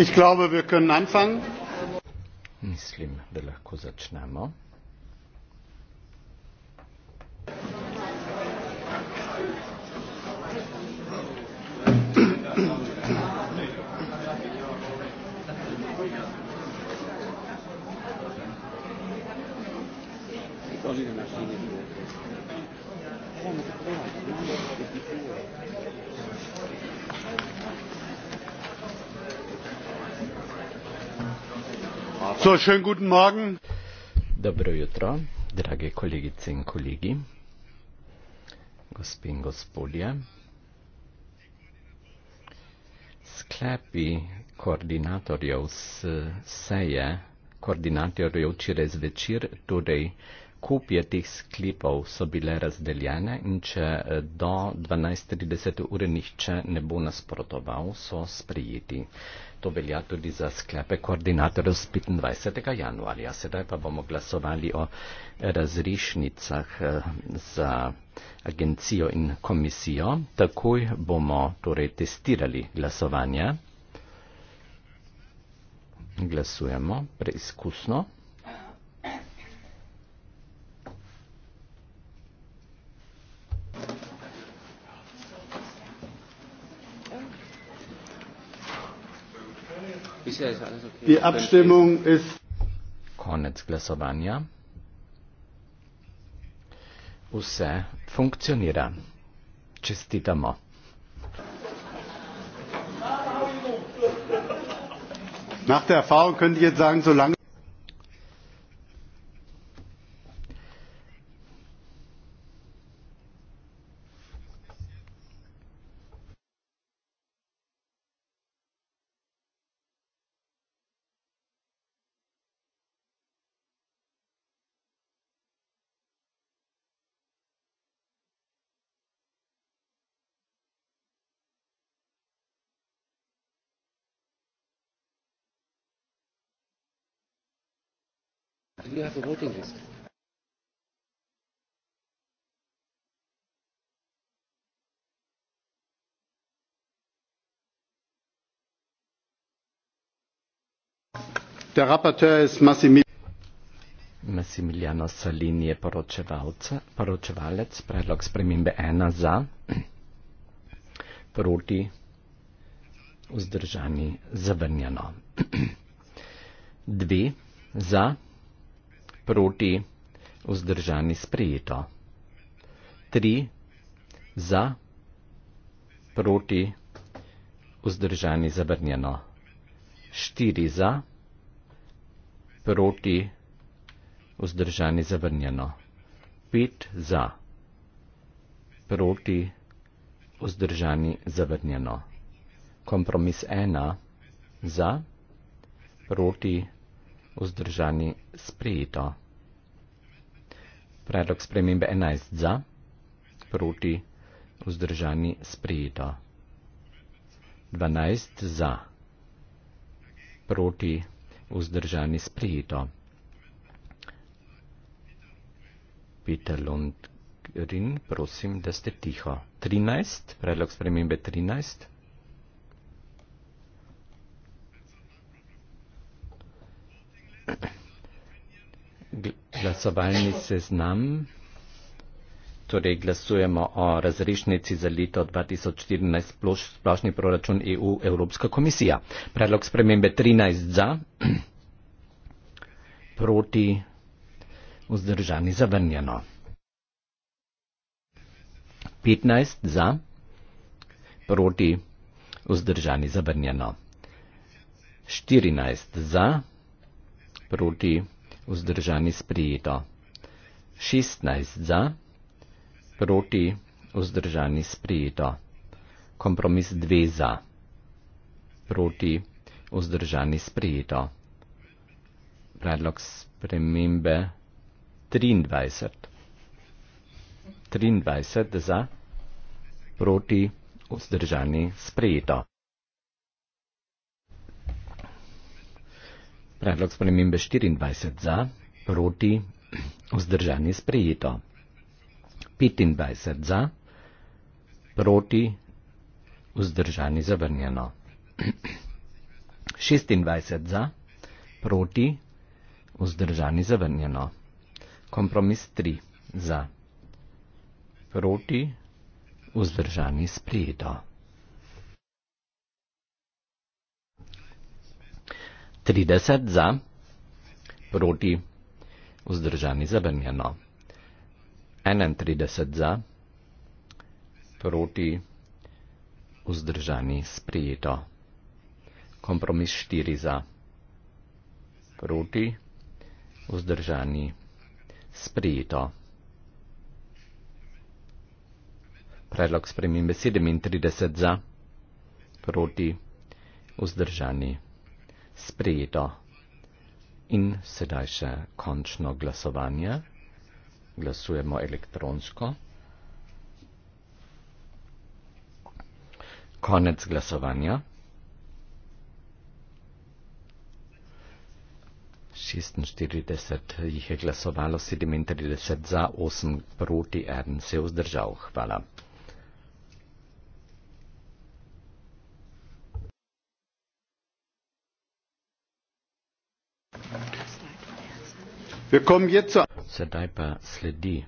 Ich glaube, wir können anfangen. Mislim, da lahko začnemo. Thank you. So, schönen guten Morgen. Dobro jutro, drage kolegice in kolegi, gospe in gospodje. Sklepi koordinatorjev seje, koordinatorjev včeraj zvečer, torej kopije teh sklepov so bile razdeljene in če eh, do 12.30 ure nihče ne bo nasprotoval, so sprejeti. To velja tudi za sklepe koordinatorjev z 25. januarja. Sedaj pa bomo glasovali o razrišnicah eh, za agencijo in komisijo. Takoj bomo torej testirali glasovanje. Glasujemo preizkusno. Bisher ist alles okay. Die Abstimmung ist. Kornetz Glasovania. Use funktioniert. Cestitamo. Nach der Erfahrung könnte ich jetzt sagen, solange. Ja, po voting list. Der rapporteur ist Massimil Massimiliano Salini je poročevalec, predlog spremembe ena za, proti, vzdržani, zavrnjeno. Dve za proti vzdržani sprejeto. 3. Za, proti, vzdržani zabrnjeno. 4. Za, proti, vzdržani zabrnjeno. 5. Za, proti, vzdržani zabrnjeno. Kompromis 1. Za, proti, vzdržani zabrnjeno vzdržani sprejeto. Predlog spremembe 11 za, proti vzdržani sprejeto. 12 za, proti vzdržani sprejeto. Peter Lundgren, prosim, da ste tiho. 13, predlog spremembe 13. glasovalni seznam. Torej glasujemo o razrešnici za leto 2014 ploš, splošni proračun EU Evropska komisija. Predlog spremembe 13 za, proti vzdržani zavrnjeno. 15 za, proti vzdržani zavrnjeno. 14 za, proti vzdržani zavrnjeno vzdržani sprijeto. 16 za, proti vzdržani sprijeto. Kompromis 2 za, proti vzdržani sprijeto. Predlog spremembe 23. 23 za, proti vzdržani sprijeto. Predlog spremembe 24 za, proti, vzdržanje sprejeto. 25 za, proti, vzdržanje zavrnjeno. 26 za, proti, vzdržanje zavrnjeno. Kompromis 3 za, proti, vzdržanje sprejeto. 30 za, proti, vzdržani zabrnjeno. 31 za, proti, vzdržani sprijeto. Kompromis 4 za, proti, vzdržani sprijeto. Predlog spremembe 37 za, proti, vzdržani sprijeto sprejeto. In sedaj še končno glasovanje. Glasujemo elektronsko. Konec glasovanja. 46 jih je glasovalo, 37 za, 8 proti, 1 se je vzdržal. Hvala. Sedaj pa sledi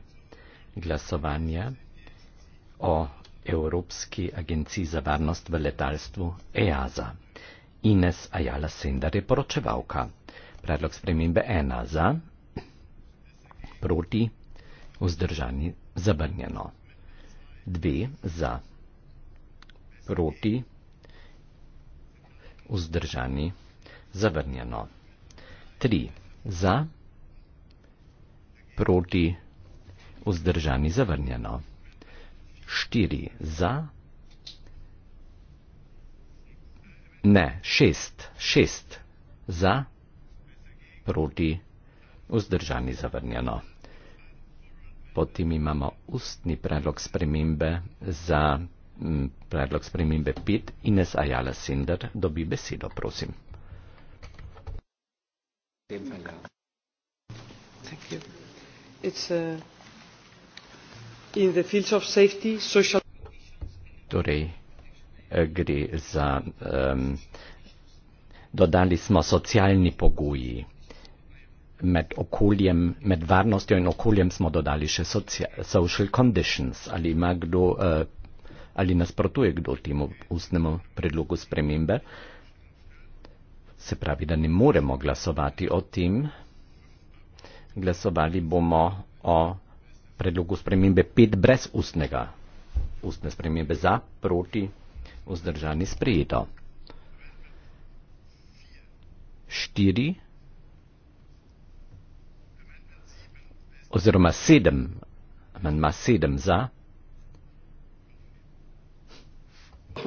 glasovanje o Evropski agenciji za varnost v letalstvu EASA. Ines Ajala Sendar je poročevalka. Predlog spremembe 1 e za, proti, vzdržani, zabrnjeno. 2 za, proti, vzdržani, zavrnjeno. 3 za, proti, proti, vzdržani, zavrnjeno. 4 za, ne, 6, 6 za, proti, vzdržani, zavrnjeno. Potem imamo ustni predlog spremembe za m, predlog spremembe 5. Ines Ajala Sender dobi besedo, prosim. Thank you. Uh, torej, eh, gre za. Um, dodali smo socialni pogoji. Med, okoljem, med varnostjo in okoljem smo dodali še social conditions. Ali, ima kdo, uh, ali nasprotuje kdo temu ustnemu predlogu spremembe? Se pravi, da ne moremo glasovati o tem glasovali bomo o predlogu spremembe 5 brez ustnega. Ustne spremembe za, proti, vzdržani sprejeto. 4 oziroma 7, amendma 7 za.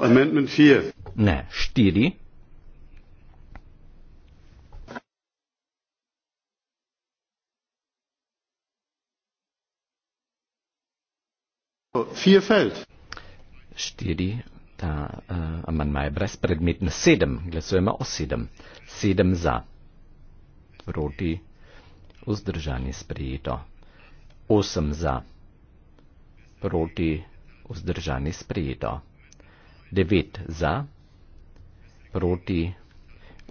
Amendment 4. Ne, 4. 4 feld. 4 ta uh, eh, amandmaj brez predmetna 7 glasujemo o 7. 7 za. Proti vzdržanje sprejeto. 8 za. Proti vzdržanje sprejeto. 9 za. Proti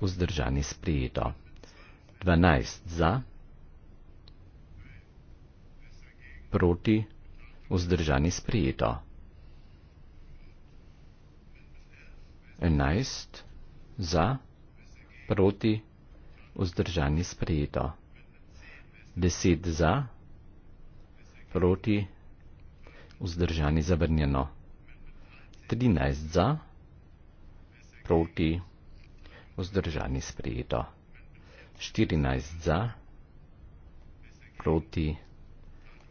vzdržanje sprejeto. 12 za. Proti vzdržanje sprejeto vzdržani sprijeto. Enajst za, proti, vzdržani sprijeto. Deset za, proti, vzdržani zavrnjeno. Trinajst za, proti, vzdržani sprijeto. Štirinajst za, proti, vzdržani sprijeto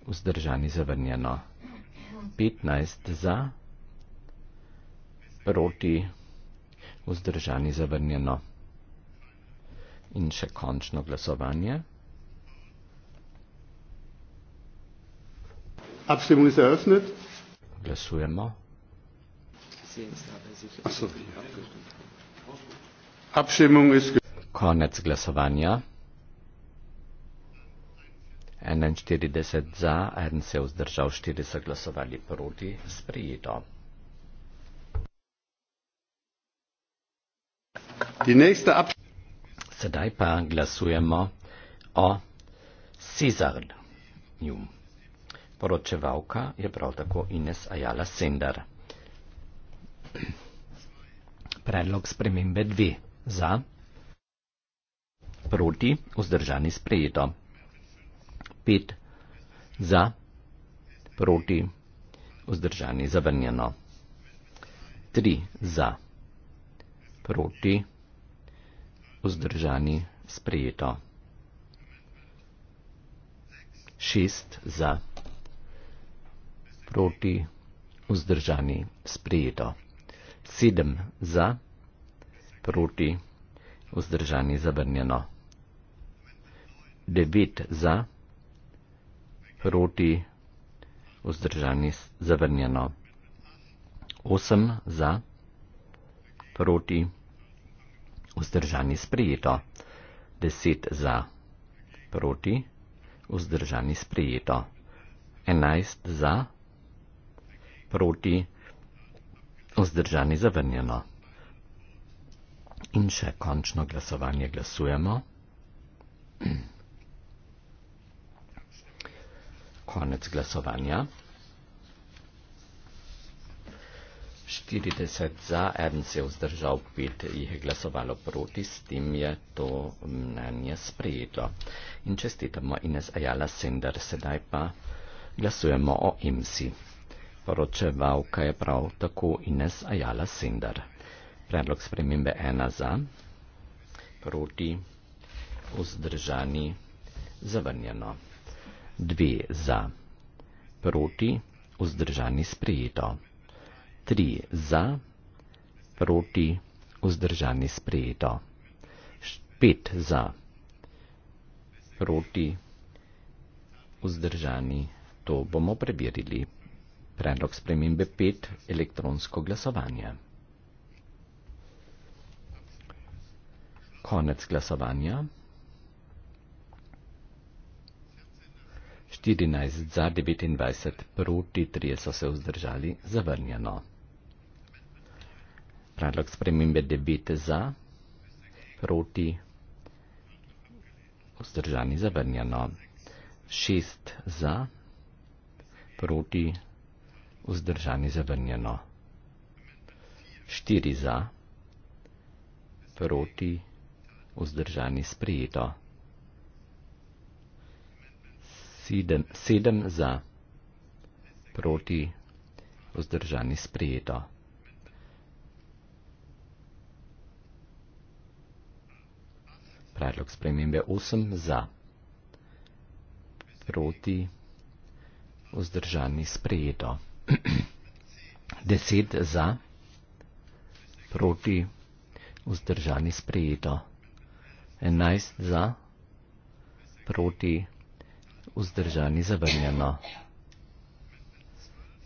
vzdržani zavrnjeno. 15 za, proti, vzdržani zavrnjeno. In še končno glasovanje. Abstimmung ist eröffnet. Glasujemo. Abstimmung ist Konec glasovanja. 41 za, en se je vzdržal, 4 so glasovali proti, sprijeto. Sedaj pa glasujemo o Cezarju. Poročevalka je prav tako Ines Ajala Sender. Predlog spremembe 2 za, proti, vzdržani sprejeto. 5 za, proti, vzdržani, zavrnjeno. 3 za, proti, vzdržani, sprejeto. 6 za, proti, vzdržani, sprejeto. 7 za, proti, vzdržani, zavrnjeno. 9 za, proti, vzdržani, sprejeto proti, vzdržani zavrnjeno. 8 za, proti, vzdržani sprejeto. 10 za, proti, vzdržani sprejeto. 11 za, proti, vzdržani zavrnjeno. In še končno glasovanje glasujemo. Mm. konec glasovanja. 40 za, en se je vzdržal, pet jih je glasovalo proti, s tem je to mnenje sprejeto. In čestitamo Ines Ajala Sender, sedaj pa glasujemo o IMSI. Poročevalka je prav tako Ines Ajala Sender. Predlog spremembe 1 za, proti, vzdržani, zavrnjeno. 2 za, proti, vzdržani sprejeto. 3 za, proti, vzdržani sprejeto. 5 za, proti, vzdržani. To bomo preverili. Predlog spremembe 5, elektronsko glasovanje. Konec glasovanja. 14 za 29, proti 3 so se vzdržali, zavrnjeno. Predlog spremembe 9 za, proti, vzdržani, zavrnjeno. 6 za, proti, vzdržani, zavrnjeno. 4 za, proti, vzdržani, sprijeto sedem, sedem za, proti, vzdržani sprejeto. Predlog spremembe 8 za, proti, vzdržani sprejeto. 10 za, proti, vzdržani sprejeto. 11 za, proti, vzdržani sprejeto vzdržani zavrnjeno.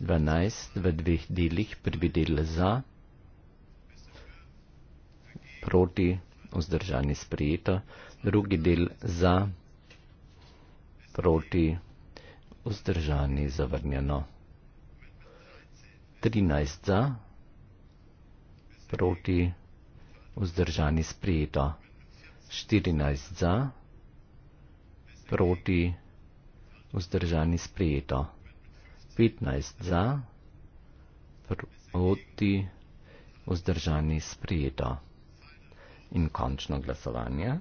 12 v dveh delih prvi del za, proti, vzdržani sprejeto, drugi del za, proti, vzdržani zavrnjeno. 13 za, proti, vzdržani sprejeto, 14 za, proti, vzdržani sprejeto vzdržani sprejeto. 15 za, proti, vzdržani sprejeto. In končno glasovanje.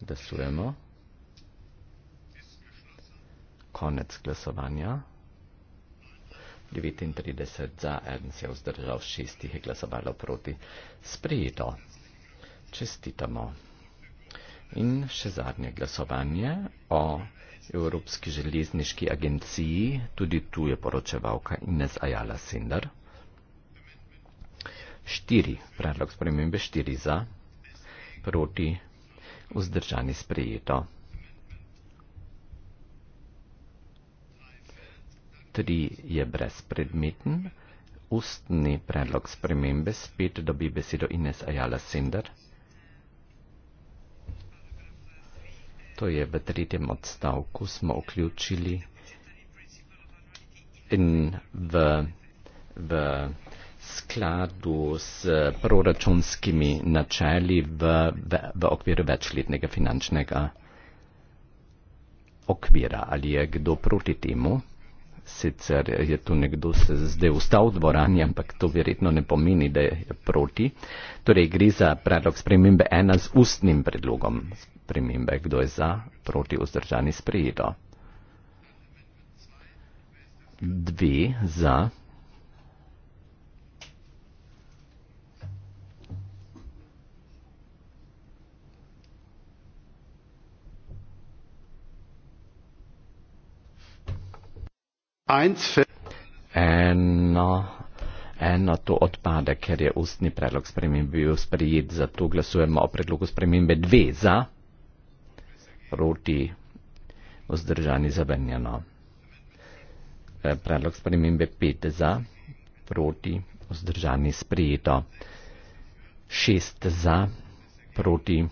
Glasujemo. Konec glasovanja. 39 za, en se je vzdržal, šestih je glasovalo proti. Sprejeto. Čestitamo. In še zadnje glasovanje o Evropski železniški agenciji, tudi tu je poročevalka Ines Ajala Sindar. 4. Predlog spremembe 4 za, proti, vzdržani sprejeto. 3 je brezpredmeten, ustni predlog spremembe spet dobi besedo Ines Ajala Sindar. to je v tretjem odstavku, smo vključili in v, v skladu s proračunskimi načeli v, v, v okviru večletnega finančnega okvira. Ali je kdo proti temu? sicer je tu nekdo se zdaj ustal v dvorani, ampak to verjetno ne pomeni, da je proti. Torej, gre za predlog spremembe ena z ustnim predlogom spremembe, kdo je za, proti, vzdržani, sprejeto. Dve za. Eno, eno to odpade, ker je ustni predlog spremembe bil sprejet, zato glasujemo o predlogu spremembe dve za, proti, vzdržani zavrnjeno. E, predlog spremembe pet za, proti, vzdržani sprejeto. Šest za, proti,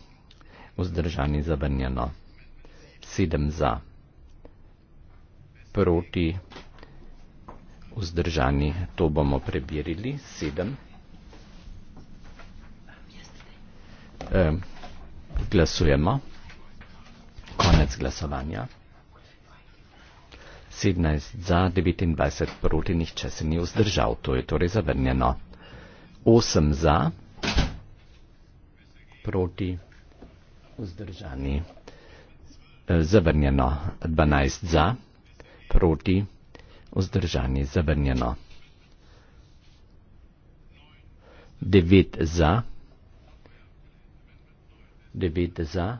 vzdržani zavrnjeno. Sedem za proti vzdržani. To bomo prebirili. Sedem. E, glasujemo. Konec glasovanja. 17 za, 29 proti, nihče se ni vzdržal. To je torej zavrnjeno. 8 za, proti, vzdržani. E, zavrnjeno. 12 za proti, vzdržani zavrnjeno. 9 za, 9 za,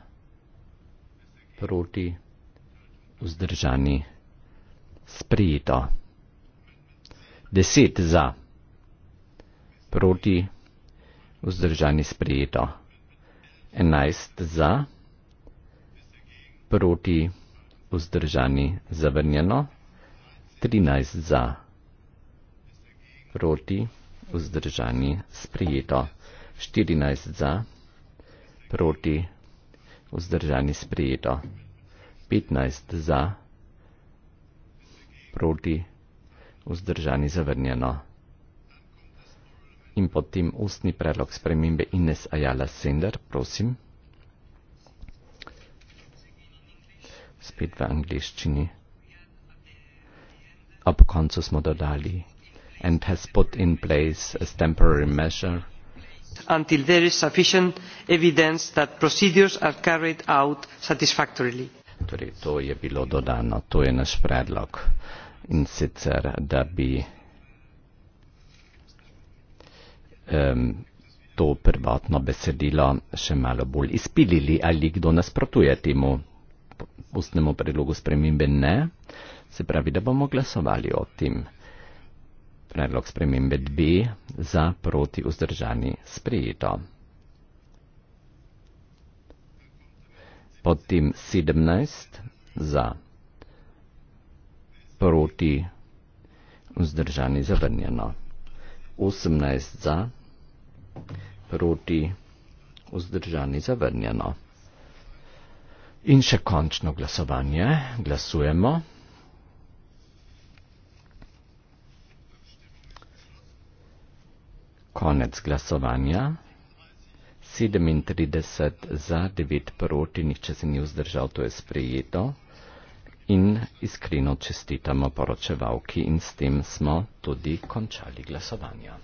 proti, vzdržani, sprijeto. 10 za, proti, vzdržani, sprijeto. 11 za, proti, vzdržani vzdržani, zavrnjeno, 13 za, proti, vzdržani, sprijeto, 14 za, proti, vzdržani, sprijeto, 15 za, proti, vzdržani, zavrnjeno. In potem ustni predlog spremembe Ines Ayala Sender, prosim. spet v angliščini. Ob koncu smo dodali, and has put in place as temporary measure. Until there is sufficient evidence that procedures are carried out satisfactorily. Torej, to je bilo dodano, to je naš predlog. In sicer, da bi um, to prvotno besedilo še malo bolj izpilili ali kdo nasprotuje temu ustnemu predlogu spremembe ne, se pravi, da bomo glasovali o tem. Predlog spremembe 2 za proti vzdržani sprejeto. Potem 17 za proti vzdržani zavrnjeno. 18 za proti vzdržani zavrnjeno. In še končno glasovanje. Glasujemo. Konec glasovanja. 37 za, 9 proti, nihče se ni vzdržal, to je sprejeto. In iskreno čestitamo poročevalki in s tem smo tudi končali glasovanja.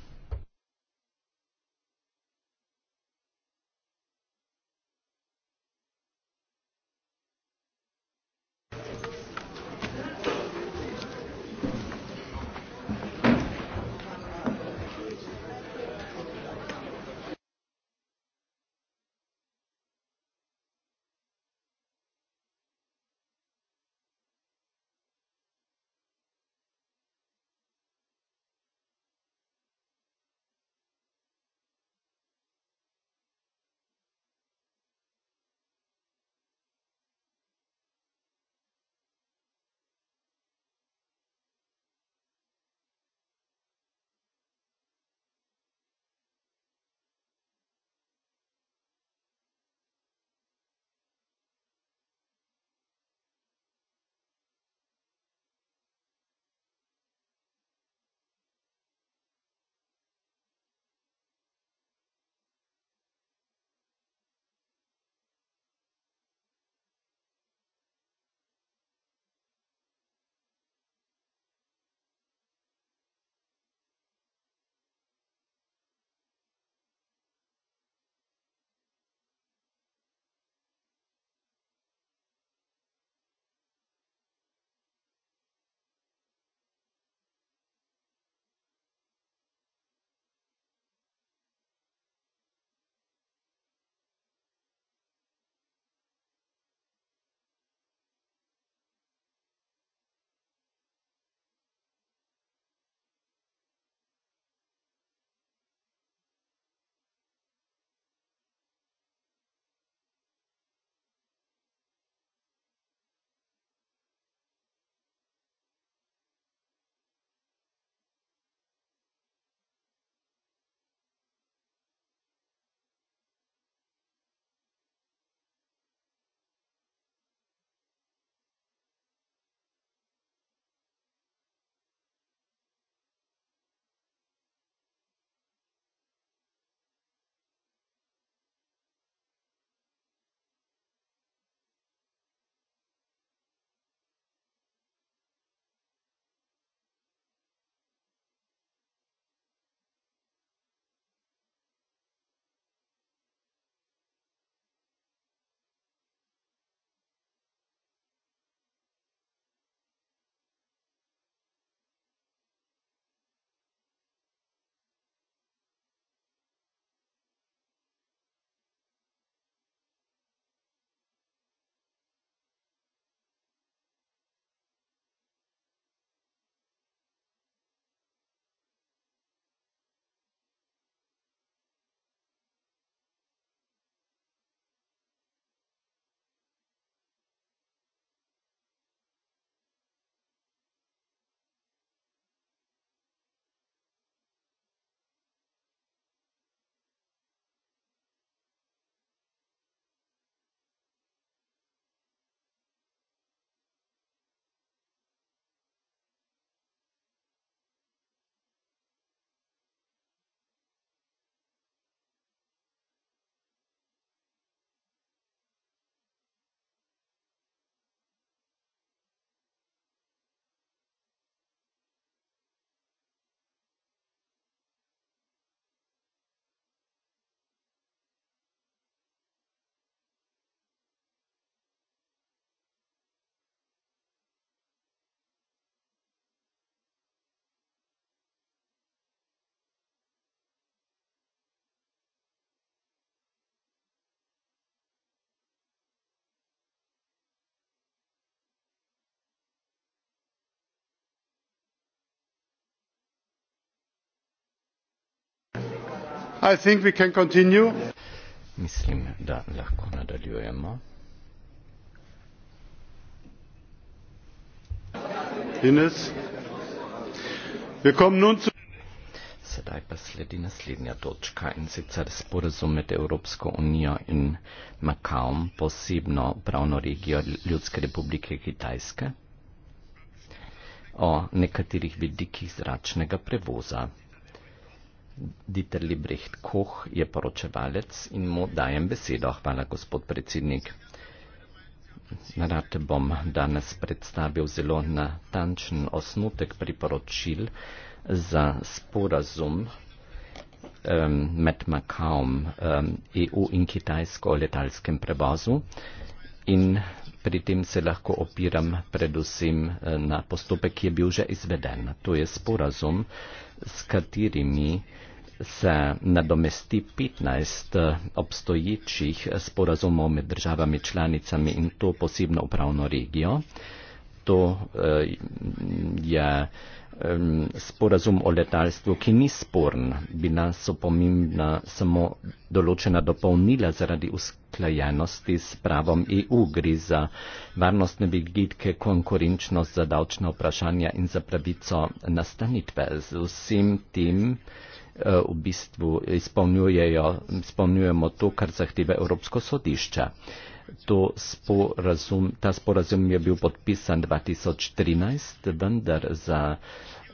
mislim da lahko nadaljujemo sedaj pa sledi naslednja točka in sicer sporazum med evropsko unijo in makaom posebno pravno regijo ljudske republike kitajske o nekaterih vidikih zračnega prevoza Dieter Librecht Koch je poročevalec in mu dajem besedo. Hvala, gospod predsednik. Rad bom danes predstavil zelo natančen osnutek priporočil za sporazum um, med Makaom um, EU in Kitajsko o letalskem prevozu in pri tem se lahko opiram predvsem eh, na postopek, ki je bil že izveden. To je sporazum, s katerimi se nadomesti 15 eh, obstoječih sporazumov med državami članicami in to posebno upravno regijo. To eh, je. Uh, sporazum o letalstvu, ki ni sporn, bila so pomembna samo določena dopolnila zaradi usklajenosti s pravom EU, gre za varnostne vigitke, konkurenčnost za davčne vprašanja in za pravico nastanitve. Z vsem tem eh, v bistvu izpolnjujemo to, kar zahteva Evropsko sodišče to sporazum, ta sporazum je bil podpisan 2013, vendar za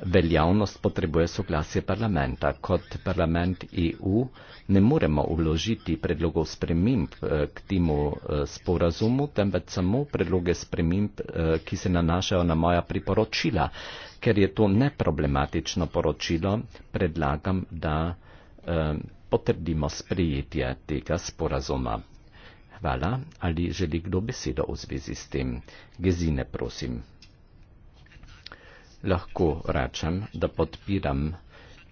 veljavnost potrebuje soglasje parlamenta. Kot parlament EU ne moremo uložiti predlogov sprememb eh, k temu eh, sporazumu, temveč samo predloge sprememb, eh, ki se nanašajo na moja priporočila. Ker je to neproblematično poročilo, predlagam, da potrdimo sprejetje tega sporazuma. Hvala. Ali želi kdo besedo v zvezi s tem? Gezine, prosim. Lahko rečem, da podpiram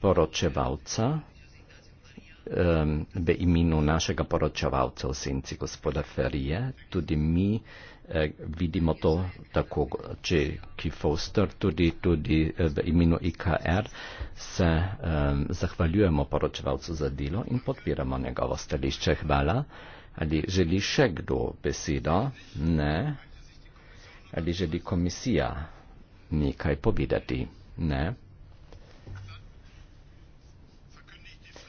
poročevalca um, v imenu našega poročevalca v senci gospoda Ferije. Tudi mi eh, vidimo to tako, če ki Foster, tudi, tudi eh, v imenu IKR se um, zahvaljujemo poročevalcu za delo in podpiramo njegovo stališče. Hvala. Ali želi še kdo besedo? Ne. Ali želi komisija nekaj povedati? Ne.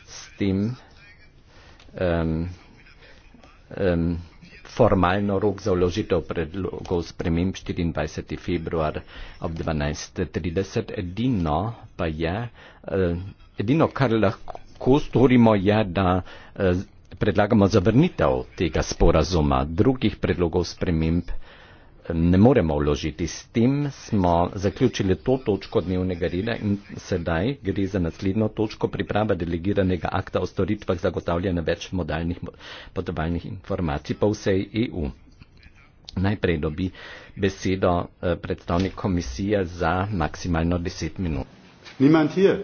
S tem um, um, formalno rok za vložitev predlogov sprememb 24. februar ob 12.30. Edino pa je, eh, edino kar lahko storimo je, da eh, predlagamo zavrnitev tega sporazuma, drugih predlogov sprememb ne moremo vložiti. S tem smo zaključili to točko dnevnega reda in sedaj gre za naslednjo točko priprava delegiranega akta o storitvah zagotavljanja več modalnih potovalnih informacij po vsej EU. Najprej dobi besedo eh, predstavnik komisije za maksimalno deset minut. Niemand hier.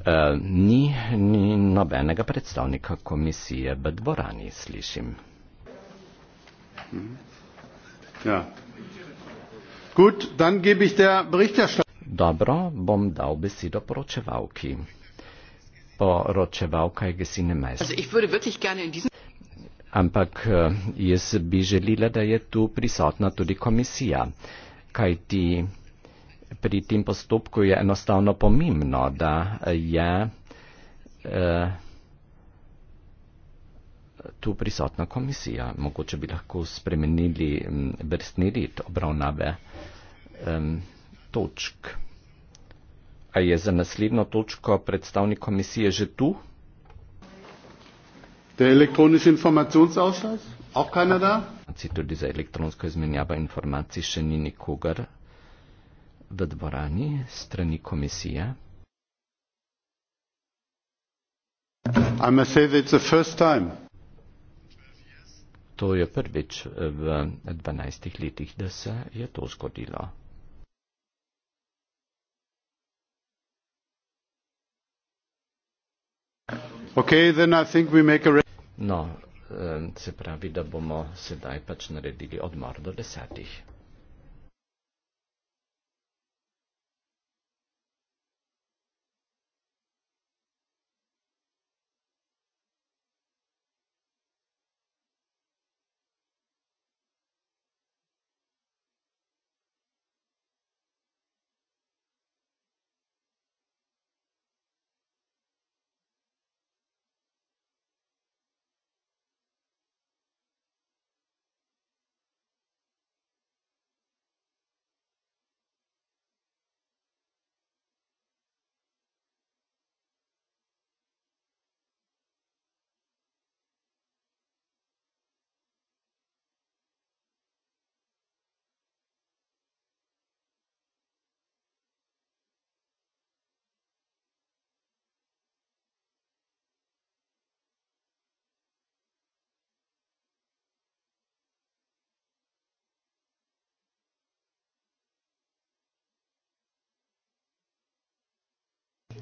Eh, ni, ni nobenega predstavnika komisije v dvorani, slišim. Mhm. Ja. Gut, dann gebe ich der Berichterstatterin. Dobro, bom dal besedo poročevalki. Poročevalka je Gesine Meister. Ampak eh, jaz bi želela, da je tu prisotna tudi komisija, kaj ti pri tem postopku je enostavno pomembno, da je eh, tu prisotna komisija. Mogoče bi lahko spremenili mm, vrstni red obravnave eh, točk. A je za naslednjo točko predstavnik komisije že tu? Informacij tudi za elektronsko izmenjavo informacij še ni nikogar v dvorani strani komisije. I must say that it's the first time. To je prvič v 12 letih, da se je to zgodilo. Okay, then I think we make a re- no, eh, se pravi, da bomo sedaj pač naredili odmor do desetih.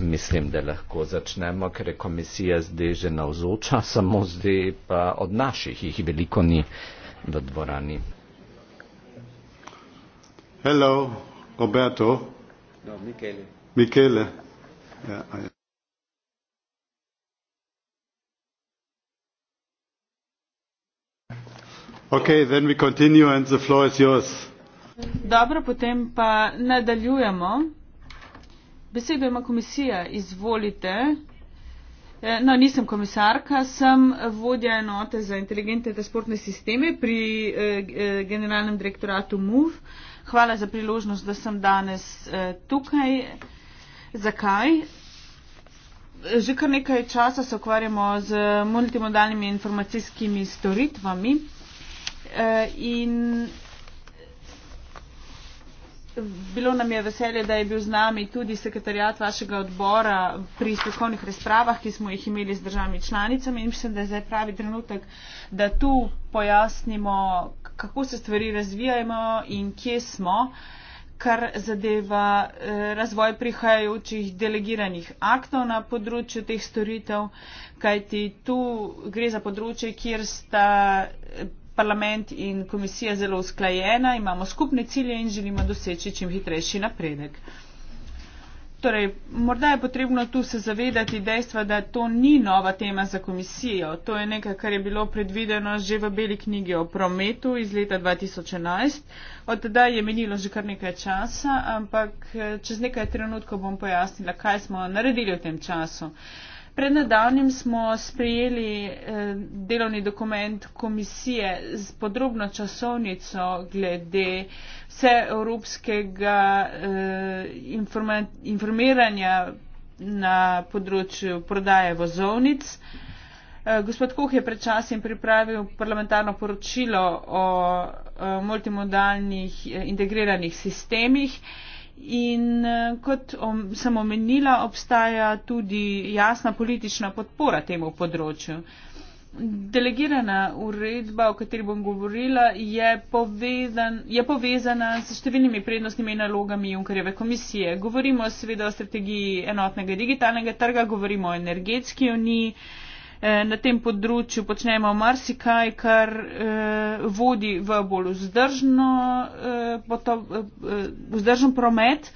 Mislim, da lahko začnemo, ker je komisija zdaj že navzoča, samo zdaj pa od naših jih veliko ni v dvorani. Hello, Roberto. No, Michele. Michele. Yeah, ja, I... Ja. Okay, then we continue and the floor is yours. Dobro, potem pa nadaljujemo. Besedo ima komisija, izvolite. E, no, nisem komisarka, sem vodja enote za inteligentne transportne sisteme pri e, e, generalnem direktoratu MUV. Hvala za priložnost, da sem danes tukaj. Zakaj? Že kar nekaj časa se ukvarjamo z multimodalnimi informacijskimi storitvami. In Bilo nam je veselje, da je bil z nami tudi sekretarjat vašega odbora pri strokovnih razpravah, ki smo jih imeli z državami članicami in mislim, da je zdaj pravi trenutek, da tu pojasnimo, kako se stvari razvijajo in kje smo, kar zadeva eh, razvoj prihajajočih delegiranih aktov na področju teh storitev, kajti tu gre za področje, kjer sta eh, parlament in komisija zelo usklajena, imamo skupne cilje in želimo doseči čim hitrejši napredek. Torej, morda je potrebno tu se zavedati dejstva, da to ni nova tema za komisijo. To je nekaj, kar je bilo predvideno že v beli knjigi o prometu iz leta 2011. Od tada je menilo že kar nekaj časa, ampak eh, čez nekaj trenutkov bom pojasnila, kaj smo naredili v tem času. Uh, Pred nedavnim smo sprejeli eh, delovni dokument komisije z podrobno časovnico glede vse evropskega eh, informa informiranja na področju prodaje vozovnic. Eh, gospod Koh je pred časem pripravil parlamentarno poročilo o eh, multimodalnih eh, integriranih sistemih. Eh, In eh, kot om, sem omenila, obstaja tudi jasna politična podpora temu področju. Delegirana uredba, o kateri bom govorila, je, povezan, je povezana s številnimi prednostnimi nalogami Junkarjeve komisije. Govorimo seveda o strategiji enotnega digitalnega trga, govorimo o energetski uniji, Eh, na tem področju počnemo marsikaj, kar eh, vodi v bolj vzdržno, eh, potov, vzdržen promet.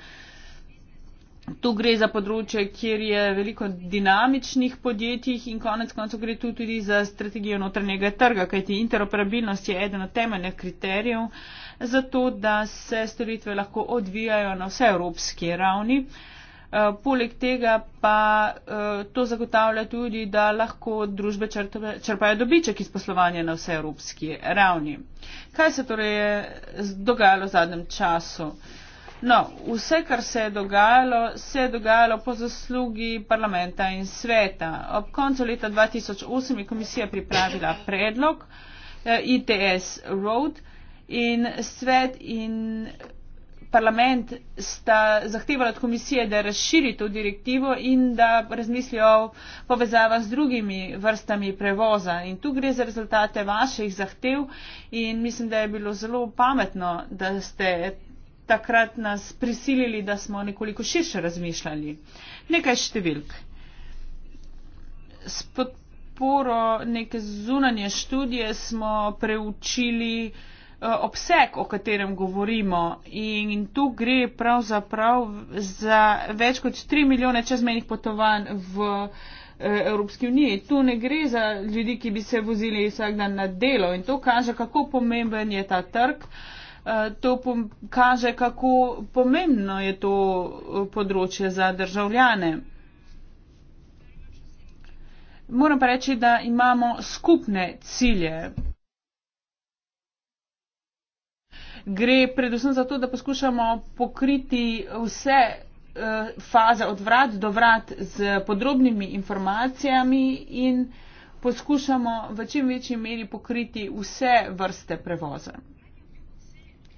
Tu gre za področje, kjer je veliko dinamičnih podjetij in konec koncev gre tu tudi za strategijo notranjega trga, kajti interoperabilnost je eden od temeljnih kriterijev za to, da se storitve lahko odvijajo na vse evropski ravni. Uh, Eh, poleg tega pa eh, to zagotavlja tudi, da lahko družbe črpajo dobiček iz poslovanja na vse evropski ravni. Kaj se torej je dogajalo v zadnjem času? No, vse, kar se je dogajalo, se je dogajalo po zaslugi parlamenta in sveta. Ob koncu leta 2008 je komisija pripravila predlog eh, ITS Road in svet in parlament sta zahtevali od komisije, da razširi to direktivo in da razmislijo o povezavah z drugimi vrstami prevoza. In tu gre za rezultate vaših zahtev in mislim, da je bilo zelo pametno, da ste takrat nas prisilili, da smo nekoliko širše razmišljali. Nekaj številk. Spod poro neke zunanje študije smo preučili Eh, obseg, o katerem govorimo in tu gre pravzaprav za več kot 3 milijone čezmejnih potovanj v eh, Evropski uniji. Tu ne gre za ljudi, ki bi se vozili vsak dan na delo in to kaže, kako pomemben je ta trg. Eh, to kaže, kako pomembno je to področje za državljane. Moram pa reči, da imamo skupne cilje. gre predvsem za to, da poskušamo pokriti vse eh, faze od vrat do vrat z podrobnimi informacijami in poskušamo v čim večji meri pokriti vse vrste prevoza.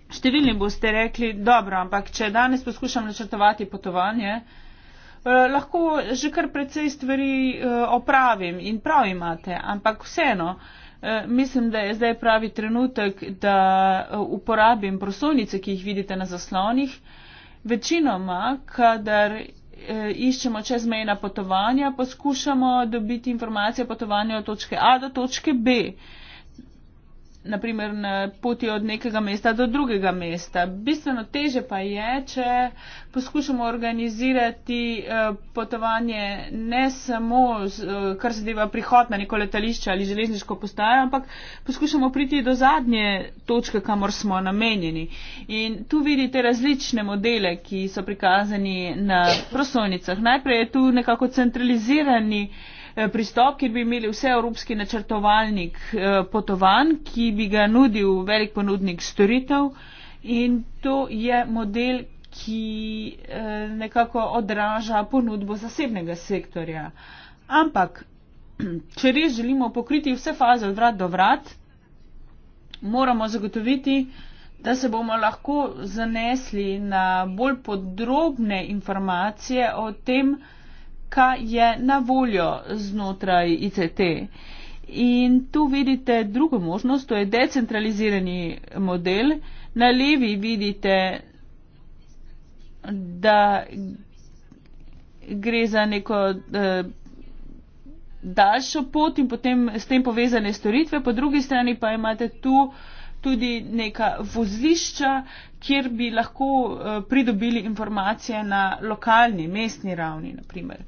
Številni boste rekli, dobro, ampak če danes poskušam načrtovati potovanje, eh, lahko že kar precej stvari eh, opravim in prav imate, ampak vseeno. Eh, mislim, da je zdaj pravi trenutek, da eh, uporabim prosovnice, ki jih vidite na zaslonih. Večinoma, kadar eh, iščemo čezmejna potovanja, poskušamo dobiti informacije o potovanju od točke A do točke B naprimer na poti od nekega mesta do drugega mesta. Bistveno teže pa je, če poskušamo organizirati eh, potovanje ne samo, eh, kar zadeva prihod na neko letališče ali železniško postajo, ampak poskušamo priti do zadnje točke, kamor smo namenjeni. In tu vidite različne modele, ki so prikazani na prosojnicah. Najprej je tu nekako centralizirani. Eh, pristop, kjer bi imeli vse evropski načrtovalnik eh, potovanj, ki bi ga nudil velik ponudnik storitev in to je model, ki eh, nekako odraža ponudbo zasebnega sektorja. Ampak, če res želimo pokriti vse faze od vrat do vrat, moramo zagotoviti, da se bomo lahko zanesli na bolj podrobne informacije o tem, kaj je na voljo znotraj ICT. In tu vidite drugo možnost, to je decentralizirani model. Na levi vidite, da gre za neko eh, daljšo pot in potem s tem povezane storitve, po drugi strani pa imate tu tudi neka vozlišča, kjer bi lahko eh, pridobili informacije na lokalni, mestni ravni, naprimer.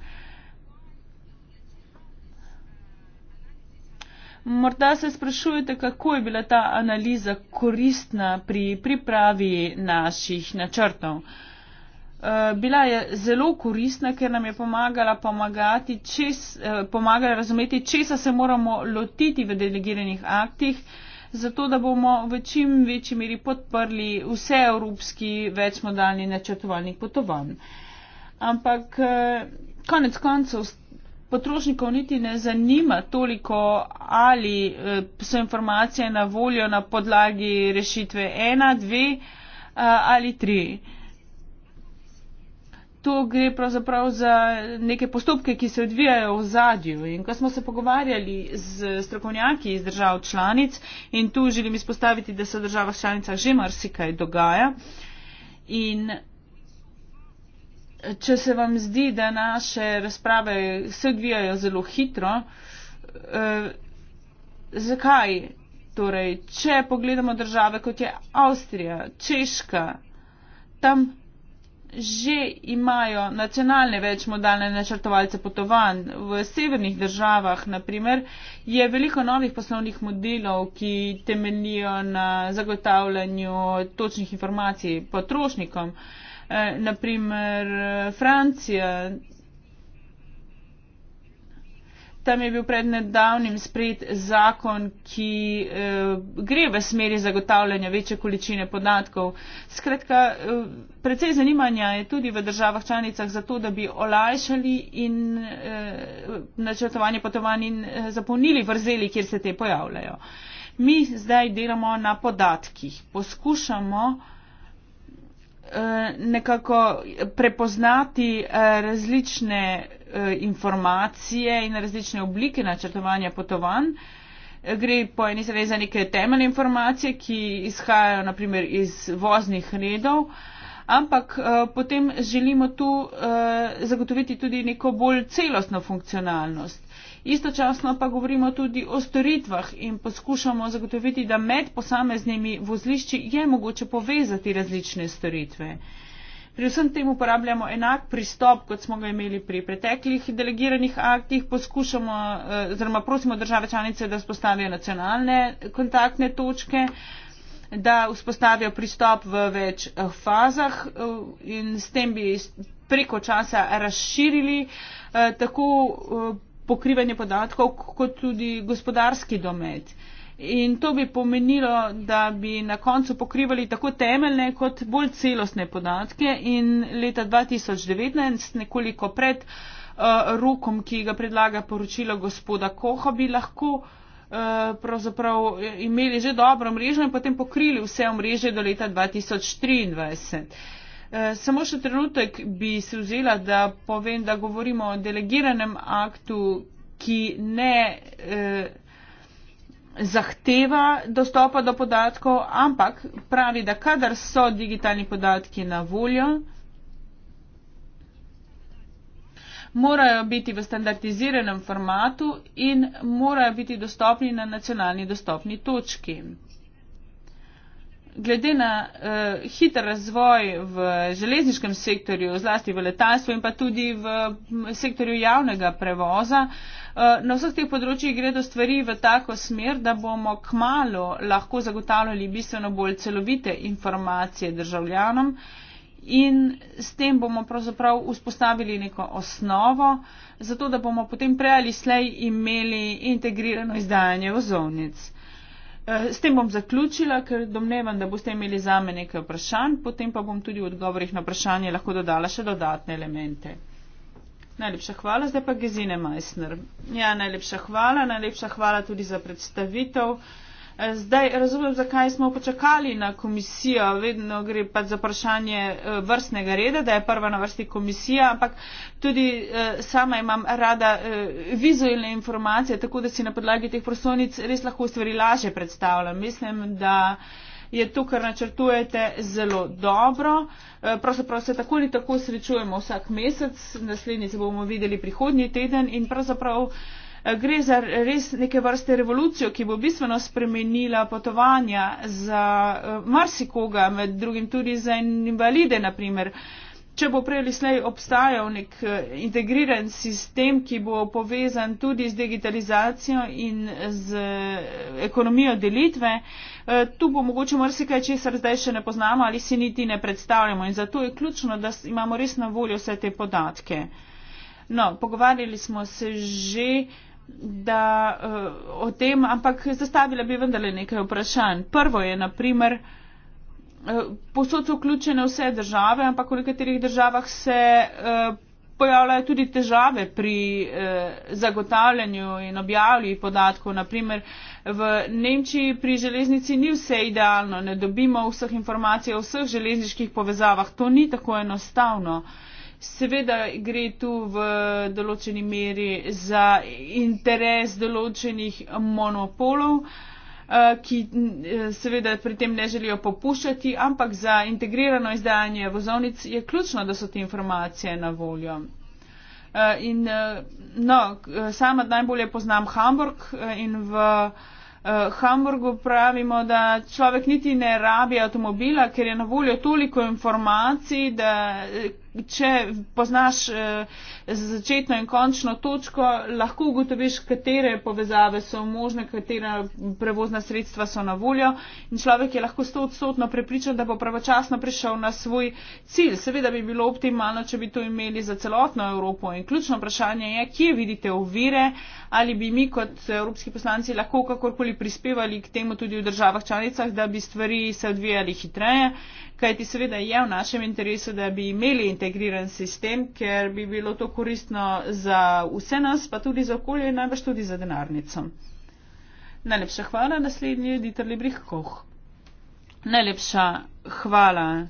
Morda se sprašujete, kako je bila ta analiza koristna pri pripravi naših načrtov. Eh, bila je zelo koristna, ker nam je pomagala, čes, eh, pomagala razumeti, česa se moramo lotiti v delegiranih aktih, zato da bomo v čim večji meri podprli vse evropski večmodalni načrtovalnik potovanj. Ampak eh, konec koncev potrošnikov niti ne zanima toliko, ali eh, so informacije na voljo na podlagi rešitve ena, dve eh, ali tri to gre pravzaprav za neke postopke, ki se odvijajo v zadju. In ko smo se pogovarjali z strokovnjaki iz držav članic, in tu želim izpostaviti, da se v državah članicah že marsikaj dogaja. In če se vam zdi, da naše razprave se odvijajo zelo hitro, eh, zakaj? Torej, če pogledamo države kot je Avstrija, Češka, tam že imajo nacionalne večmodalne načrtovalce potovanj. V severnih državah, naprimer, je veliko novih poslovnih modelov, ki temeljijo na zagotavljanju točnih informacij potrošnikom. Eh, naprimer, eh, Francija Tam je bil pred nedavnim sprejet zakon, ki eh, gre v smeri zagotavljanja večje količine podatkov. Skratka, eh, precej zanimanja je tudi v državah članicah za to, da bi olajšali in eh, načrtovanje potovanj in eh, zapolnili vrzeli, kjer se te pojavljajo. Mi zdaj delamo na podatkih. Poskušamo eh, nekako prepoznati eh, različne. Eh, informacije in različne oblike načrtovanja potovanj. Gre po eni strani za neke temeljne informacije, ki izhajajo naprimer iz voznih redov, ampak eh, potem želimo tu eh, zagotoviti tudi neko bolj celostno funkcionalnost. Istočasno pa govorimo tudi o storitvah in poskušamo zagotoviti, da med posameznimi vozlišči je mogoče povezati različne storitve. Pri vsem tem uporabljamo enak pristop, kot smo ga imeli pri preteklih delegiranih aktih. Poskušamo, eh, oziroma prosimo države članice, da spostavijo nacionalne kontaktne točke da vzpostavijo pristop v več eh, fazah eh, in s tem bi preko časa razširili tako pokrivanje podatkov kot tudi gospodarski domet in to bi pomenilo, da bi na koncu pokrivali tako temeljne kot bolj celostne podatke in leta 2019, nekoliko pred uh, rokom, ki ga predlaga poročilo gospoda Koha, bi lahko uh, pravzaprav imeli že dobro mrežo in potem pokrili vse omrežje do leta 2023. Uh, samo še trenutek bi se vzela, da povem, da govorimo o delegiranem aktu, ki ne. Eh, zahteva dostopa do podatkov, ampak pravi, da kadar so digitalni podatki na voljo, morajo biti v standardiziranem formatu in morajo biti dostopni na nacionalni dostopni točki. Glede na uh, hiter razvoj v železniškem sektorju, zlasti v letalstvu in pa tudi v sektorju javnega prevoza, uh, Eh, na vseh teh področjih gre do stvari v tako smer, da bomo k malu lahko zagotavljali bistveno bolj celovite informacije državljanom in s tem bomo pravzaprav vzpostavili neko osnovo, zato da bomo potem prej ali slej imeli integrirano izdajanje ozovnic. Eh, s tem bom zaključila, ker domnevam, da boste imeli za me nekaj vprašanj, potem pa bom tudi v odgovorih na vprašanje lahko dodala še dodatne elemente. Najlepša hvala, zdaj pa Gezine Meissner. Ja, najlepša hvala, najlepša hvala tudi za predstavitev. Eh, zdaj razumem, zakaj smo počakali na komisijo. Vedno gre pa za vprašanje eh, vrstnega reda, da je prva na vrsti komisija, ampak tudi eh, sama imam rada vizualne informacije, tako da si na podlagi teh prosonic res lahko stvari laže predstavljam. Mislim, da je to, kar načrtujete, zelo dobro. Eh, pravzaprav se tako ali tako srečujemo vsak mesec, naslednji se bomo videli prihodnji teden in pravzaprav eh, gre za res neke vrste revolucijo, ki bo bistveno spremenila potovanja za eh, marsikoga, med drugim tudi za invalide, naprimer če bo prej ali slej obstajal nek eh, integriran sistem, ki bo povezan tudi z digitalizacijo in z eh, ekonomijo delitve, eh, tu bo mogoče marsikaj, česar zdaj še ne poznamo ali si niti ne predstavljamo. In zato je ključno, da imamo res na voljo vse te podatke. No, pogovarjali smo se že da, o tem, ampak zastavila bi vendarle nekaj vprašanj. Prvo je, na primer, Eh, posod so vključene vse države, ampak v nekaterih državah se eh, pojavljajo tudi težave pri eh, zagotavljanju in objavljanju podatkov. Naprimer, v Nemčiji pri železnici ni vse idealno, ne dobimo vseh informacij o vseh železniških povezavah, to ni tako enostavno. Seveda gre tu v določeni meri za interes določenih monopolov, Eh, ki eh, seveda pri tem ne želijo popuščati, ampak za integrirano izdajanje vozovnic je ključno, da so te informacije na voljo. Eh, in, no, sama najbolje poznam Hamburg in v Hamburgu pravimo, da človek niti ne rabi avtomobila, ker je na voljo toliko informacij, da če poznaš eh, začetno in končno točko, lahko ugotoviš, katere povezave so možne, katera prevozna sredstva so na voljo in človek je lahko stotno prepričan, da bo pravočasno prišel na svoj cilj. Seveda bi bilo optimalno, če bi to imeli za celotno Evropo in ključno vprašanje je, kje vidite ovire, ali bi mi kot evropski poslanci lahko kakorkoli prispevali k temu tudi v državah članicah, da bi stvari se odvijali hitreje, kajti seveda je v našem interesu, da bi imeli integriran sistem, ker bi bilo to koristno za vse nas, pa tudi za okolje in največ tudi za denarnico. Najlepša hvala, naslednji je Dieter Librih Koh. Najlepša hvala.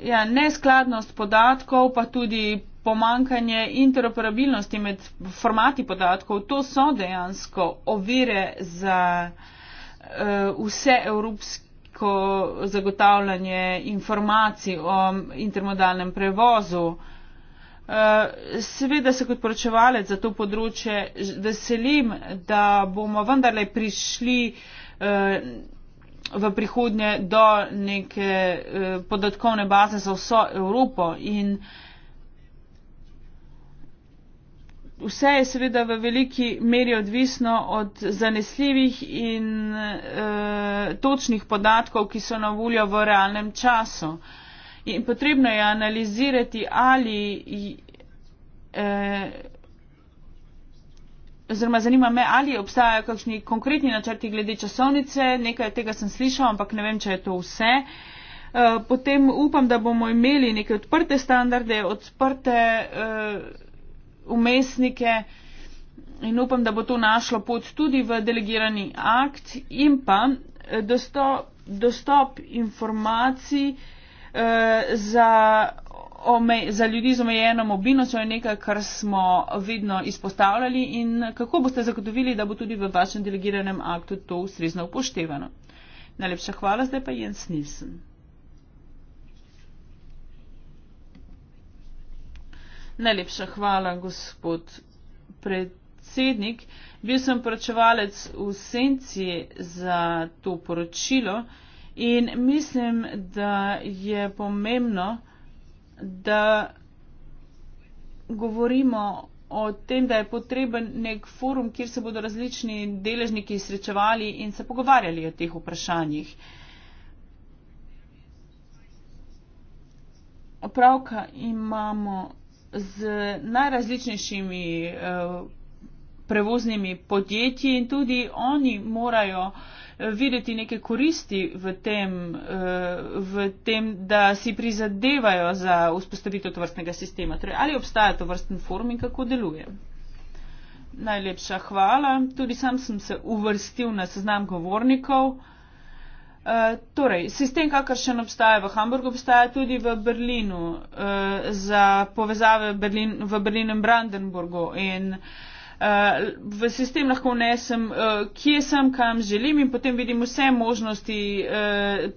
Ja, neskladnost podatkov, pa tudi pomankanje interoperabilnosti med formati podatkov, to so dejansko ovire za eh, vse evropsko zagotavljanje informacij o intermodalnem prevozu. Eh, seveda se kot poročevalec za to področje veselim, da bomo vendarle prišli eh, v prihodnje do neke podatkovne baze za vso Evropo in vse je seveda v veliki meri odvisno od zanesljivih in e, točnih podatkov, ki so na voljo v realnem času. In potrebno je analizirati, ali. E, Oziroma, zanima me, ali obstajajo kakšni konkretni načrti glede časovnice. Nekaj tega sem slišal, ampak ne vem, če je to vse. Eh, potem upam, da bomo imeli neke odprte standarde, odprte. E, umestnike in upam, da bo to našlo pot tudi v delegirani akt in pa eh, dostop, dostop informacij eh, za, ome, za ljudi z omejeno mobilnostjo je nekaj, kar smo vedno izpostavljali in kako boste zagotovili, da bo tudi v vašem delegiranem aktu to ustrezno upoštevano. Najlepša hvala, zdaj pa Jens Nilsen. Najlepša hvala, gospod predsednik. Bil sem poročevalec v senci za to poročilo in mislim, da je pomembno, da govorimo o tem, da je potreben nek forum, kjer se bodo različni deležniki srečevali in se pogovarjali o teh vprašanjih. Opravka imamo z najrazličnejšimi eh, prevoznimi podjetji in tudi oni morajo eh, videti neke koristi v tem, eh, v tem, da si prizadevajo za vzpostavitev tovrstnega sistema. Torej, ali obstaja tovrsten forum in kako deluje? Najlepša hvala. Tudi sam sem se uvrstil na seznam govornikov. Eh, torej, sistem, kakor še ne obstaja v Hamburgu, obstaja tudi v Berlinu uh, za povezave Berlin, v Berlinu in Brandenburgu. In uh, v sistem lahko vnesem, uh, kje sem, kam želim in potem vidim vse možnosti, uh,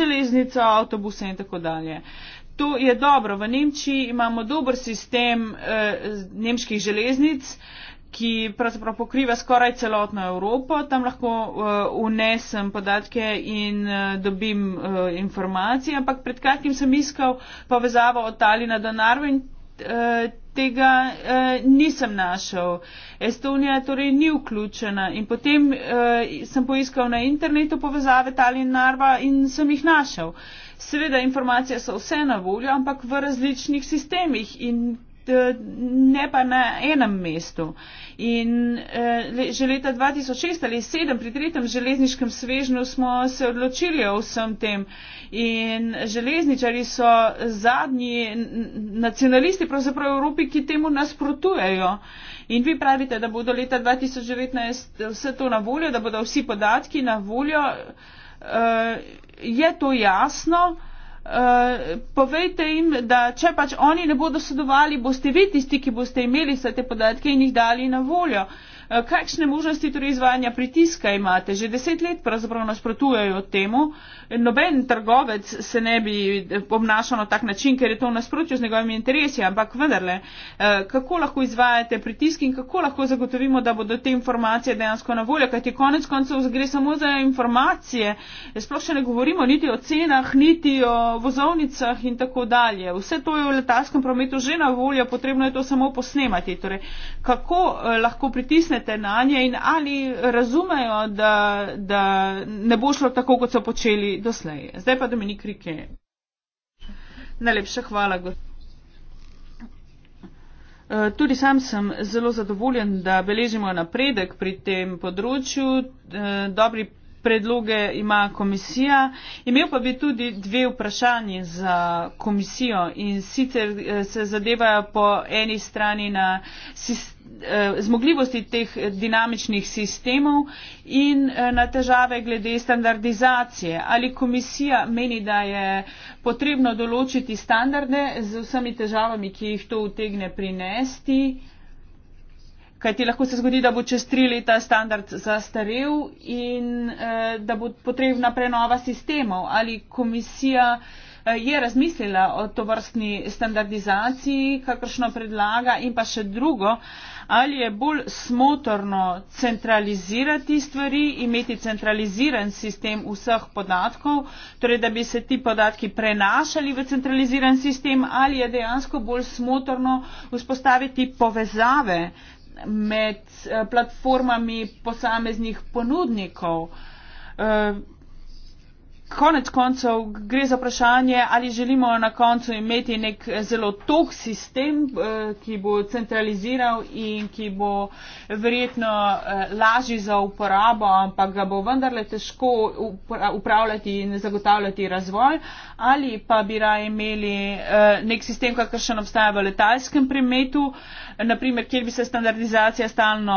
železnico, avtobuse in tako dalje. To je dobro. V Nemčiji imamo dober sistem uh, nemških železnic. Uh, ki pravzaprav pokriva skoraj celotno Evropo. Tam lahko uh, eh, unesem podatke in uh, dobim uh, informacije, ampak pred kratkim sem iskal povezavo od Talina do Narve in uh, tega uh, nisem našel. Estonija torej ni vključena in potem uh, sem poiskal na internetu povezave Talin-Narva in sem jih našel. Seveda informacije so vse na voljo, ampak v različnih sistemih in Eh, ne pa na enem mestu. In eh, že leta 2006 ali 2007 pri tretjem železniškem svežnju smo se odločili o vsem tem. In železničari so zadnji nacionalisti pravzaprav v Evropi, ki temu nasprotujejo. In vi pravite, da bodo leta 2019 vse to na voljo, da bodo vsi podatki na voljo. Eh, je to jasno? Eh, povejte jim, da če pač oni ne bodo sodelovali, boste vi tisti, ki boste imeli vse te podatke in jih dali na voljo. Uh, Eh, kakšne možnosti torej izvajanja pritiska imate. Že deset let pravzaprav nasprotujejo temu. Noben trgovec se ne bi eh, obnašal na tak način, ker je to v nasprotju z njegovimi interesi, ampak vendarle, eh, kako lahko izvajate pritisk in kako lahko zagotovimo, da bodo te informacije dejansko na voljo, kajti konec koncev gre samo za informacije. Sploh še ne govorimo niti o cenah, niti o vozovnicah in tako dalje. Vse to je v letalskem prometu že na voljo, potrebno je to samo posnemati. Torej, kako lahko pritisnemo? nasmehnete na nje in ali razumejo, da, da ne bo šlo tako, kot so počeli doslej. Zdaj pa Dominik Rike. Najlepša hvala. E, tudi sam sem zelo zadovoljen, da beležimo napredek pri tem področju. E, dobri predloge ima komisija. Imel pa bi tudi dve vprašanje za komisijo in sicer e, se zadevajo po eni strani na sistem. Eh, zmogljivosti teh dinamičnih sistemov in eh, na težave glede standardizacije. Ali komisija meni, da je potrebno določiti standarde z vsemi težavami, ki jih to utegne prinesti, kajti lahko se zgodi, da bo čez tri leta standard zastarev in eh, da bo potrebna prenova sistemov. Ali komisija je razmislila o to vrstni standardizaciji, kakršno predlaga in pa še drugo, ali je bolj smotrno centralizirati stvari, imeti centraliziran sistem vseh podatkov, torej da bi se ti podatki prenašali v centraliziran sistem, ali je dejansko bolj smotrno vzpostaviti povezave med eh, platformami posameznih ponudnikov. Eh, konec koncev gre za vprašanje, ali želimo na koncu imeti nek eh, zelo tog sistem, eh, ki bo centraliziral in ki bo verjetno eh, lažji za uporabo, ampak ga bo vendarle težko upravljati in zagotavljati razvoj, ali pa bi raje imeli nek sistem, kakor še obstaja v letalskem primetu, naprimer, kjer bi se standardizacija stalno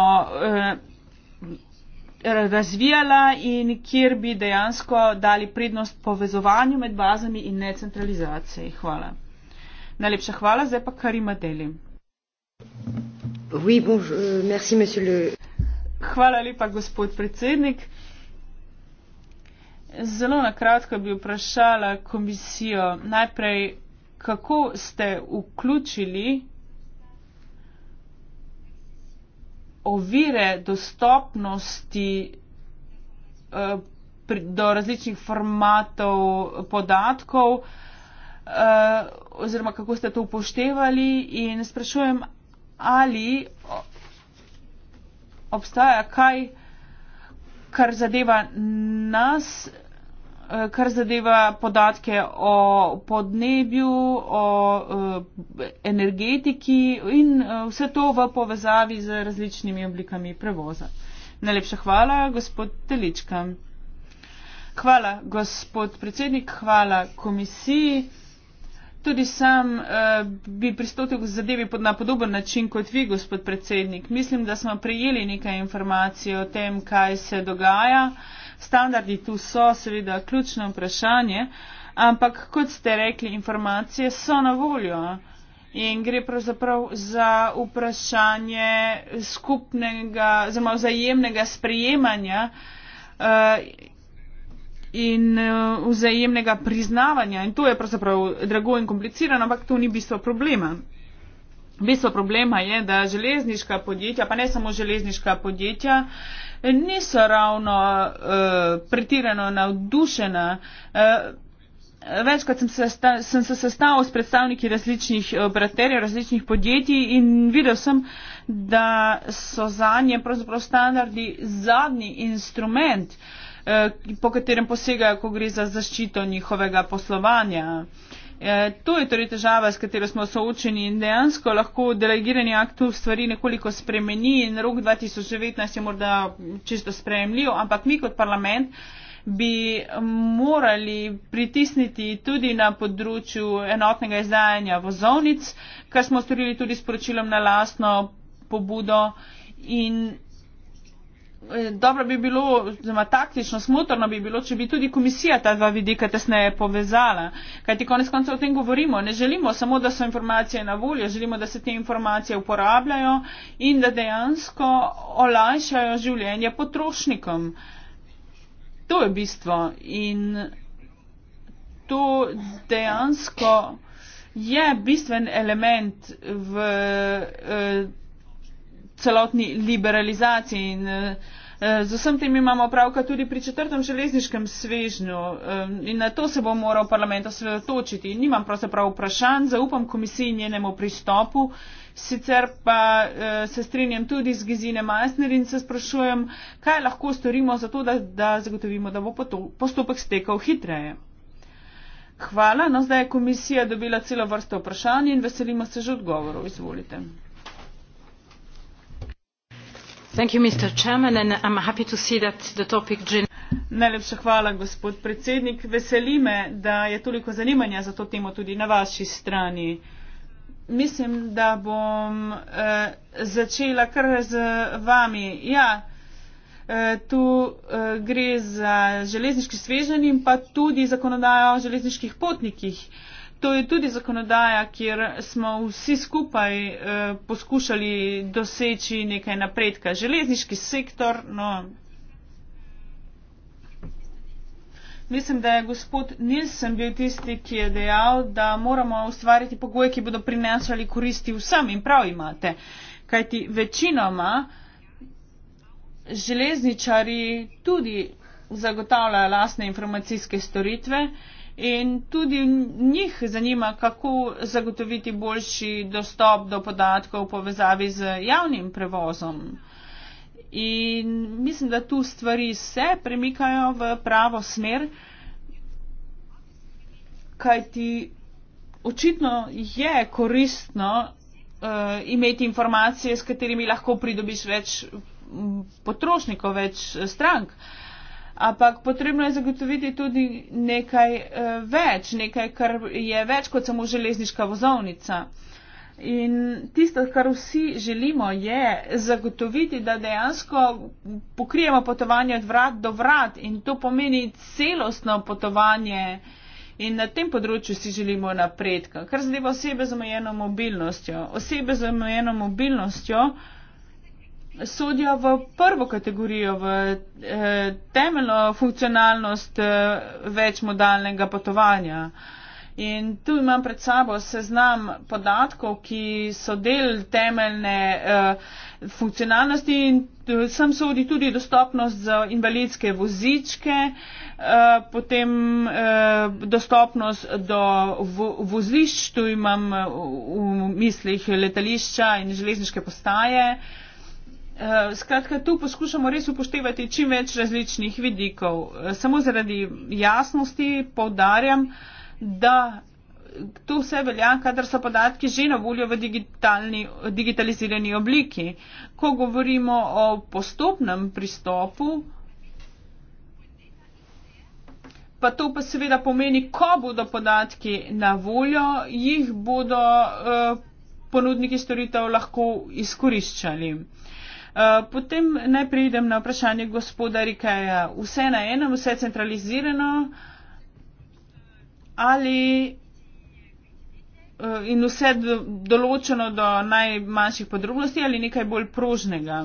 razvijala in kjer bi dejansko dali prednost povezovanju med bazami in ne centralizaciji. Hvala. Najlepša hvala, zdaj pa Karima Deli. Oui, bonjour, merci, monsieur le. Hvala lepa, gospod predsednik. Zelo na kratko bi vprašala komisijo najprej, kako ste vključili ovire dostopnosti eh, do različnih formatov podatkov eh, oziroma kako ste to upoštevali in sprašujem, ali obstaja kaj, kar zadeva nas, Eh, kar zadeva podatke o podnebju, o eh, energetiki in eh, vse to v povezavi z različnimi oblikami prevoza. Najlepša hvala, gospod Telička. Hvala, gospod predsednik, hvala komisiji. Tudi sam eh, bi pristopil k zadevi pod, na podoben način kot vi, gospod predsednik. Mislim, da smo prejeli nekaj informacij o tem, kaj se dogaja. Eh, standardi tu so seveda ključno vprašanje, ampak kot ste rekli, informacije so na voljo in gre pravzaprav za vprašanje skupnega, zelo vzajemnega sprejemanja uh, in uh, vzajemnega priznavanja. In to je pravzaprav drago in komplicirano, ampak to ni bistvo problema. Bistvo problema je, da železniška podjetja, pa ne samo železniška podjetja, uh, niso ravno uh, pretirano navdušena. Uh, eh, večkrat sem, sesta sem se sestavil s predstavniki različnih eh, obraterjev, različnih podjetij in videl sem, da so zanje pravzaprav standardi zadnji instrument, uh, po katerem posegajo, ko gre za zaščito njihovega poslovanja. Uh, Eh, to je torej težava, s katero smo soočeni in dejansko lahko delegirani akt v stvari nekoliko spremeni in rok 2019 je morda čisto sprejemljiv, ampak mi kot parlament bi morali pritisniti tudi na področju enotnega izdajanja vozovnic, kar smo storili tudi s poročilom na lastno pobudo in Eh, dobro bi bilo, zelo taktično, smotrno bi bilo, če bi tudi komisija ta dva vidika tesneje povezala. Kaj ti konec konca o tem govorimo? Ne želimo samo, da so informacije na voljo, želimo, da se te informacije uporabljajo in da dejansko olajšajo življenje potrošnikom. To je bistvo in to dejansko je bistven element v. Eh, celotni liberalizaciji. In, eh, eh, Z vsem tem imamo pravka tudi pri četrtem železniškem svežnju eh, in na to se bo moral parlament osredotočiti. Nimam pravzaprav vprašanj, zaupam komisiji njenemu pristopu, sicer pa se strinjam tudi z Gizine Masner in se sprašujem, kaj lahko storimo za to, da, da zagotovimo, da bo postopek stekal hitreje. Hvala, no zdaj je komisija dobila celo vrsto vprašanj in veselimo se že odgovorov. Izvolite najlepša hvala gospod predsednik veseli me da je toliko zanimanja za to temo tudi na vaši strani mislim da bom eh, začela kar z vami ja eh, Tu eh, gre za železniški sveženj in pa tudi zakonodajo o železniških potnikih to je tudi zakonodaja, kjer smo vsi skupaj eh, poskušali doseči nekaj napredka. Železniški sektor, no. Mislim, da je gospod Nilsen bil tisti, ki je dejal, da moramo ustvariti pogoje, ki bodo prinašali koristi vsem in prav imate. Kajti večinoma železničari tudi zagotavljajo lastne informacijske storitve. Eh, in tudi njih zanima, kako zagotoviti boljši dostop do podatkov v povezavi z javnim prevozom. In mislim, da tu stvari se premikajo v pravo smer, kaj ti očitno je koristno uh, imeti informacije, s katerimi lahko pridobiš več potrošnikov, več strank. Uh, ampak potrebno je zagotoviti tudi nekaj eh, več, nekaj, kar je več kot samo železniška vozovnica. In tisto, kar vsi želimo, je zagotoviti, da dejansko pokrijemo potovanje od vrat do vrat in to pomeni celostno potovanje in na tem področju si želimo napredka. Kar zadeva osebe z omejeno mobilnostjo. Osebe z omejeno mobilnostjo sodijo v prvo kategorijo, v eh, temeljno funkcionalnost eh, večmodalnega potovanja. In tu imam pred sabo seznam podatkov, ki so del temeljne uh, funkcionalnosti in sem sodi tudi dostopnost za invalidske vozičke, uh, potem uh, dostopnost do vo vozlišč, tu imam v, v mislih letališča in železniške postaje. Uh, Eh, skratka, tu poskušamo res upoštevati čim več različnih vidikov. Eh, samo zaradi jasnosti povdarjam, da to vse velja, kadar so podatki že na voljo v digitalizirani obliki. Ko govorimo o postopnem pristopu, pa to pa seveda pomeni, ko bodo podatki na voljo, jih bodo. Uh, ponudniki storitev lahko izkoriščali. Eh, potem naj pridem na vprašanje gospoda Rikeja. Vse na enem, vse centralizirano ali eh, in vse določeno do najmanjših podrobnosti ali nekaj bolj prožnega.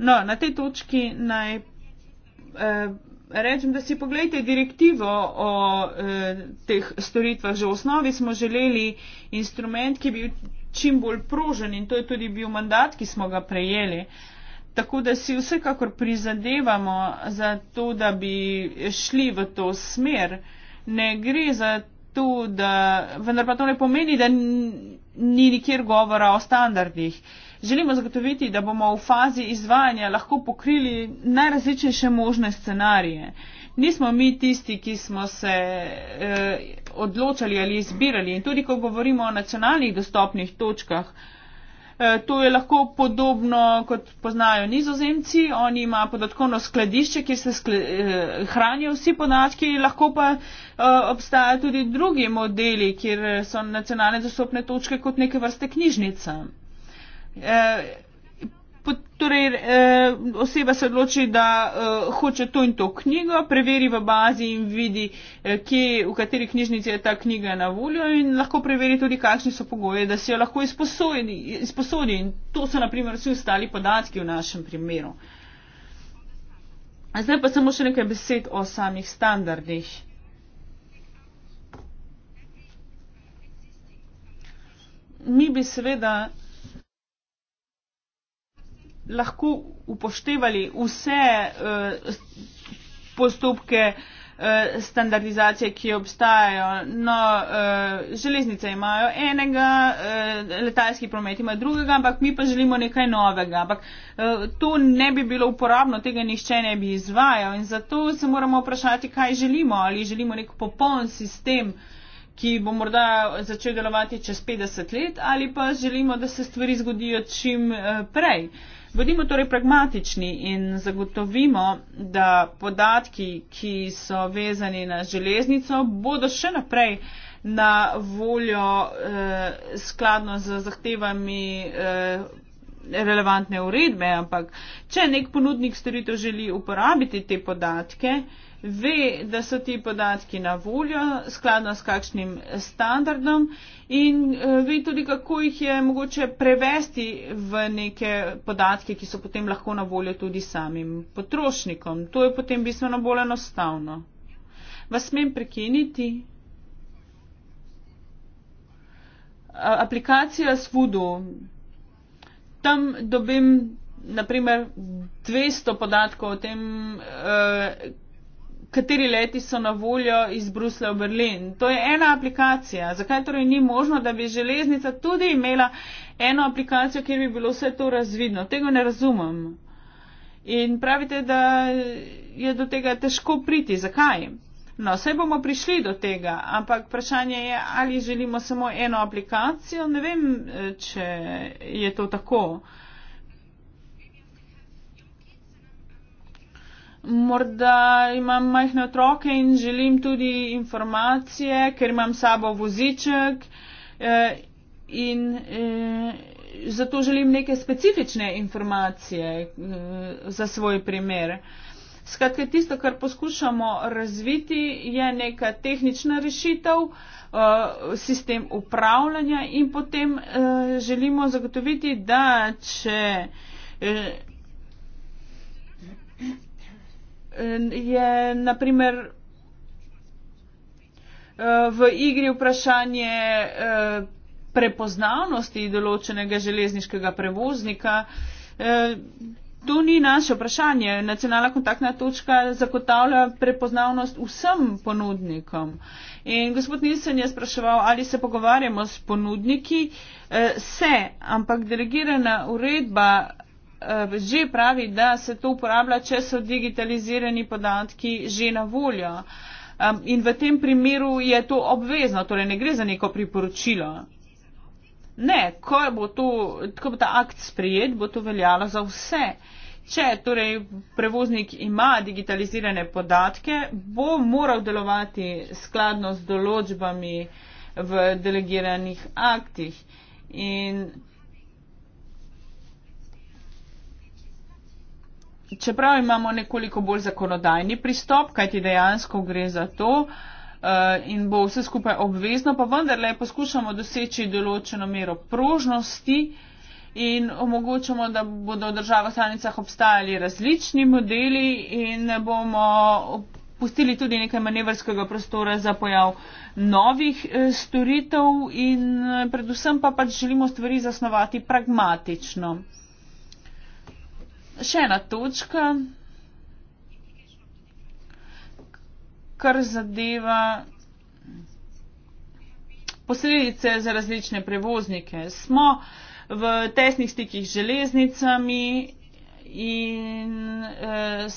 No, na tej točki naj eh, rečem, da si pogledajte direktivo o eh, teh storitvah. Že v osnovi smo želeli instrument, ki bi čim bolj prožen in to je tudi bil mandat, ki smo ga prejeli. Tako da si vsekakor prizadevamo za to, da bi šli v to smer. Ne gre za to, da, vendar pa to ne pomeni, da ni nikjer govora o standardih. Želimo zagotoviti, da bomo v fazi izvajanja lahko pokrili najrazličnejše možne scenarije nismo mi tisti, ki smo se eh, odločali ali izbirali. In tudi, ko govorimo o nacionalnih dostopnih točkah, eh, to je lahko podobno, kot poznajo nizozemci. Oni imajo podatkovno skladišče, kjer se skl eh, hranijo vsi podatki, lahko pa eh, obstaja tudi drugi modeli, kjer so nacionalne dostopne točke kot neke vrste knjižnica. Eh, Torej, eh, oseba se odloči, da eh, hoče to in to knjigo, preveri v bazi in vidi, eh, kje, v kateri knjižnici je ta knjiga na voljo in lahko preveri tudi, kakšni so pogoje, da se jo lahko izposodi. In to so naprimer vsi ostali podatki v našem primeru. Zdaj pa samo še nekaj besed o samih standardih. Mi bi seveda lahko upoštevali vse uh, postopke uh, standardizacije, ki obstajajo. No, uh, železnice imajo enega, uh, letalski promet ima drugega, ampak mi pa želimo nekaj novega. Ampak uh, to ne bi bilo uporabno, tega nišče ne bi izvajal in zato se moramo vprašati, kaj želimo, ali želimo nek popoln sistem ki bo morda začel delovati čez 50 let ali pa želimo, da se stvari zgodijo čim prej. Uh, Bodimo torej pragmatični in zagotovimo, da podatki, ki so vezani na železnico, bodo še naprej na voljo eh, skladno z zahtevami eh, relevantne uredbe, ampak če nek ponudnik storitev želi uporabiti te podatke, eh, ve, da so ti podatki na voljo, skladno s kakšnim standardom in eh, ve tudi, kako jih je mogoče prevesti v neke podatke, ki so potem lahko na voljo tudi samim potrošnikom. To je potem bistveno bolj enostavno. Vas smem prekiniti? Aplikacija Svudu. Tam dobim, naprimer, 200 podatkov o tem, eh, kateri leti so na voljo iz Bruslja v Berlin. To je ena aplikacija. Zakaj torej ni možno, da bi železnica tudi imela eno aplikacijo, kjer bi bilo vse to razvidno? Tega ne razumem. In pravite, da je do tega težko priti. Zakaj? No, vse bomo prišli do tega, ampak vprašanje je, ali želimo samo eno aplikacijo. Ne vem, eh, če je to tako. Uh, Morda imam majhne otroke in želim tudi informacije, ker imam sabo voziček eh, in eh, zato želim neke specifične informacije eh, za svoj primer. Skratka, tisto, kar poskušamo razviti, je neka tehnična rešitev, sistem upravljanja in potem želimo zagotoviti, da če je na primer eh, v igri vprašanje eh, prepoznavnosti določenega železniškega prevoznika. Eh, to ni naše vprašanje. Nacionalna kontaktna točka zagotavlja prepoznavnost vsem ponudnikom. In gospod Nilsen je spraševal, ali se pogovarjamo s ponudniki. Se, ampak delegirana uredba Eh, že pravi, da se to uporablja, če so digitalizirani podatki že na voljo. In v tem primeru je to obvezno, torej ne gre za neko priporočilo. Ne, ko bo, to, ko bo ta akt sprijet, bo to veljalo za vse. Če torej prevoznik ima digitalizirane podatke, bo moral delovati skladno z določbami v delegiranih aktih. In čeprav imamo nekoliko bolj zakonodajni pristop, kajti dejansko gre za to uh, in bo vse skupaj obvezno, pa vendarle poskušamo doseči določeno mero prožnosti in omogočamo, da bodo v državah stranicah obstajali različni modeli in bomo pustili tudi nekaj manevrskega prostora za pojav novih eh, storitev in eh, predvsem pa pač želimo stvari zasnovati pragmatično še ena točka, kar zadeva posledice za različne prevoznike. Smo v tesnih stikih z železnicami in e,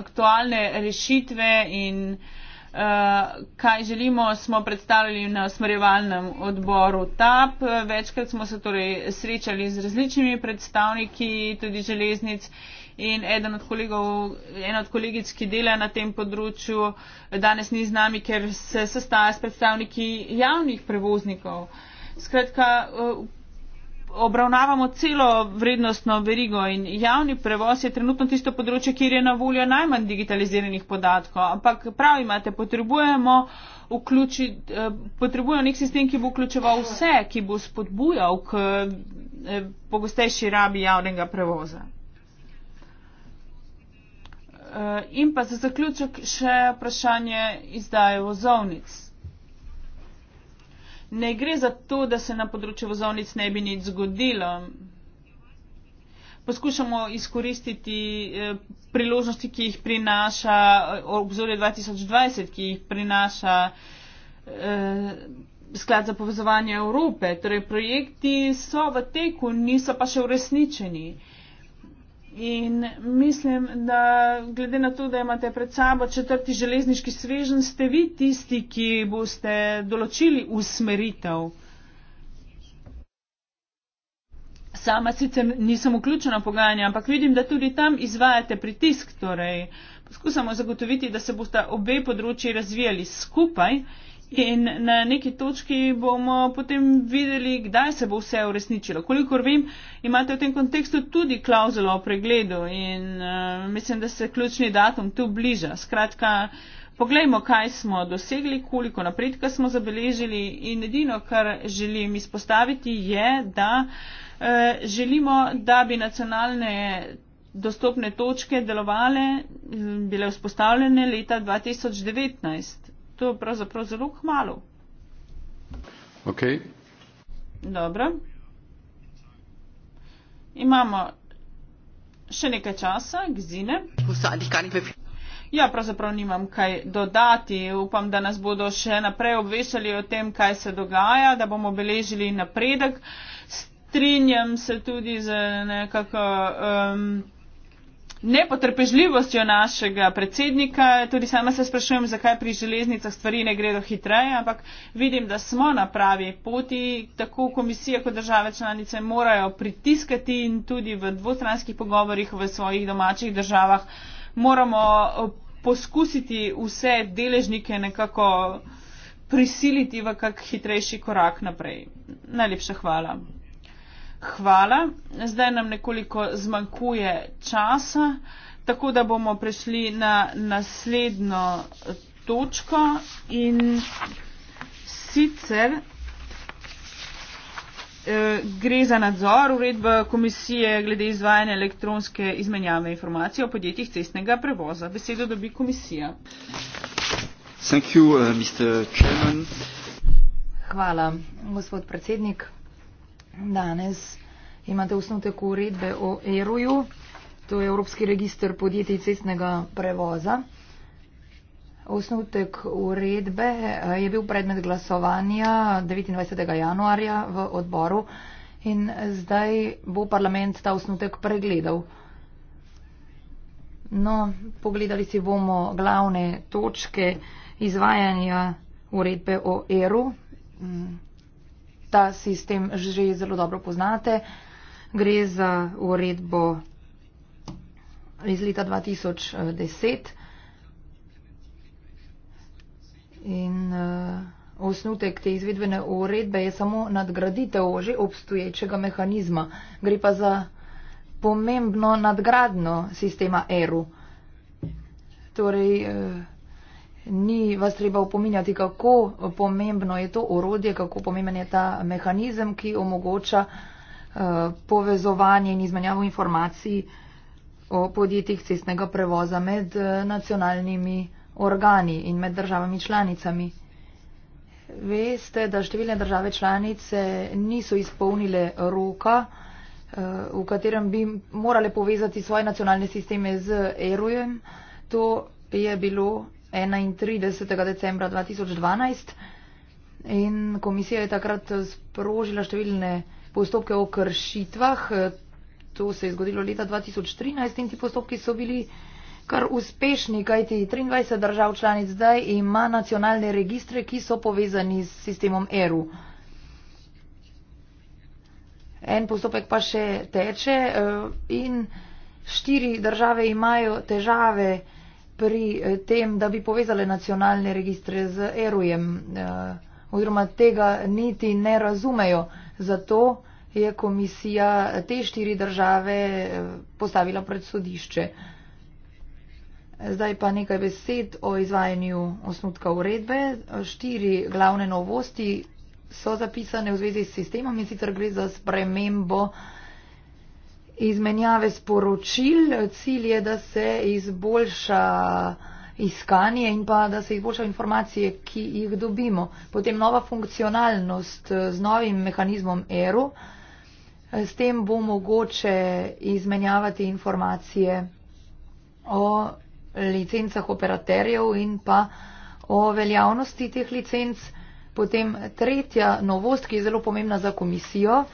aktualne rešitve in e, uh, kaj želimo, smo predstavili na usmerjevalnem odboru TAP. Večkrat smo se torej srečali z različnimi predstavniki tudi železnic in eden od kolegov, ena od kolegic, ki dela na tem področju, danes ni z nami, ker se sestaja s predstavniki javnih prevoznikov. Skratka, uh, obravnavamo celo vrednostno verigo in javni prevoz je trenutno tisto področje, kjer je na voljo najmanj digitaliziranih podatkov. Ampak prav imate, potrebujemo, vključi, eh, potrebujemo nek sistem, ki bo vključeval vse, ki bo spodbujal k eh, pogostejši rabi javnega prevoza. Eh, in pa za zaključek še vprašanje izdaje vozovnic ne gre za to, da se na področju vozovnic ne bi nič zgodilo. Poskušamo izkoristiti eh, priložnosti, ki jih prinaša eh, obzorje 2020, ki jih prinaša eh, sklad za povezovanje Evrope. Torej, projekti so v teku, niso pa še uresničeni. In mislim, da glede na to, da imate pred sabo četrti železniški svežen, ste vi tisti, ki boste določili usmeritev. Sama sicer nisem vključena v pogajanje, ampak vidim, da tudi tam izvajate pritisk. Torej, poskusamo zagotoviti, da se boste obe področji razvijali skupaj. In na neki točki bomo potem videli, kdaj se bo vse uresničilo. Kolikor vem, imate v tem kontekstu tudi klauzulo o pregledu in uh, mislim, da se ključni datum tu bliža. Skratka, pogledajmo, kaj smo dosegli, koliko napredka smo zabeležili in edino, kar želim izpostaviti, je, da uh, želimo, da bi nacionalne. Dostopne točke delovale, eh, bile vzpostavljene leta 2019 to pravzaprav zelo k malu. Ok. Dobro. Imamo še nekaj časa, gzine. Ja, pravzaprav nimam kaj dodati. Upam, da nas bodo še naprej obvešali o tem, kaj se dogaja, da bomo beležili napredek. Strinjam se tudi z nekako. Um, nepotrpežljivostjo našega predsednika. Tudi sama se sprašujem, zakaj pri železnicah stvari ne gredo hitreje, ampak vidim, da smo na pravi poti. Tako komisija kot države članice morajo pritiskati in tudi v dvostranskih pogovorjih v svojih domačih državah moramo poskusiti vse deležnike nekako prisiliti v kak hitrejši korak naprej. Najlepša hvala. Hvala. Zdaj nam nekoliko zmanjkuje časa, tako da bomo prešli na naslednjo točko in sicer eh, gre za nadzor uredbe komisije glede izvajanja elektronske izmenjave informacij o podjetjih cestnega prevoza. Besedo dobi komisija. Thank you, uh, Hvala, gospod predsednik. Danes imate osnutek uredbe o ERU-ju, to je Evropski registr podjetij cestnega prevoza. Osnutek uredbe eh, je bil predmet glasovanja 29. januarja v odboru in zdaj bo parlament ta osnutek pregledal. No, pogledali si bomo glavne točke izvajanja uredbe o ERU. Mm ta sistem že zelo dobro poznate. Gre za uredbo iz leta 2010 in uh, osnutek te izvedbene uredbe je samo nadgraditev že obstoječega mehanizma. Gre pa za pomembno nadgradno sistema ERU. Torej, uh, ni vas treba upominjati, kako pomembno je to orodje, kako pomemben je ta mehanizem, ki omogoča eh, povezovanje in izmenjavo informacij o podjetjih cestnega prevoza med eh, nacionalnimi organi in med državami članicami. Veste, da številne države članice niso izpolnile roka, eh, v katerem bi morale povezati svoje nacionalne sisteme z ERUJEM. To je bilo 31. decembra 2012 in komisija je takrat sprožila številne postopke o kršitvah. To se je zgodilo leta 2013 in ti postopki so bili kar uspešni, kajti 23 držav članic zdaj ima nacionalne registre, ki so povezani s sistemom ERU. En postopek pa še teče eh, in štiri države imajo težave pri eh, tem, da bi povezali nacionalne registre z erujem, eh, oziroma tega niti ne razumejo. Zato je komisija te štiri države eh, postavila pred sodišče. Zdaj pa nekaj besed o izvajanju osnutka uredbe. Štiri glavne novosti so zapisane v zvezi s sistemom in sicer gre za spremembo uh, izmenjave sporočil. Cilj je, da se izboljša iskanje in pa da se izboljša informacije, ki jih dobimo. Potem nova funkcionalnost eh, z novim mehanizmom ERO. S tem bo mogoče izmenjavati informacije o licencah operaterjev in pa o veljavnosti teh licenc. Potem tretja novost, ki je zelo pomembna za komisijo,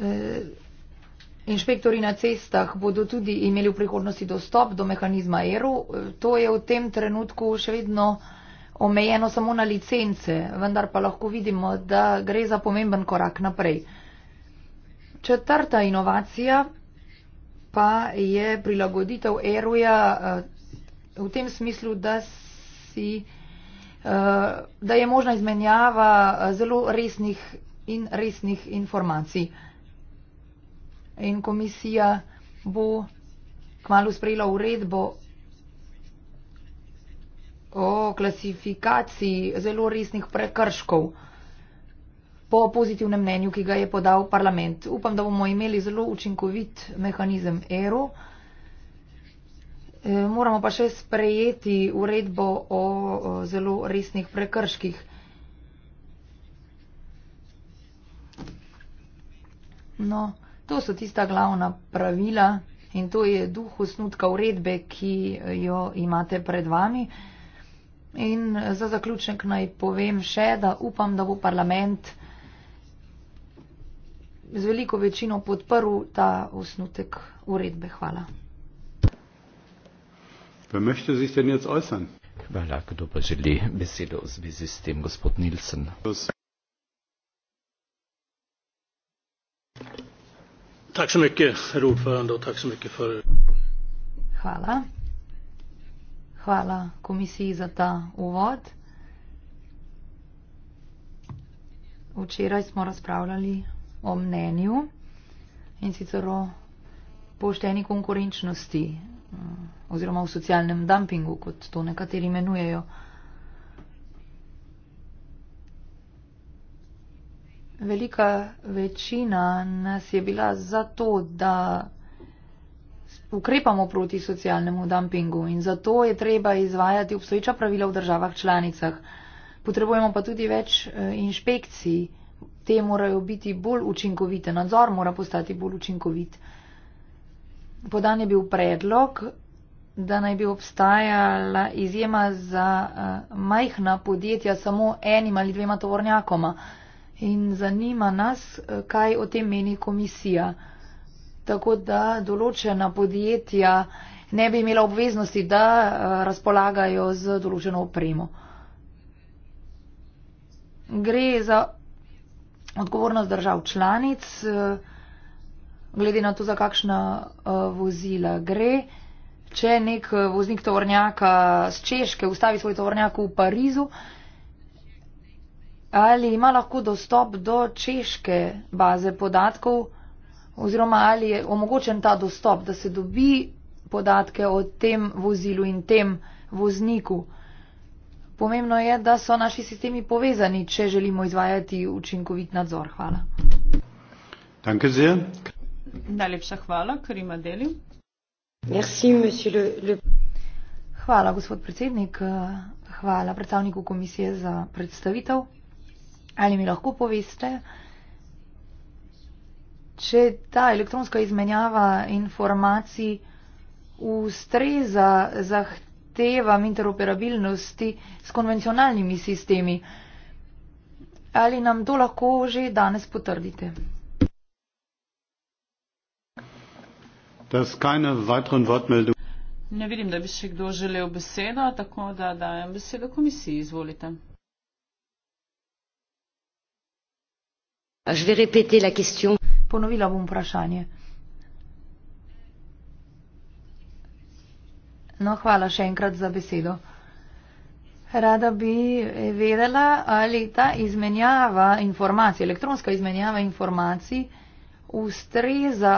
eh, Inšpektori na cestah bodo tudi imeli v prihodnosti dostop do mehanizma ERO. To je v tem trenutku še vedno omejeno samo na licence, vendar pa lahko vidimo, da gre za pomemben korak naprej. Četrta inovacija pa je prilagoditev ERO-ja eh, v tem smislu, da, si, eh, da je možna izmenjava eh, zelo resnih in resnih informacij in komisija bo kmalo sprejela uredbo o klasifikaciji zelo resnih prekrškov po pozitivnem mnenju, ki ga je podal parlament. Upam, da bomo imeli zelo učinkovit mehanizem ERO. E, moramo pa še sprejeti uredbo o zelo resnih prekrških. No. To so tista glavna pravila in to je duh osnutka uredbe, ki jo imate pred vami. In za zaključek naj povem še, da upam, da bo parlament z veliko večino podprl ta osnutek uredbe. Hvala. Hvala, kdo pa želi besedo v zvezi s tem, gospod Nilsen. Thank you. Tack så mycket, herr ordförande, och tack så mycket för... Hvala. Hvala komisiji za ta uvod. Včeraj smo razpravljali o mnenju in sicer o pošteni konkurenčnosti mm, oziroma o socialnem dumpingu, kot to nekateri imenujejo. velika večina nas je bila za to, da ukrepamo proti socialnemu dumpingu in zato je treba izvajati obstoječa pravila v državah članicah. Potrebujemo pa tudi več eh, inšpekcij, te morajo biti bolj učinkovite, nadzor mora postati bolj učinkovit. Podan je bil predlog, da naj bi obstajala izjema za eh, majhna podjetja samo enim ali dvema tovornjakoma in zanima nas, eh, kaj o tem meni komisija. Tako da določena podjetja ne bi imela obveznosti, da eh, razpolagajo z določeno opremo. Gre za odgovornost držav članic, eh, glede na to, za kakšna vozila gre. Če nek voznik tovornjaka z Češke ustavi svoj tovornjak v Parizu, ali ima lahko dostop do češke baze podatkov oziroma ali je omogočen ta dostop, da se dobi podatke o tem vozilu in tem vozniku. Pomembno je, da so naši sistemi povezani, če želimo izvajati učinkovit nadzor. Hvala. Danke sehr. Najlepša hvala, ker ima deli. Merci, monsieur le, le... Hvala, gospod predsednik. Hvala predstavniku komisije za predstavitev. Ali mi lahko poveste, če ta elektronska izmenjava informacij ustreza zahtevam interoperabilnosti s konvencionalnimi sistemi? Ali nam to lahko že danes potrdite? Ne vidim, da bi še kdo želel besedo, tako da dajem besedo komisiji. Izvolite. Ah, je vais répéter la question. Ponovila bom vprašanje. No, hvala še enkrat za besedo. Rada bi vedela, ali ta izmenjava informacij, elektronska izmenjava informacij, ustreza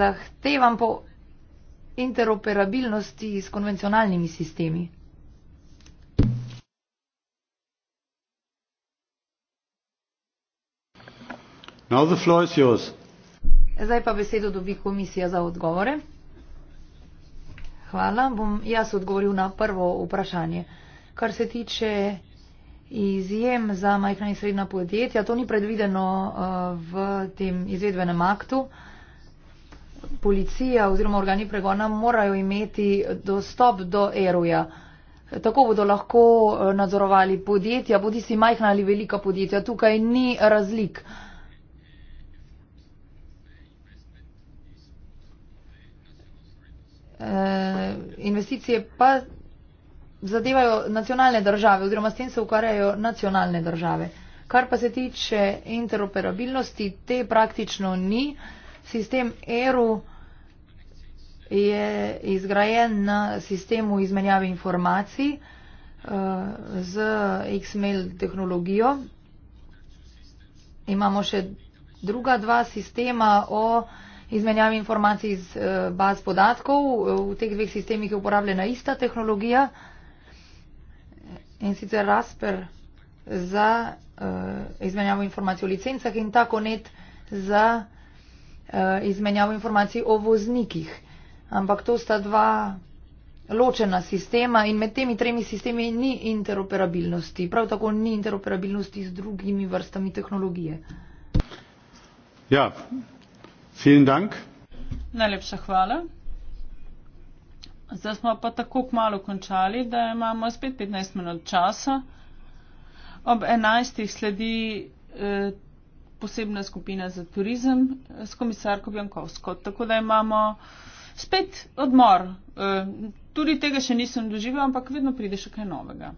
zahtevam po interoperabilnosti s konvencionalnimi sistemi. Zdaj pa besedo dobi komisija za odgovore. Hvala. Bom jaz odgovoril na prvo vprašanje. Kar se tiče izjem za majhna in srednja podjetja, to ni predvideno eh, v tem izvedbenem aktu. Policija oziroma organi pregona morajo imeti dostop do eruja. Tako bodo lahko eh, nadzorovali podjetja, bodi si majhna ali velika podjetja. Tukaj ni razlik. Eh, investicije pa zadevajo nacionalne države oziroma s tem se ukvarjajo nacionalne države. Kar pa se tiče interoperabilnosti, te praktično ni. Sistem ERU je izgrajen na sistemu izmenjave informacij eh, z XML tehnologijo. Imamo še druga dva sistema o uh, izmenjavi informacij iz eh, baz podatkov. Eh, v teh dveh sistemih je uporabljena ista tehnologija in sicer Rasper za eh, izmenjavo informacij o licencah in tako net za izmenjavo informacij o voznikih. Ampak to sta dva ločena sistema in med temi tremi sistemi ni interoperabilnosti. Prav tako ni interoperabilnosti z drugimi vrstami tehnologije. Ja, Vielen Dank. Najlepša hvala. Zdaj smo pa tako kmalo končali, da imamo spet 15 minut časa. Ob 11. sledi eh, posebna skupina za turizem eh, s komisarko Bjankovsko. Tako da imamo spet odmor. Eh, tudi tega še nisem doživel, ampak vedno pride še kaj novega.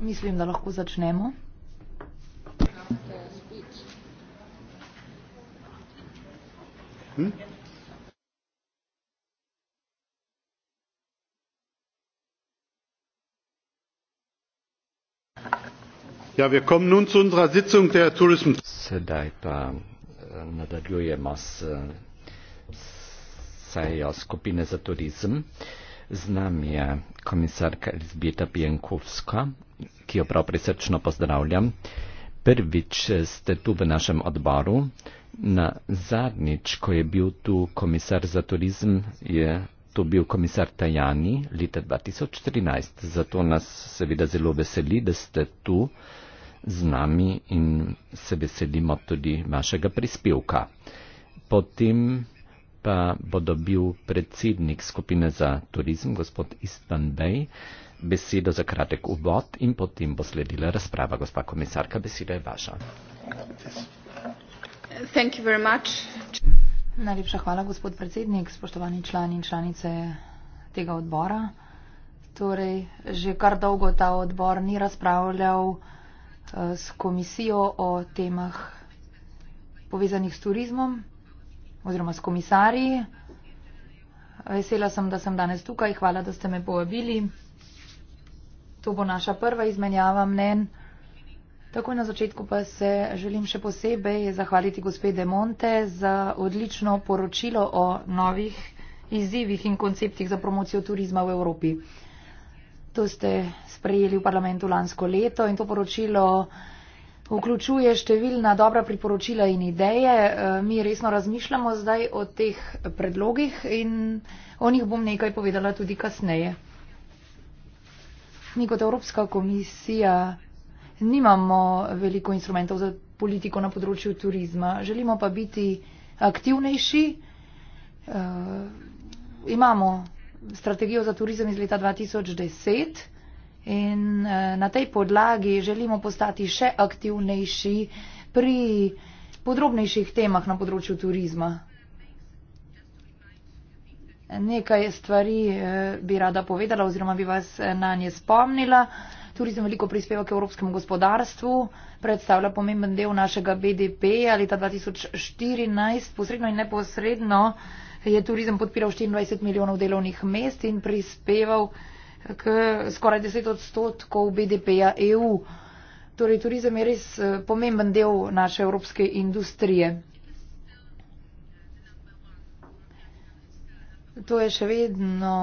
mislim da lahko začnemo hm? ja, sedaj pa eh, nadaljujemo eh, s sejo skupine za turizem in sicer bi želel Z nami je komisarka Elizbeta Pienkovska, ki jo prav prisrčno pozdravljam. Prvič ste tu v našem odboru. Na zadnjič, ko je bil tu komisar za turizem, je tu bil komisar Tajani leta 2014. Zato nas seveda zelo veseli, da ste tu z nami in se veselimo tudi vašega prispevka. Potem pa bo dobil predsednik skupine za turizem, gospod Istan Bej, besedo za kratek uvod in potem bo sledila razprava. Gospa komisarka, beseda je vaša. Thank you very much. Najlepša hvala, gospod predsednik, spoštovani člani in članice tega odbora. Torej, že kar dolgo ta odbor ni razpravljal eh, s komisijo o temah povezanih s turizmom, oziroma s komisarji. Vesela sem, da sem danes tukaj. Hvala, da ste me povabili. To bo naša prva izmenjava mnen. Takoj na začetku pa se želim še posebej zahvaliti gospe De Monte za odlično poročilo o novih izzivih in konceptih za promocijo turizma v Evropi. To ste sprejeli v parlamentu lansko leto in to poročilo vključuje številna dobra priporočila in ideje. E, mi resno razmišljamo zdaj o teh predlogih in o njih bom nekaj povedala tudi kasneje. Mi kot Evropska komisija nimamo veliko instrumentov za politiko na področju turizma. Želimo pa biti aktivnejši. Uh, imamo strategijo za turizem iz leta 2010 in eh, na tej podlagi želimo postati še aktivnejši pri podrobnejših temah na področju turizma. Nekaj stvari eh, bi rada povedala oziroma bi vas eh, na nje spomnila. Turizem veliko prispeva k evropskemu gospodarstvu, predstavlja pomemben del našega BDP ali ta 2014. Posredno in neposredno je turizem podpiral 24 milijonov delovnih mest in prispeval k skoraj 10 odstotkov BDP-ja EU. Torej, turizem je res eh, pomemben del naše evropske industrije. To je še vedno,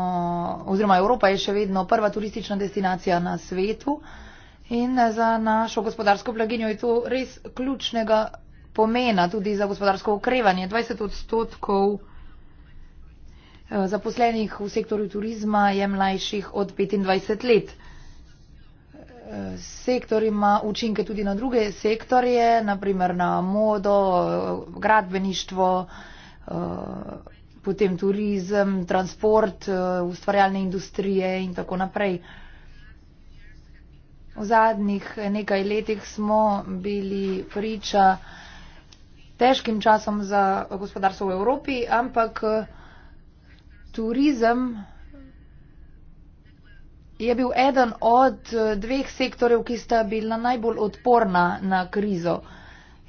oziroma Evropa je še vedno prva turistična destinacija na svetu in eh, za našo gospodarsko blaginjo je to res ključnega pomena tudi za gospodarsko okrevanje. 20 odstotkov Eh, zaposlenih v sektorju turizma je mlajših od 25 let. Eh, sektor ima učinke tudi na druge sektorje, naprimer na modo, eh, gradbeništvo, potem turizem, transport, ustvarjalne industrije in tako naprej. V zadnjih nekaj letih smo bili priča težkim časom za gospodarstvo v Evropi, ampak Turizem je bil eden od eh, dveh sektorjev, ki sta bila najbolj odporna na krizo.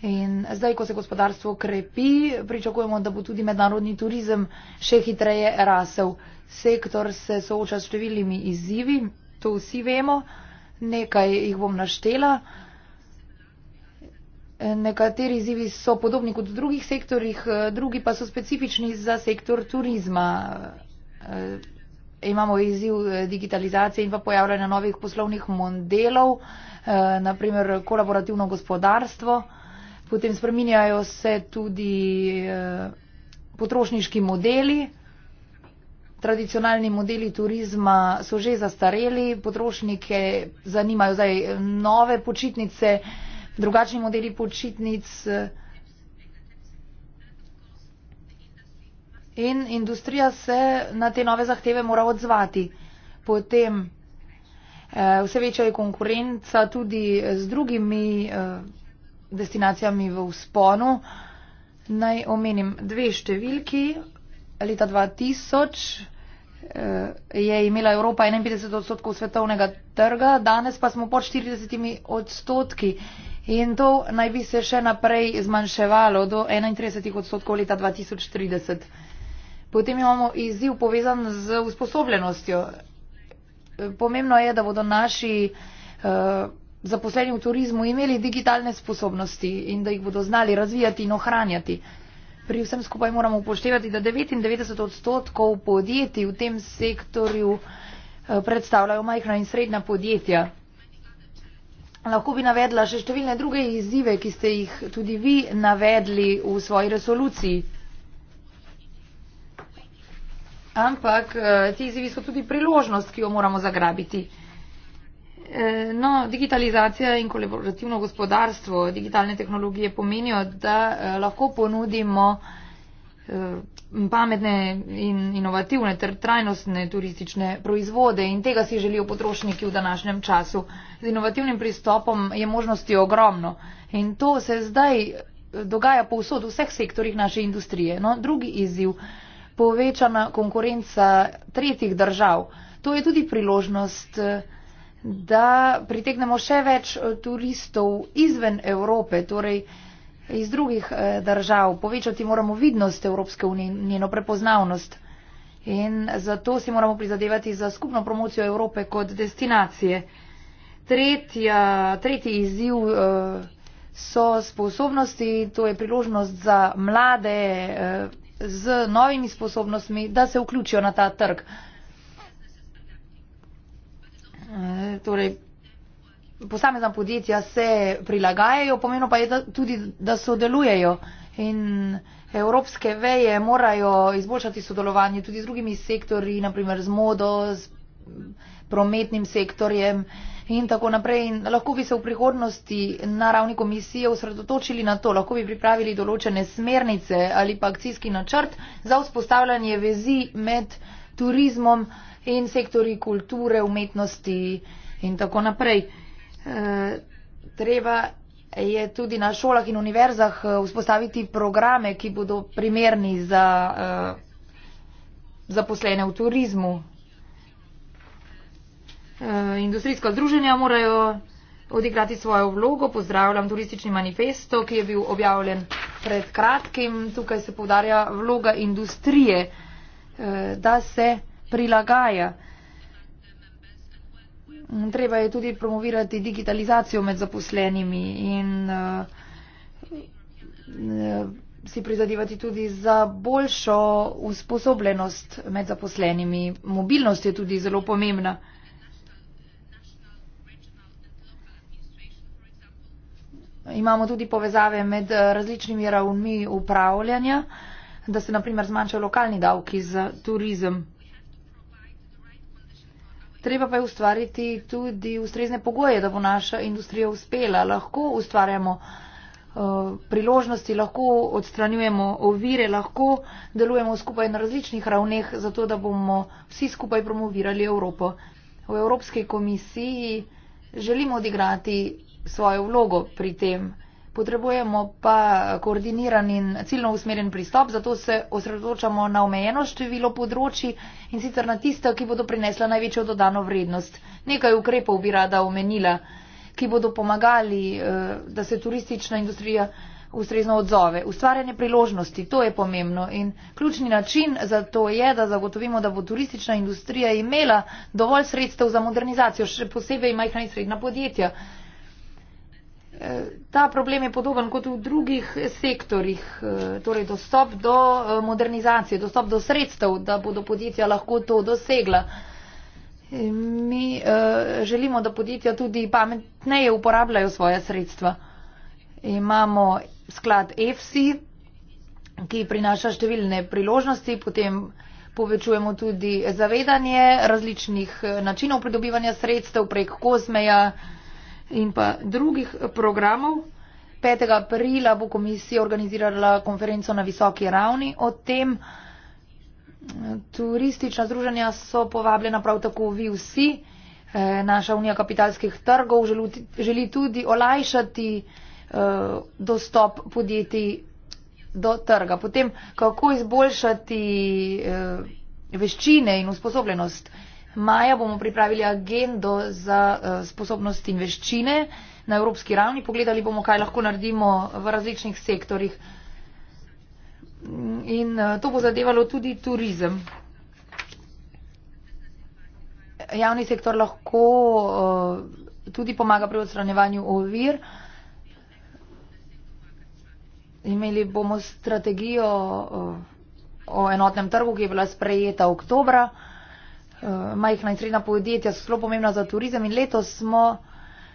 In zdaj, ko se gospodarstvo krepi, pričakujemo, da bo tudi mednarodni turizem še hitreje rasel. Sektor se sooča s številnimi izzivi, to vsi vemo, nekaj jih bom naštela. Nekateri izzivi so podobni kot v drugih sektorjih, eh, drugi pa so specifični za sektor turizma. Eh, imamo izziv eh, digitalizacije in pa pojavljanja novih poslovnih modelov, naprimer kolaborativno gospodarstvo. Potem spreminjajo se tudi potrošniški modeli. Tradicionalni modeli turizma so že zastareli, potrošnike zanimajo zdaj nove počitnice drugačni modeli počitnic eh, in industrija se na te nove zahteve mora odzvati. Potem eh, vse večja je konkurenca tudi z drugimi eh, destinacijami v usponu. Naj omenim dve številki. Leta 2000 Eh, je imela Evropa 51 odstotkov svetovnega trga, danes pa smo pod 40 odstotki in to naj bi se še naprej zmanjševalo do 31 odstotkov leta 2030. Potem imamo izziv povezan z usposobljenostjo. Eh, pomembno je, da bodo naši uh, zaposleni v turizmu imeli digitalne sposobnosti in da jih bodo znali razvijati in ohranjati pri vsem skupaj moramo upoštevati, da 99 odstotkov podjetij v tem sektorju eh, predstavljajo majhna in srednja podjetja. Lahko bi navedla še številne druge izzive, ki ste jih tudi vi navedli v svoji resoluciji. Ampak eh, ti izzivi so tudi priložnost, ki jo moramo zagrabiti. Eh, no, digitalizacija in kolaborativno gospodarstvo, digitalne tehnologije pomenijo, da eh, lahko ponudimo eh, pametne in inovativne ter trajnostne turistične proizvode in tega si želijo potrošniki v današnjem času. Z inovativnim pristopom je možnosti ogromno in to se zdaj dogaja povsod v vseh sektorjih naše industrije. No, drugi izziv, povečana konkurenca tretjih držav. To je tudi priložnost da pritegnemo še več eh, turistov izven Evrope, torej iz drugih eh, držav. Povečati moramo vidnost Evropske unije in njeno prepoznavnost. In zato si moramo prizadevati za skupno promocijo Evrope kot destinacije. Tretja, tretji izziv eh, so sposobnosti, to je priložnost za mlade z novimi sposobnostmi, da se vključijo na ta trg. Eh, torej, posamezna podjetja se prilagajajo, pomeno pa je da, tudi, da sodelujejo. In evropske veje morajo izboljšati sodelovanje tudi z drugimi sektorji, naprimer z modo, s prometnim sektorjem in tako naprej. In lahko bi se v prihodnosti na ravni komisije usredotočili na to, lahko bi pripravili določene smernice ali pa akcijski načrt za vzpostavljanje vezi med turizmom in sektori kulture, umetnosti in tako naprej. E, treba je tudi na šolah in univerzah e, vzpostaviti programe, ki bodo primerni za e, zaposlene v turizmu. Industrijska združenja morajo odigrati svojo vlogo. Pozdravljam turistični manifesto, ki je bil objavljen pred kratkim. Tukaj se podarja vloga industrije, da se prilagaja. Treba je tudi promovirati digitalizacijo med zaposlenimi in uh, si prizadevati tudi za boljšo usposobljenost med zaposlenimi. Mobilnost je tudi zelo pomembna. Imamo tudi povezave med eh, različnimi ravnmi upravljanja, da se naprimer zmanjšajo lokalni davki za turizem. Treba pa je ustvariti tudi ustrezne pogoje, da bo naša industrija uspela. Lahko ustvarjamo uh, priložnosti, lahko odstranjujemo ovire, lahko delujemo skupaj na različnih ravneh, zato da bomo vsi skupaj promovirali Evropo. V Evropski komisiji želimo odigrati svojo vlogo pri tem. Potrebujemo pa koordiniran in ciljno usmerjen pristop, zato se osredotočamo na omejeno število področji in sicer na tiste, ki bodo prinesla največjo dodano vrednost. Nekaj ukrepov bi rada omenila, ki bodo pomagali, eh, da se turistična industrija ustrezno odzove. Ustvarjanje priložnosti, to je pomembno in ključni način za to je, da zagotovimo, da bo turistična industrija imela dovolj sredstev za modernizacijo, še posebej majhna in srednja podjetja. Ta problem je podoben kot v drugih sektorjih, eh, torej dostop do eh, modernizacije, dostop do sredstev, da bodo podjetja lahko to dosegla. Eh, mi želimo, da podjetja tudi pametneje uporabljajo svoje sredstva. Imamo sklad EFSI, ki prinaša številne priložnosti, potem povečujemo tudi zavedanje različnih načinov pridobivanja sredstev prek kozmeja in pa drugih programov. 5. aprila bo komisija organizirala konferenco na visoki ravni o tem. Turistična združenja so povabljena prav tako vi vsi. E, naša unija kapitalskih trgov želi tudi olajšati e, dostop podjetij do trga. Potem, kako izboljšati e, veščine in usposobljenost Maja bomo pripravili agendo za eh, sposobnosti in veščine na evropski ravni. Pogledali bomo, kaj lahko naredimo v različnih sektorjih. In eh, to bo zadevalo tudi turizem. Javni sektor lahko eh, tudi pomaga pri odstranjevanju ovir. Imeli bomo strategijo o enotnem trgu, ki je bila sprejeta oktobra. Eh, majhna in srednja podjetja so zelo pomembna za turizem in letos smo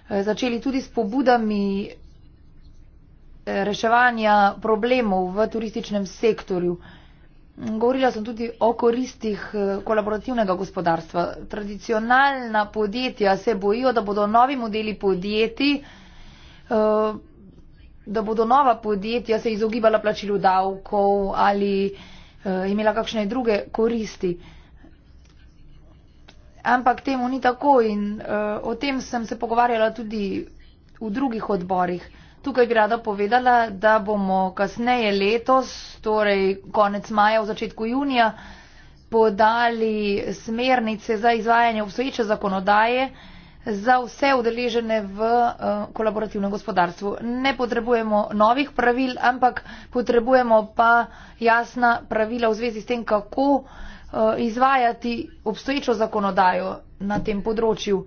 eh, začeli tudi s pobudami eh, reševanja problemov v turističnem sektorju. Govorila sem tudi o koristih kolaborativnega gospodarstva. Tradicionalna podjetja se bojijo, da bodo novi modeli podjetij, da bodo nova podjetja se izogibala plačilu davkov ali imela kakšne druge koristi ampak temu ni tako in uh, o tem sem se pogovarjala tudi v drugih odborih. Tukaj bi rada povedala, da bomo kasneje letos, torej konec maja, v začetku junija, podali smernice za izvajanje obstoječe zakonodaje za vse udeležene v uh, kolaborativnem gospodarstvu. Ne potrebujemo novih pravil, ampak potrebujemo pa jasna pravila v zvezi s tem, kako Eh, izvajati obstoječo zakonodajo na tem področju.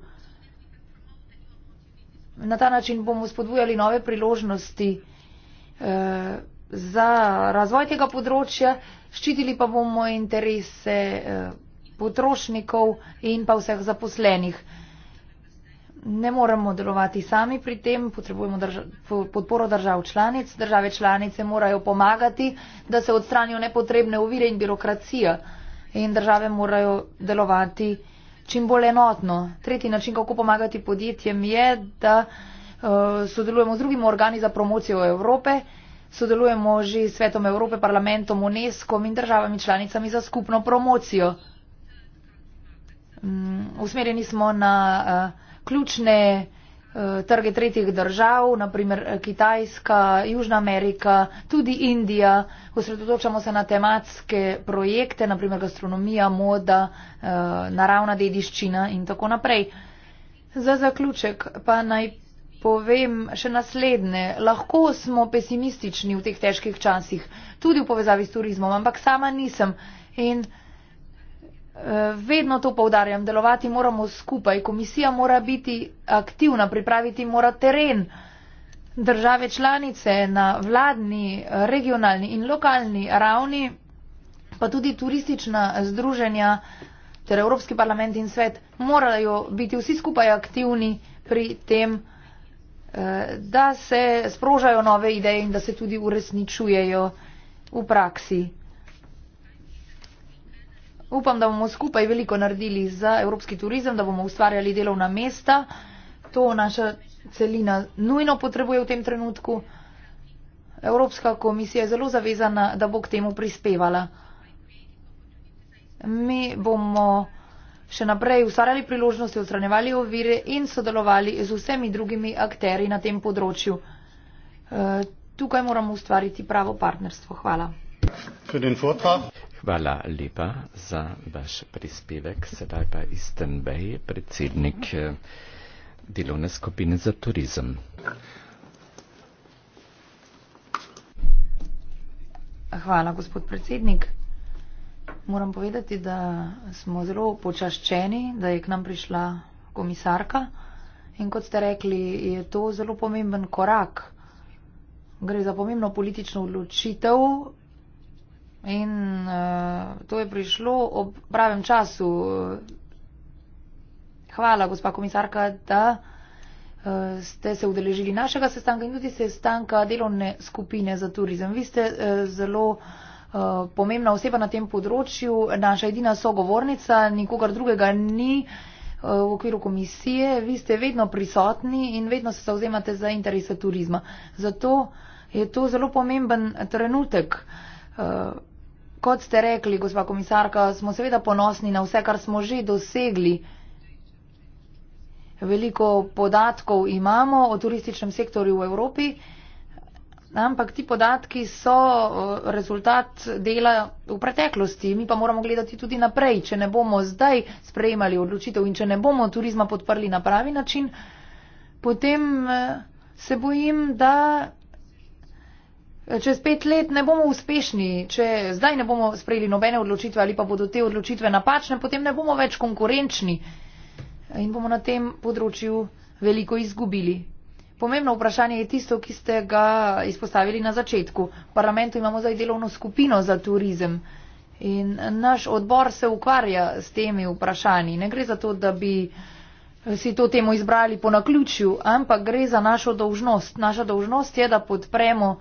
Na ta način bomo spodbujali nove priložnosti eh, za razvoj tega področja, ščitili pa bomo interese eh, potrošnikov in pa vseh zaposlenih. Ne moremo delovati sami pri tem, potrebujemo drža, podporo držav članic. Države članice morajo pomagati, da se odstranijo nepotrebne uvire in birokracija in države morajo delovati čim bolj enotno. Tretji način, kako pomagati podjetjem, je, da uh, sodelujemo z drugimi organi za promocijo Evrope, sodelujemo že s Svetom Evrope, parlamentom, UNESCO in državami članicami za skupno promocijo. Um, usmerjeni smo na uh, ključne uh, Eh, trge tretjih držav, naprimer eh, Kitajska, Južna Amerika, tudi Indija. Osredotočamo se na tematske projekte, naprimer gastronomija, moda, eh, naravna dediščina in tako naprej. Za zaključek pa naj povem še naslednje. Lahko smo pesimistični v teh težkih časih, tudi v povezavi s turizmom, ampak sama nisem. In Eh, vedno to povdarjam, delovati moramo skupaj, komisija mora biti aktivna, pripraviti mora teren. Države članice na vladni, regionalni in lokalni ravni, pa tudi turistična združenja ter Evropski parlament in svet morajo biti vsi skupaj aktivni pri tem, eh, da se sprožajo nove ideje in da se tudi uresničujejo v praksi. Upam, da bomo skupaj veliko naredili za evropski turizem, da bomo ustvarjali delovna mesta. To naša celina nujno potrebuje v tem trenutku. Evropska komisija je zelo zavezana, da bo k temu prispevala. Mi bomo še naprej ustvarjali priložnosti, odstranjevali ovire in sodelovali z vsemi drugimi akteri na tem področju. Eh, tukaj moramo ustvariti pravo partnerstvo. Hvala. Hvala lepa za vaš prispevek. Sedaj pa Isten Bej, predsednik eh, delovne skupine za turizem. Hvala, gospod predsednik. Moram povedati, da smo zelo počaščeni, da je k nam prišla komisarka in kot ste rekli, je to zelo pomemben korak. Gre za pomembno politično odločitev In uh, to je prišlo ob pravem času. Hvala, gospa komisarka, da uh, ste se udeležili našega sestanka in tudi sestanka delovne skupine za turizem. Vi ste uh, zelo uh, pomembna oseba na tem področju, naša edina sogovornica, nikogar drugega ni v okviru komisije, vi ste vedno prisotni in vedno se zauzemate za interese turizma. Zato je to zelo pomemben trenutek. Uh, Kot ste rekli, gospa komisarka, smo seveda ponosni na vse, kar smo že dosegli. Veliko podatkov imamo o turističnem sektorju v Evropi, ampak ti podatki so eh, rezultat dela v preteklosti. Mi pa moramo gledati tudi naprej. Če ne bomo zdaj sprejemali odločitev in če ne bomo turizma podprli na pravi način, potem eh, se bojim, da čez pet let ne bomo uspešni, če zdaj ne bomo sprejeli nobene odločitve ali pa bodo te odločitve napačne, potem ne bomo več konkurenčni in bomo na tem področju veliko izgubili. Pomembno vprašanje je tisto, ki ste ga izpostavili na začetku. V parlamentu imamo zdaj delovno skupino za turizem in naš odbor se ukvarja s temi vprašanji. Ne gre za to, da bi si to temo izbrali po naključju, ampak gre za našo dolžnost. Naša dolžnost je, da podpremo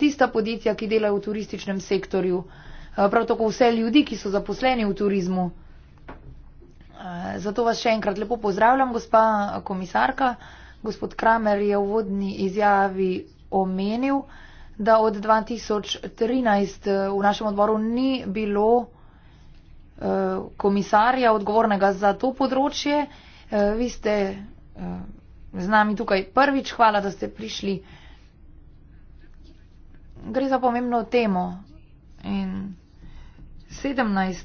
tista podjetja, ki delajo v turističnem sektorju, eh, prav tako vse ljudi, ki so zaposleni v turizmu. Eh, zato vas še enkrat lepo pozdravljam, gospa komisarka. Gospod Kramer je v vodni izjavi omenil, da od 2013 eh, v našem odboru ni bilo komisarja odgovornega za to področje. Vi ste z nami tukaj prvič. Hvala, da ste prišli gre za pomembno temo. In 17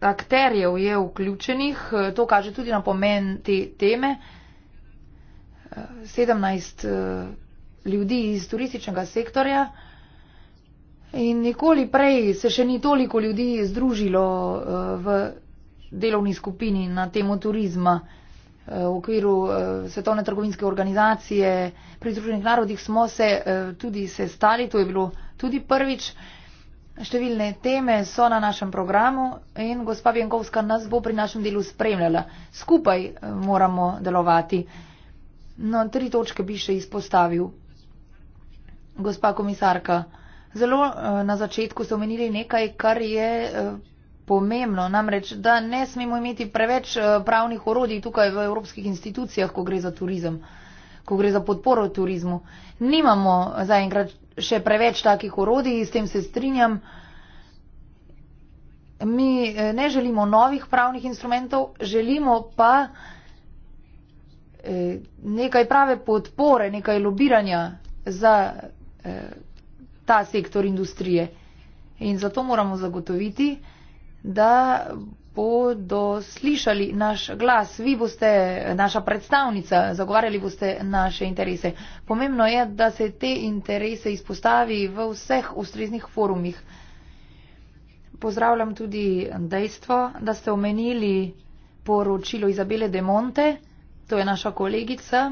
akterjev je vključenih, to kaže tudi na pomen te teme. 17 eh, ljudi iz turističnega sektorja in nikoli prej se še ni toliko ljudi združilo eh, v delovni skupini na temo turizma v okviru eh, Svetovne trgovinske organizacije pri Združenih narodih smo se eh, tudi sestali, to je bilo tudi prvič. Številne teme so na našem programu in gospa Vjenkovska nas bo pri našem delu spremljala. Skupaj eh, moramo delovati. No, tri točke bi še izpostavil. Gospa komisarka, zelo na začetku ste omenili nekaj, kar je pomembno, namreč, da ne smemo imeti preveč eh, pravnih orodij tukaj v evropskih institucijah, ko gre za turizem, ko gre za podporo turizmu. Nimamo zaenkrat še preveč takih orodij, s tem se strinjam. Mi eh, ne želimo novih pravnih instrumentov, želimo pa eh, nekaj prave podpore, nekaj lobiranja za ta sektor industrije. In zato moramo zagotoviti, da bodo slišali naš glas. Vi boste naša predstavnica, zagovarjali boste naše interese. Pomembno je, da se te interese izpostavi v vseh ustreznih forumih. Pozdravljam tudi dejstvo, da ste omenili poročilo Izabele de Monte, to je naša kolegica,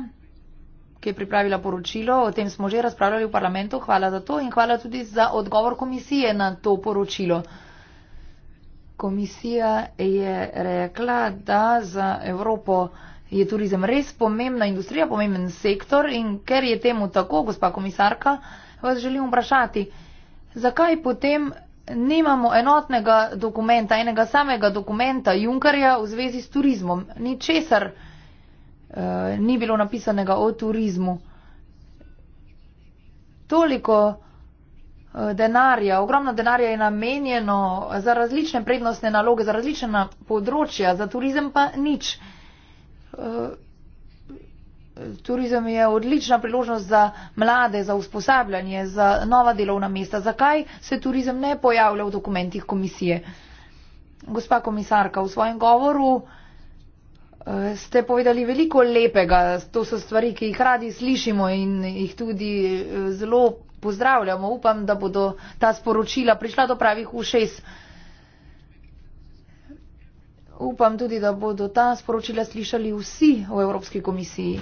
ki je pripravila poročilo, o tem smo že razpravljali v parlamentu, hvala za to in hvala tudi za odgovor komisije na to poročilo komisija je rekla, da za Evropo je turizem res pomembna industrija, pomemben sektor in ker je temu tako, gospa komisarka, vas želim vprašati, zakaj potem nimamo enotnega dokumenta, enega samega dokumenta Junkarja v zvezi s turizmom. Ni česar uh, eh, ni bilo napisanega o turizmu. Toliko Eh, denarja, ogromno denarja je namenjeno za različne prednostne naloge, za različna področja, za turizem pa nič. Eh, turizem je odlična priložnost za mlade, za usposabljanje, za nova delovna mesta. Zakaj se turizem ne pojavlja v dokumentih komisije? Gospa komisarka, v svojem govoru eh, ste povedali veliko lepega. To so stvari, ki jih radi slišimo in jih tudi zelo pozdravljamo. Upam, da bodo ta sporočila prišla do pravih ušes. Upam tudi, da bodo ta sporočila slišali vsi v Evropski komisiji.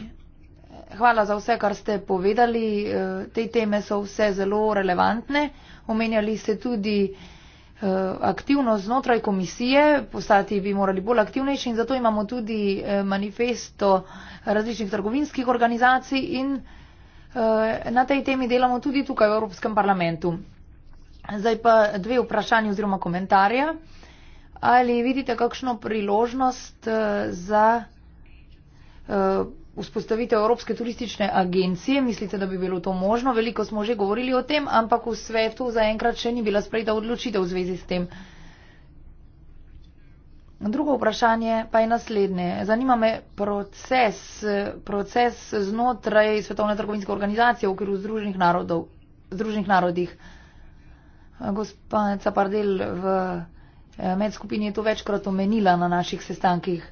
Hvala za vse, kar ste povedali. Eh, te teme so vse zelo relevantne. Omenjali ste tudi eh, aktivnost znotraj komisije, postati bi morali bolj aktivnejši in zato imamo tudi eh, manifesto različnih trgovinskih organizacij in Eh, na tej temi delamo tudi tukaj v Evropskem parlamentu. Zdaj pa dve vprašanje oziroma komentarje. Ali vidite kakšno priložnost eh, za eh, vzpostavitev Evropske turistične agencije? Mislite, da bi bilo to možno? Veliko smo že govorili o tem, ampak v svetu zaenkrat še ni bila sprejeta odločitev v zvezi s tem. Drugo vprašanje pa je naslednje. Zanima me proces, proces znotraj Svetovne trgovinske organizacije v okviru Združenih narodov. Združenih narodih. Gospa Capardel v eh, medskupini je to večkrat omenila na naših sestankih.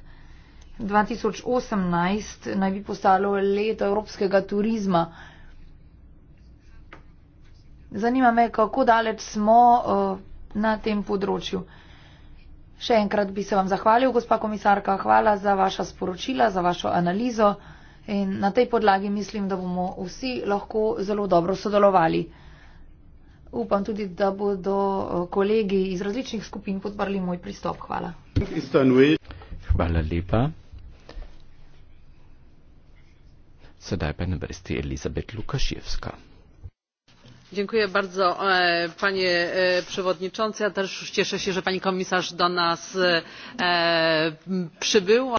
2018 naj bi postalo leto evropskega turizma. Zanima me, kako daleč smo uh, na tem področju. Uh, Še enkrat bi se vam zahvalil, gospa komisarka, hvala za vaša sporočila, za vašo analizo in na tej podlagi mislim, da bomo vsi lahko zelo dobro sodelovali. Upam tudi, da bodo eh, kolegi iz različnih skupin podprli moj pristop. Hvala. Hvala lepa. Sedaj pa na vrsti Elizabet Lukaševska dziękuję bardzo e, panie e, przewodniczący ja też cieszę się że pani komisarz do nas e, przybyła.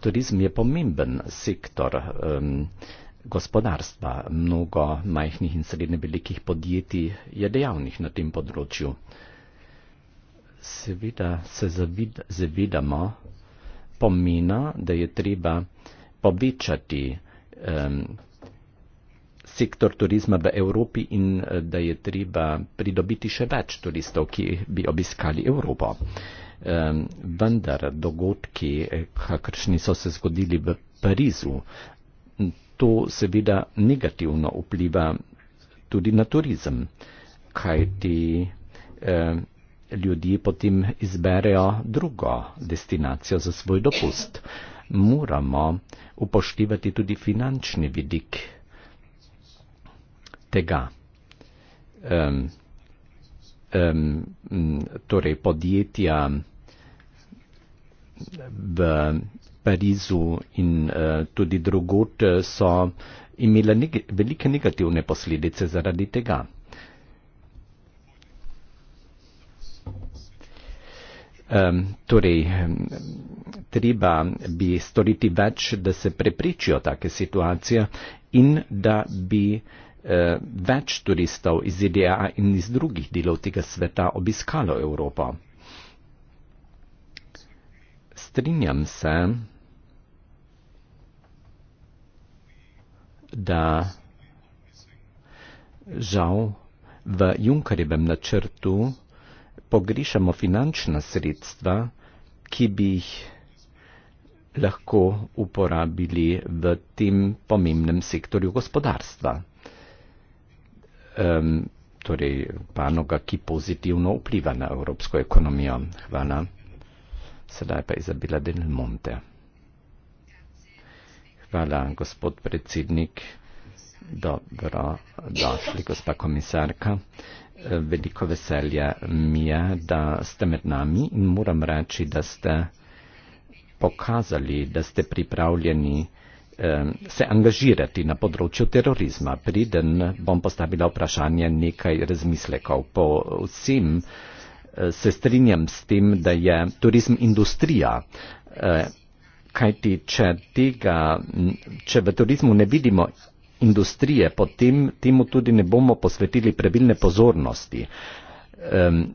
Turizm je pomemben sektor um, gospodarstva. Mnogo majhnih in srednje velikih podjetij je dejavnih na tem področju. Uh, seveda se zavedamo pomena, da je treba povečati um, sektor turizma v Evropi in eh, da je treba pridobiti še več turistov, ki bi obiskali Evropo. Um, vendar dogodki, eh, kakršni so se zgodili v Parizu, to seveda negativno vpliva tudi na turizem, kajti um, ljudje potem izberejo drugo destinacijo za svoj dopust. Moramo upoštevati tudi finančni vidik tega. Um, um, torej podjetja v Parizu in uh, tudi drugot so imela neg velike negativne posledice zaradi tega. torej, treba bi storiti več, da se preprečijo take situacije in da bi e, več turistov iz ZDA in iz drugih delov tega sveta obiskalo Evropo. Strinjam se, da žal v Junkarjevem načrtu pogrešamo finančna sredstva, ki bi jih lahko uporabili v tem pomembnem sektorju gospodarstva. Um, torej, panoga, ki pozitivno vpliva na evropsko ekonomijo. Hvala. Sedaj pa Izabela Del Monte. Hvala, gospod predsednik. Dobro, došli, gospa komisarka veliko veselja mi je, da ste med nami in moram reči, da ste pokazali, da ste pripravljeni eh, se angažirati na področju terorizma. Priden bom postavila vprašanje nekaj razmislekov. Po vsem eh, se strinjam s tem, da je turizm industrija. Eh, kajti, če, tega, če v turizmu ne vidimo industrije, potem temu tudi ne bomo posvetili pravilne pozornosti. Um,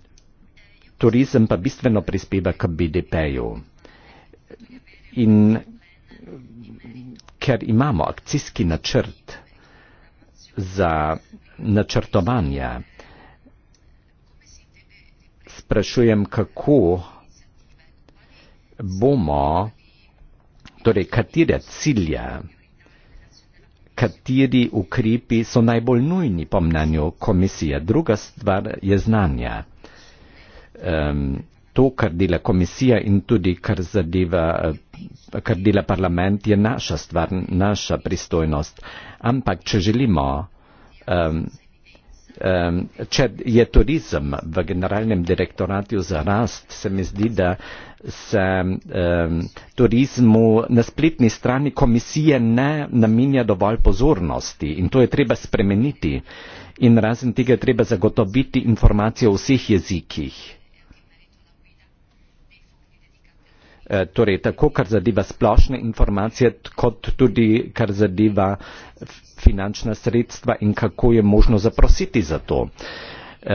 turizem pa bistveno prispeva k BDP-ju. In ker imamo akcijski načrt za načrtovanje, sprašujem, kako bomo, torej katere cilje kateri ukrepi so najbolj nujni po mnenju komisije. Druga stvar je znanje. Um, to, kar dela komisija in tudi kar zadeva, eh, kar dela parlament, je naša stvar, naša pristojnost. Ampak, če želimo um, Ehm, če je turizem v generalnem direktoratju za rast, se mi zdi, da se ehm, turizmu na spletni strani komisije ne naminja dovolj pozornosti in to je treba spremeniti. In razen tega je treba zagotoviti informacije o vseh jezikih. Eh, torej tako kar zadeva splošne informacije, kot tudi kar zadeva finančna sredstva in kako je možno zaprositi za to.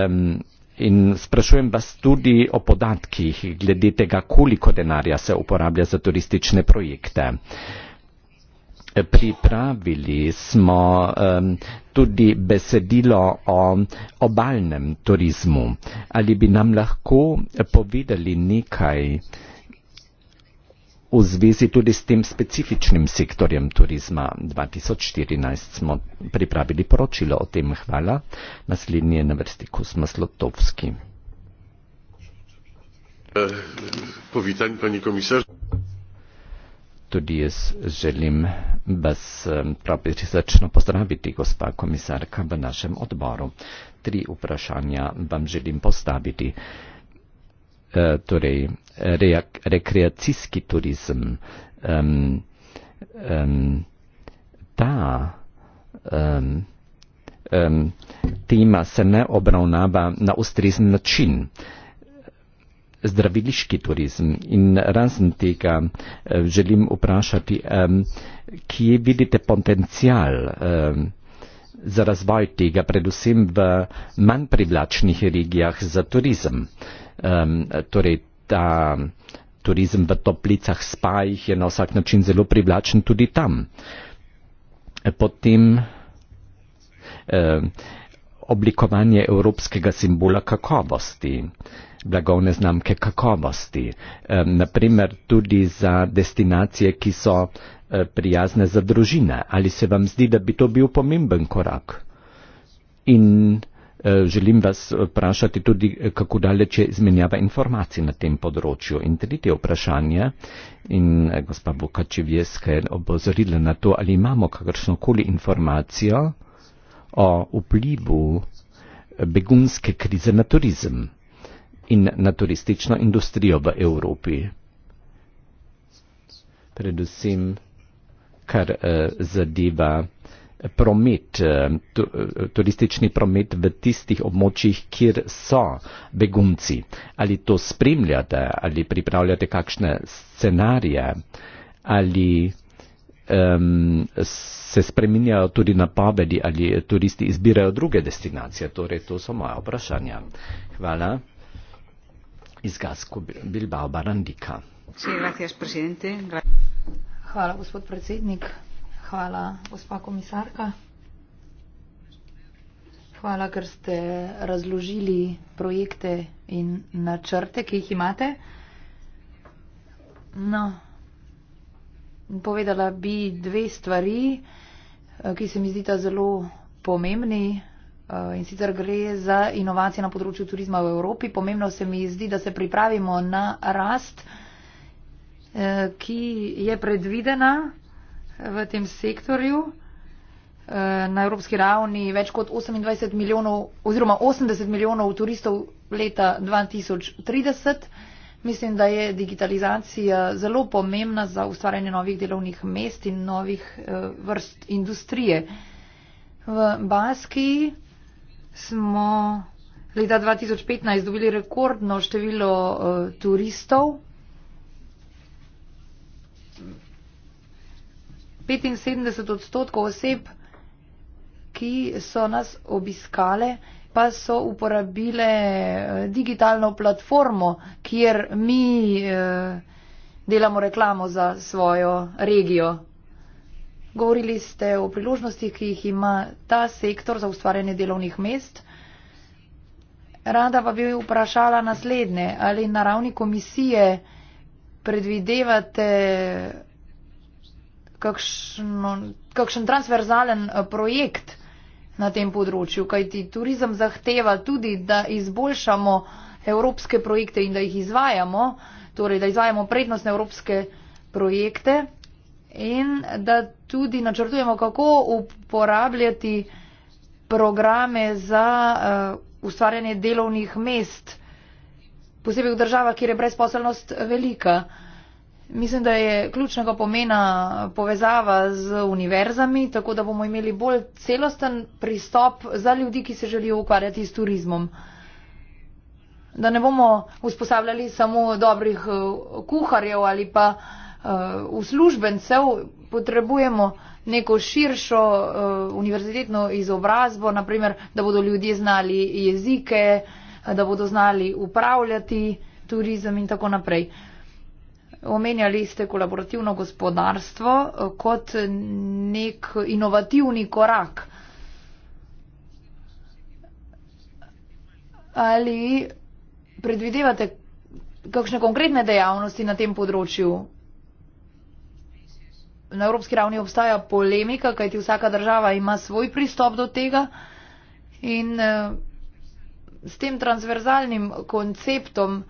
Um, in sprašujem vas tudi o podatkih glede tega, koliko denarja se uporablja za turistične projekte. Eh, pripravili smo um, tudi besedilo o obalnem turizmu. Ali bi nam lahko povedali nekaj? v zvezi tudi s tem specifičnim sektorjem turizma 2014 smo pripravili poročilo o tem. Hvala. Naslednji je na vrsti Kusma Slotovski. Povitanj, pani komisar. Tudi jaz želim vas pravi srčno pozdraviti, gospa komisarka, v našem odboru. Tri vprašanja vam želim postaviti. Eh, torej, re, rekreacijski turizem. Um, um, ta um, um, tema se ne obravnava na ustrezen način. Zdraviliški turizem in razen tega eh, želim vprašati, um, kje vidite potencial um, za razvoj tega, predvsem v manj privlačnih regijah za turizem. Um, torej, ta turizem v toplicah, spajih je na vsak način zelo privlačen tudi tam. Potem um, oblikovanje evropskega simbola kakovosti. Um, blagovne znamke kakovosti. Naprimer, tudi za destinacije, ki so e, prijazne za družine. Ali se vam zdi, da bi to bil pomemben korak? In e, želim vas vprašati tudi, e, kako daleč je izmenjava informacij na tem področju. In tretje vprašanje, in gospa Bukačevjeska je obozorila na to, ali imamo kakršnokoli informacijo o vplivu begunske krize na turizem in na turistično industrijo v Evropi. Predvsem, kar eh, zadeva eh, promet, eh, tu, eh, turistični promet v tistih območjih, kjer so begunci. Ali to spremljate, ali pripravljate kakšne scenarije, ali um, se spreminjajo tudi napovedi, ali turisti izbirajo druge destinacije. Torej, to so moja vprašanja. Hvala iz Gasko Bilbao Barandika. Hvala, gospod predsednik. Hvala, gospa komisarka. Hvala, ker ste razložili projekte in načrte, ki jih imate. No, povedala bi dve stvari, eh, ki se mi zdita zelo pomembni. Eh, in sicer gre za inovacije na področju turizma v Evropi. Pomembno se mi zdi, da se pripravimo na rast, eh, ki je predvidena v tem sektorju. Eh, na evropski ravni več kot 28 milijonov oziroma 80 milijonov turistov leta 2030. Mislim, da je digitalizacija zelo pomembna za ustvarjanje novih delovnih mest in novih vrst industrije. V Baskiji smo leta 2015 dobili rekordno število uh, turistov. 75 odstotkov oseb, ki so nas obiskale, pa so uporabile eh, digitalno platformo, kjer mi eh, delamo reklamo za svojo regijo. Govorili ste o priložnostih, ki jih ima ta sektor za ustvarjanje delovnih mest. Rada pa bi vprašala naslednje. Ali na ravni komisije predvidevate kakšno, kakšen transverzalen eh, projekt na tem področju? Kajti turizem zahteva tudi, da izboljšamo evropske projekte in da jih izvajamo, torej da izvajamo prednostne evropske projekte in da tudi načrtujemo, kako uporabljati programe za uh, ustvarjanje delovnih mest, posebej v državah, kjer je brezposelnost velika. Mislim, da je ključnega pomena povezava z univerzami, tako da bomo imeli bolj celosten pristop za ljudi, ki se želijo ukvarjati s turizmom. Da ne bomo usposabljali samo dobrih eh, kuharjev ali pa uh, Eh, uslužbencev potrebujemo neko širšo uh, univerzitetno izobrazbo, naprimer, da bodo ljudje znali jezike, eh, da bodo znali upravljati turizem in tako naprej. Omenjali ste kolaborativno gospodarstvo kot nek inovativni korak. Ali predvidevate kakšne konkretne dejavnosti na tem področju? na evropski ravni obstaja polemika, kajti vsaka država ima svoj pristop do tega. In eh, s tem transverzalnim konceptom,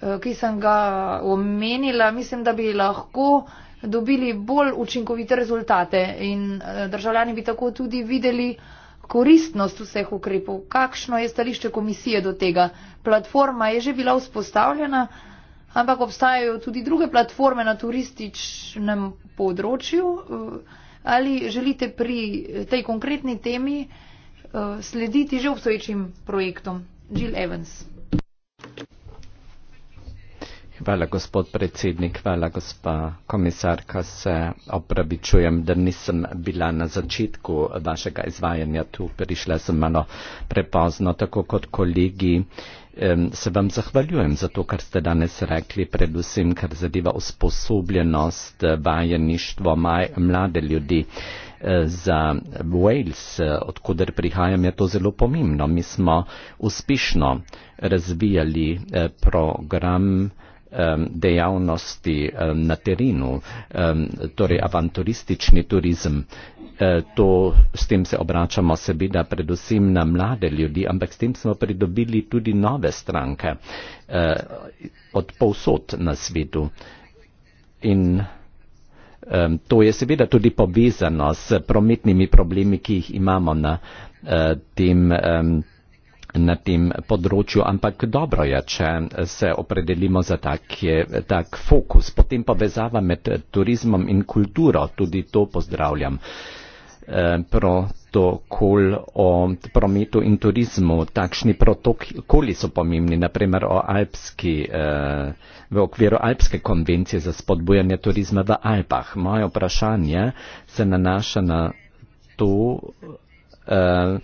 eh, ki sem ga omenila, mislim, da bi lahko dobili bolj učinkovite rezultate in eh, državljani bi tako tudi videli koristnost vseh ukrepov. Kakšno je stališče komisije do tega? Platforma je že bila vzpostavljena ampak obstajajo tudi druge platforme na turističnem področju. Eh, ali želite pri tej konkretni temi eh, slediti že obstoječim projektom? Jill Evans. Hvala, gospod predsednik, hvala, gospa komisarka. Se opravičujem, da nisem bila na začetku vašega izvajanja tu, prišla sem malo prepozno, tako kot kolegi. Se vam zahvaljujem za to, kar ste danes rekli, predvsem kar zadeva usposobljenost, vajeništvo mlade ljudi. E, za Wales, e, odkuder prihajam, je to zelo pomembno. Mi smo uspešno razvijali e, program, dejavnosti na terenu, torej avanturistični turizem. E, to, s tem se obračamo seveda predvsem na mlade ljudi, ampak s tem smo pridobili tudi nove stranke e, od povsod na svetu. In to je seveda tudi povezano s prometnimi problemi, ki jih imamo na e, tem na tem področju, ampak dobro je, če se opredelimo za tak, tak fokus. Potem povezava med turizmom in kulturo, tudi to pozdravljam. Eh, protokol o prometu in turizmu, takšni protokoli so pomembni, naprimer o Alpski, eh, v okviru Alpske konvencije za spodbujanje turizma v Alpah. Moje vprašanje se nanaša na to, eh,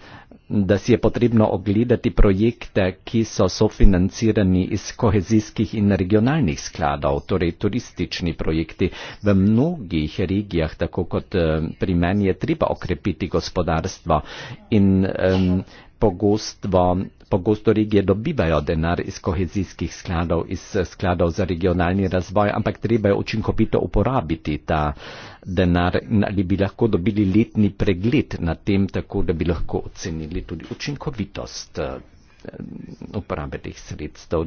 da si je potrebno ogledati projekte, ki so sofinancirani iz kohezijskih in regionalnih skladov, torej turistični projekti. V mnogih regijah, tako kot eh, pri meni, je treba okrepiti gospodarstvo in um, pogostvo pogosto regije dobivajo denar iz kohezijskih skladov, iz eh, skladov za regionalni razvoj, ampak treba je učinkovito uporabiti ta denar, ali bi lahko dobili letni pregled na tem, tako da bi lahko ocenili tudi učinkovitost eh, uporabe teh sredstev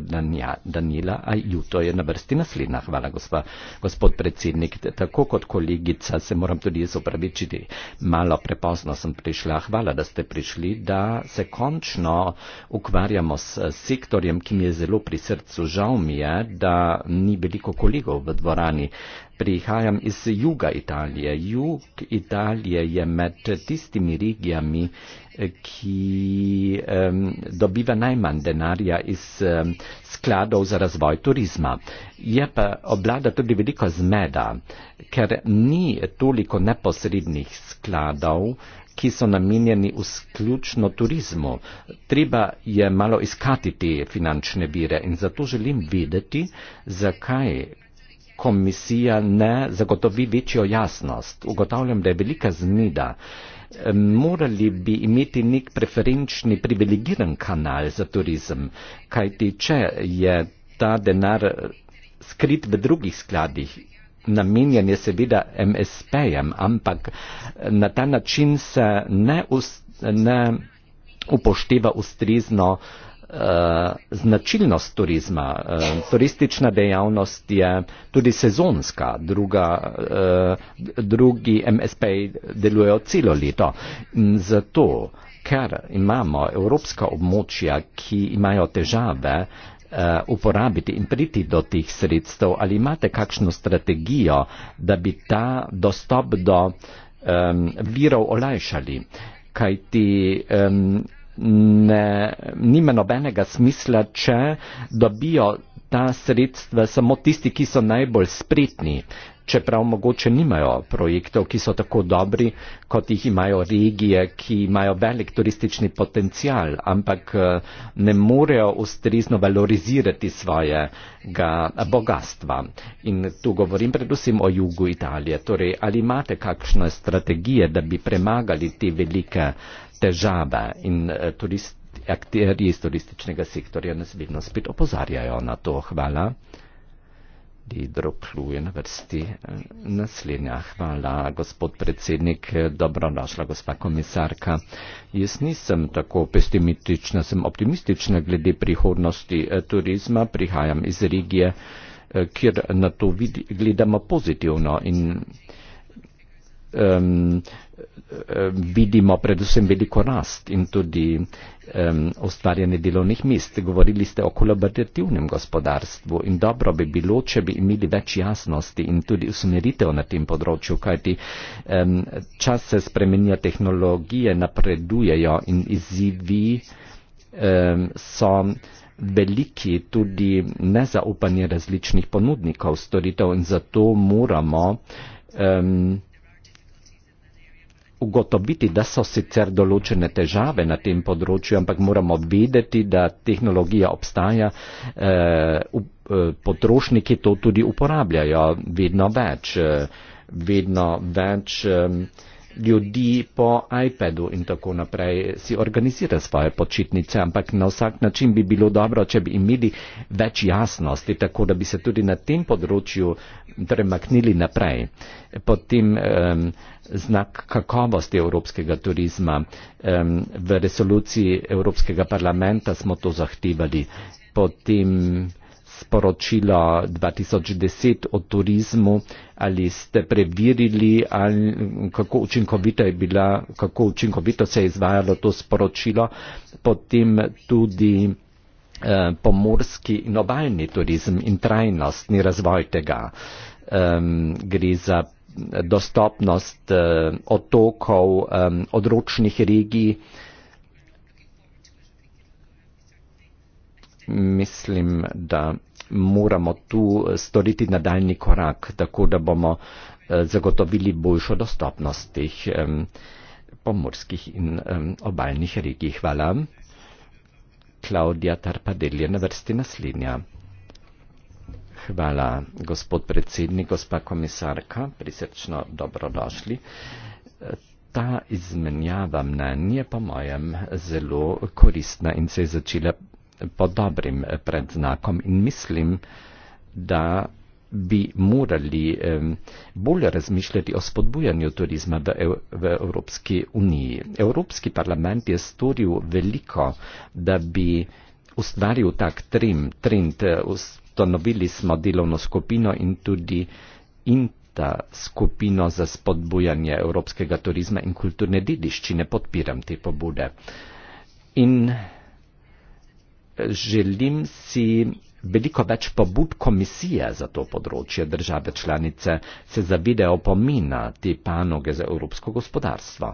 Danila Ajuto je na vrsti naslednja. Hvala, gospa, gospod predsednik. Tako kot kolegica se moram tudi jaz upravičiti. Malo prepozno sem prišla. Hvala, da ste prišli, da se končno ukvarjamo s sektorjem, ki mi je zelo pri srcu. Žal mi je, da ni veliko kolegov v dvorani. Prihajam iz juga Italije. Jug Italije je med tistimi regijami, ki um, dobiva najmanj denarja iz um, skladov za razvoj turizma. Je pa oblada tudi veliko zmeda, ker ni toliko neposrednih skladov, ki so namenjeni vključno turizmu. Treba je malo iskati te finančne vire in zato želim vedeti, zakaj komisija ne zagotovi večjo jasnost. Ugotavljam, da je velika zmida. Morali bi imeti nek preferenčni privilegiran kanal za turizem, kajti če je ta denar eh, skrit v drugih skladih, namenjen je seveda MSP-jem, ampak eh, na ta način se ne, us, ne upošteva ustrezno uh, uh, značilnost turizma. Uh, turistična dejavnost je tudi sezonska, druga, uh, drugi MSP delujejo celo leto. In zato, ker imamo evropska območja, ki imajo težave uh, uporabiti in priti do teh sredstev, ali imate kakšno strategijo, da bi ta dostop do um, virov olajšali? Kaj ti um, ne, nima nobenega smisla, če dobijo ta sredstva samo tisti, ki so najbolj spretni, čeprav mogoče nimajo projektov, ki so tako dobri, kot jih imajo regije, ki imajo velik turistični potencial, ampak ne morejo ustrezno valorizirati svojega bogatstva. In tu govorim predvsem o jugu Italije. Torej, ali imate kakšne strategije, da bi premagali te velike uh, težava in eh, turist, akteri iz turističnega sektorja nas vedno spet opozarjajo na to. Hvala. Didro Kluje na vrsti eh, naslednja. Hvala, gospod predsednik. Dobrodošla, gospa komisarka. Jaz nisem tako pesimistična, sem optimistična glede prihodnosti eh, turizma. Prihajam iz regije, kjer na to vidi, gledamo pozitivno. In, um, vidimo predvsem veliko rast in tudi um, ustvarjanje delovnih mest. Govorili ste o kolaborativnem gospodarstvu in dobro bi bilo, če bi imeli več jasnosti in tudi usmeritev na tem področju, kajti um, čas se spremenja, tehnologije napredujejo in izzivi um, so veliki tudi nezaupanje različnih ponudnikov storitev in zato moramo um, ugotoviti, da so sicer določene težave na tem področju, ampak moramo vedeti, da tehnologija obstaja, eh, eh, potrošniki to tudi uporabljajo vedno več, eh, vedno več ljudi po iPadu in tako naprej si organizira svoje počitnice, ampak na vsak način bi bilo dobro, če bi imeli več jasnosti, tako da bi se tudi na tem področju premaknili naprej. Potem um, znak kakovosti evropskega turizma. Um, v resoluciji Evropskega parlamenta smo to zahtevali. Potem sporočilo 2010 o turizmu, ali ste preverili, ali, kako, učinkovito je bila, kako učinkovito se je izvajalo to sporočilo, potem tudi eh, pomorski in obaljni turizem in trajnostni razvoj tega. Eh, gre za dostopnost eh, otokov, eh, odročnih regij. Eh, mislim, da moramo tu storiti nadaljni korak, tako da bomo eh, zagotovili boljšo dostopnost teh pomorskih in obaljnih regij. Hvala. Klaudija Tarpadel je na vrsti naslednja. Hvala, gospod predsednik, gospa komisarka, prisrčno dobrodošli. Ta izmenjava mnenja je po mojem zelo koristna in se je začela pod dobrim predznakom in mislim, da bi morali bolje razmišljati o spodbujanju turizma v, Ev v Evropski uniji. Evropski parlament je storil veliko, da bi ustvaril tak trim, trend. Eh, ustanovili smo delovno skupino in tudi INTA skupino za spodbujanje evropskega turizma in kulturne dediščine. Podpiram te pobude. In želim si veliko več pobud komisije za to področje države članice, se zavidejo pomina te panoge za evropsko gospodarstvo.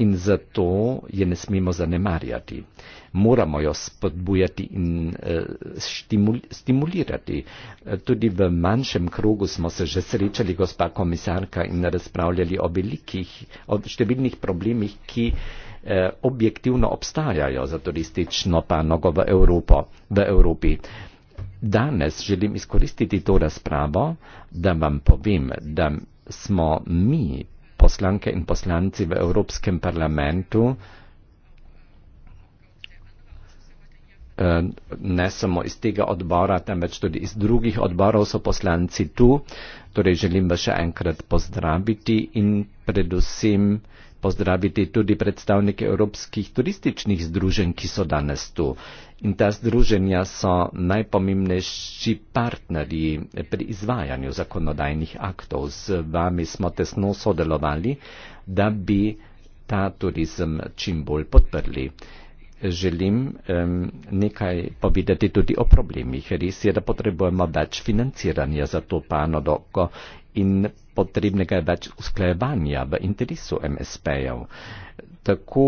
In zato je ne smemo zanemarjati. Moramo jo spodbujati in eh, stimulirati. Eh, tudi v manjšem krogu smo se že srečali, gospa komisarka, in razpravljali o, velikih, o številnih problemih, ki Eh, objektivno obstajajo za turistično panogo v, Evropo, v Evropi. Danes želim izkoristiti to razpravo, da vam povem, da smo mi, poslanke in poslanci v Evropskem parlamentu, eh, ne samo iz tega odbora, temveč tudi iz drugih odborov so poslanci tu, torej želim vas še enkrat pozdraviti in predvsem pozdraviti tudi predstavnike evropskih turističnih združenj, ki so danes tu. In ta združenja so najpomembnejši partnerji pri izvajanju zakonodajnih aktov. Z vami smo tesno sodelovali, da bi ta turizem čim bolj podprli. Želim um, nekaj povedati tudi o problemih. Res je, da potrebujemo več financiranja za to panodoko in potrebnega je več usklajevanja v interesu MSP-jev. Tako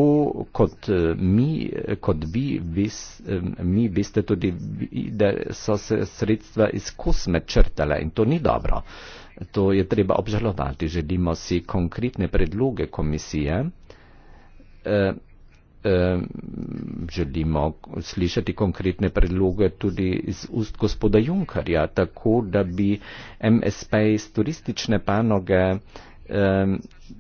kot eh, mi, kot vi, vis, eh, mi veste tudi, da so se sredstva iz kosme črtale in to ni dobro. To je treba obžalovati. Želimo si konkretne predloge komisije. E, želimo slišati konkretne predloge tudi iz ust gospoda Junkarja, tako da bi MSP iz turistične panoge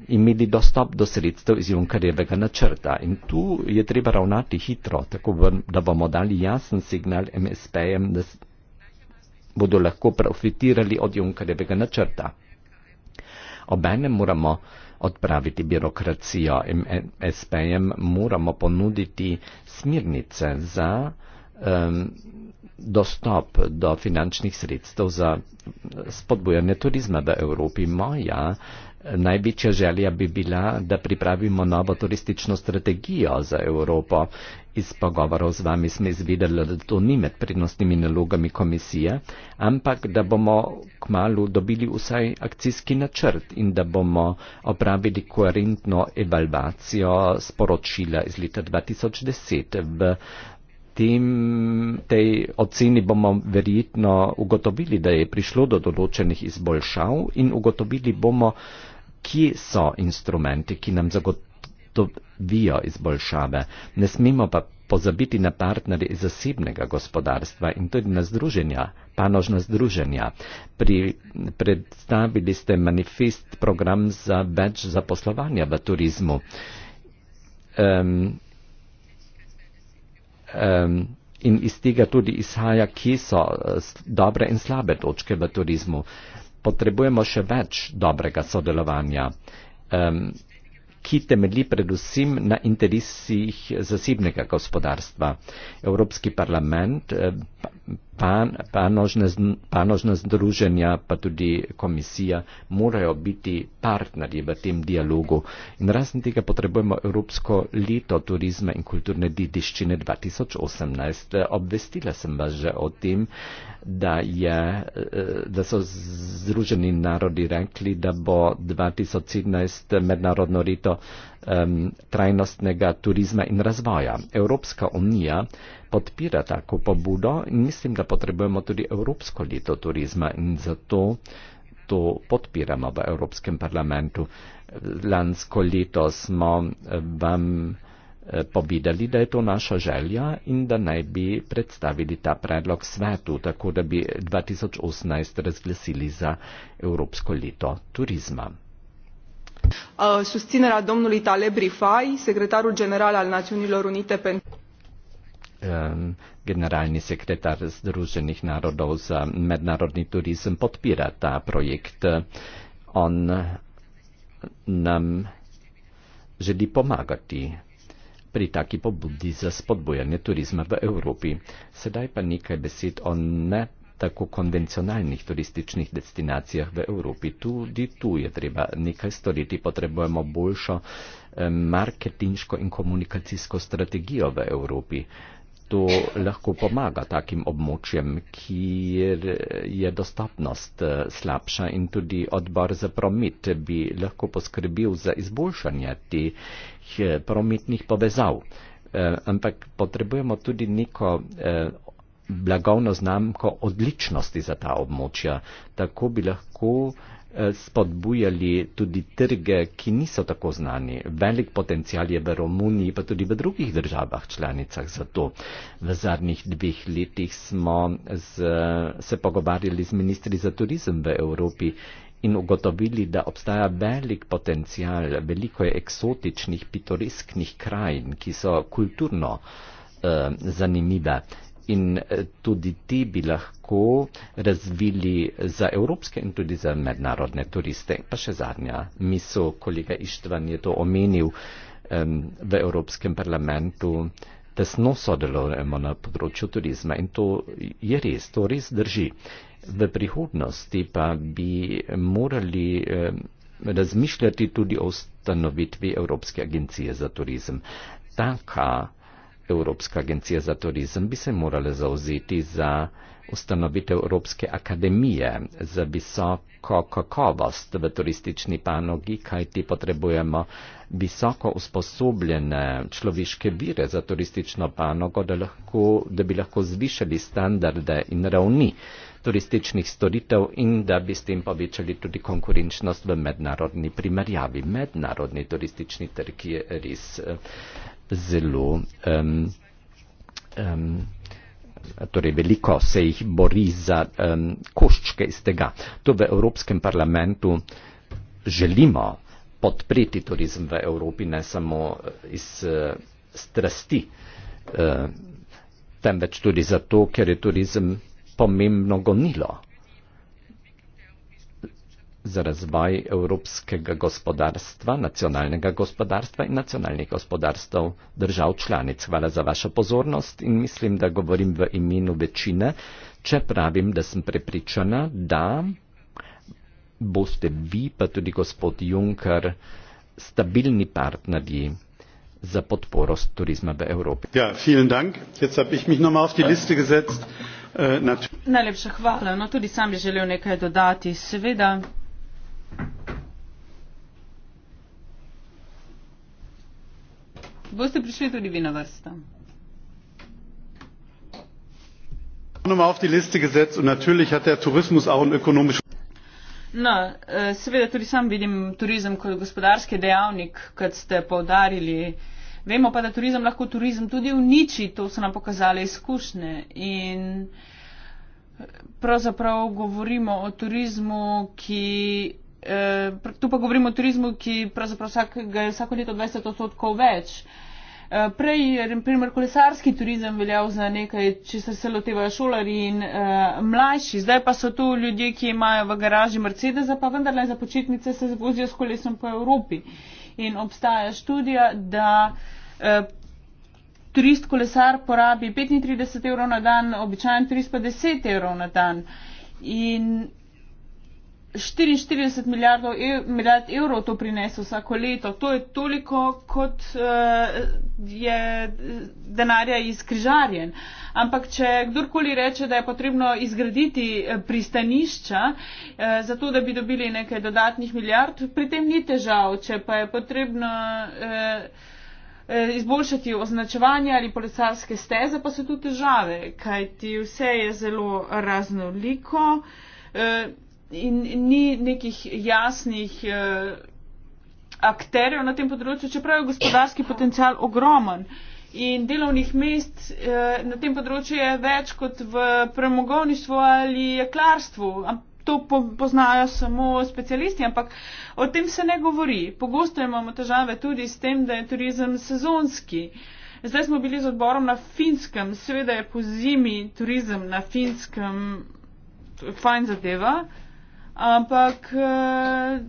imeli dostop do sredstev iz Junkarjevega načrta. In tu je treba ravnati hitro, tako da bomo dali jasen signal MSP-jem, da bodo lahko profitirali od Junkarjevega načrta. Obenem moramo uh, odpraviti birokracijo. In SP-jem moramo ponuditi smirnice za um, dostop do finančnih sredstev za spodbujanje turizma v Evropi. Moja uh, Največja želja bi bila, da pripravimo novo turistično strategijo za Evropo. Iz pogovorov z vami smo izvedeli, da to ni med prednostnimi nalogami komisije, ampak da bomo kmalo dobili vsaj akcijski načrt in da bomo opravili koherentno evalvacijo sporočila iz leta 2010. V tem, tej oceni bomo verjetno ugotovili, da je prišlo do določenih izboljšav in ugotovili bomo, kje so instrumenti, ki nam zagotovijo izboljšave. Ne smemo pa pozabiti na partnerje iz zasebnega gospodarstva in tudi na združenja, panožna združenja. Pri, predstavili ste manifest program za več zaposlovanja v turizmu. Um, um, in iz tega tudi izhaja, kje so dobre in slabe točke v turizmu potrebujemo še več dobrega sodelovanja, ki temelji predvsem na interesih zasebnega gospodarstva. Evropski parlament pan, panožne, panožne združenja, pa tudi komisija, morajo biti partnerji v tem dialogu. In razen tega potrebujemo Evropsko leto turizma in kulturne dediščine 2018. Obvestila sem vas že o tem, da, je, da so Združeni narodi rekli, da bo 2017 mednarodno leto um, trajnostnega turizma in razvoja. Evropska unija podpira tako pobudo in mislim, da potrebujemo tudi Evropsko leto turizma in zato to podpiramo v Evropskem parlamentu. Lansko leto smo eh, vam eh, povedali, da je to naša želja in da naj bi predstavili ta predlog svetu, tako da bi 2018 razglasili za Evropsko leto turizma. Uh, susținerea domnului Talebri Fai, secretarul general al Națiunilor Unite pentru um, generalni sekretar Združenih narodov za mednarodni turizem podpira ta projekt. On nam želi pomagati pri taki pobudi za spodbujanje turizma v Evropi. Sedaj pa nekaj besed o ne tako konvencionalnih turističnih destinacijah v Evropi. Tudi tu je treba nekaj storiti. Potrebujemo boljšo marketinško in komunikacijsko strategijo v Evropi to lahko pomaga takim območjem, kjer je dostopnost eh, slabša in tudi odbor za promet bi lahko poskrbel za izboljšanje teh eh, prometnih povezav. Eh, ampak potrebujemo tudi neko blagovno znamko odličnosti za ta območja. Tako bi lahko Eh, spodbujali tudi trge, ki niso tako znani. Velik potencial je v Romuniji, pa tudi v drugih državah članicah. Zato v zadnjih dveh letih smo z, se pogovarjali z ministri za turizem v Evropi in ugotovili, da obstaja velik potencial, veliko je eksotičnih, pitoresknih krajin, ki so kulturno eh, zanimive in eh, tudi ti bi lahko razvili za evropske in tudi za mednarodne turiste. Pa še zadnja misel, kolega Ištvan je to omenil um, v Evropskem parlamentu, tesno sodelujemo na področju turizma in to je res, to res drži. V prihodnosti pa bi morali um, razmišljati tudi o ustanovitvi Evropske agencije za turizem. Taka Evropska agencija za turizem bi se morala zauzeti za ustanovitev Evropske akademije za visoko kakovost v turistični panogi, kajti potrebujemo visoko usposobljene človeške vire za turistično panogo, da, lahko, da bi lahko zvišali standarde in ravni turističnih storitev in da bi s tem povečali tudi konkurenčnost v mednarodni primerjavi. Mednarodni turistični trg je res eh, zelo um, um, torej veliko se jih bori za um, koščke iz tega. To v Evropskem parlamentu želimo podpreti turizem v Evropi, ne samo eh, iz uh, strasti, uh, temveč tudi zato, ker je turizem pomembno gonilo za razvoj evropskega gospodarstva, nacionalnega gospodarstva in nacionalnih gospodarstv držav članic. Hvala za vašo pozornost in mislim, da govorim v imenu večine, če pravim, da sem prepričana, da boste vi, pa tudi gospod Juncker, stabilni partnerji za podporo turizma v Evropi. Ja, vielen dank. Jetzt habe ich mich nochmal auf die Liste gesetzt. Äh, Najlepša hvala. No, tudi sam bi želel nekaj dodati. Seveda, Boste prišli tudi vi na vrsto. No, eh, seveda tudi sam vidim turizem kot gospodarski dejavnik, kot ste povdarili. Vemo pa, da turizem lahko turizem tudi uniči, to so nam pokazale izkušnje. In eh, pravzaprav govorimo o turizmu, ki Eh, tu pa govorimo o turizmu, ki pravzaprav vsak, vsako leto 20 odstotkov več. Eh, prej je, primer, kolesarski turizem veljal za nekaj, če se se lotevajo šolari in uh, mlajši. Zdaj pa so tu ljudje, ki imajo v garaži Mercedesa, pa vendarle za počitnice se vozijo s kolesom po Evropi. In obstaja študija, da uh, turist kolesar porabi 35 evrov na dan, običajen turist pa 10 evrov na dan. In 44 milijardov ev, milijard evrov to prinese vsako leto. To je toliko, kot uh, je denarja izkrižarjen. Ampak, če kdorkoli reče, da je potrebno izgraditi eh, pristanišča, uh, zato da bi dobili nekaj dodatnih milijard, pri tem ni težav. Če pa je potrebno uh, izboljšati označevanje ali policarske steze, pa so tu težave, kajti vse je zelo raznoliko. Uh, in, in ni nekih jasnih eh, akterjev na tem področju, čeprav je gospodarski potencial ogromen. In delovnih mest eh, na tem področju je več kot v premogovništvu ali jeklarstvu. To po, poznajo samo specialisti, ampak o tem se ne govori. Pogosto imamo težave tudi s tem, da je turizem sezonski. Zdaj smo bili z odborom na finskem, seveda je po zimi turizem na finskem fajn zadeva, ampak eh,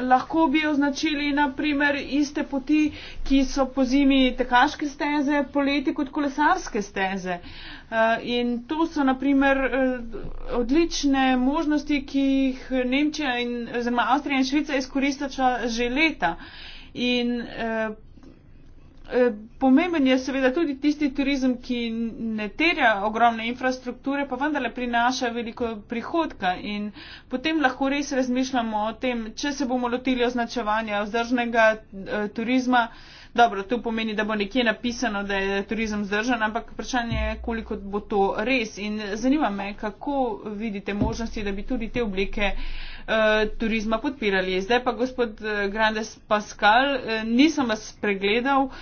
lahko bi označili naprimer iste poti, ki so po zimi tekaške steze, poleti kot kolesarske steze. Uh, in to so naprimer uh, eh, odlične možnosti, ki jih Nemčija in, oziroma Avstrija in Švica izkoristača že leta. In uh, Eh, pomemben je seveda tudi tisti turizem, ki ne terja ogromne infrastrukture, pa vendarle prinaša veliko prihodka in potem lahko res razmišljamo o tem, če se bomo lotili označevanja vzdržnega eh, turizma, Dobro, to pomeni, da bo nekje napisano, da je turizem zdržan, ampak vprašanje je, koliko bo to res. In zanima me, kako vidite možnosti, da bi tudi te oblike uh, eh, turizma podpirali. Zdaj pa, gospod eh, Grandes Pascal, eh, nisem vas pregledal, uh,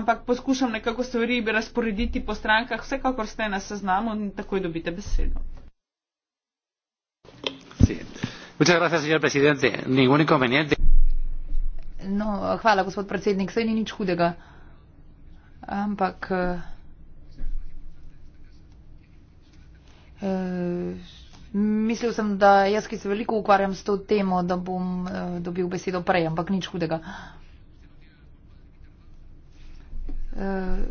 ampak poskušam nekako stvari razporediti po strankah. Vsekakor ste na seznamu in takoj dobite besedo. Sí. Muchas gracias, señor presidente. Ningún inconveniente. No, hvala, gospod predsednik, saj ni nič hudega. Ampak. Uh, mislil sem, da jaz, ki se veliko ukvarjam s to temo, da bom uh, dobil besedo prej, ampak nič hudega. Uh,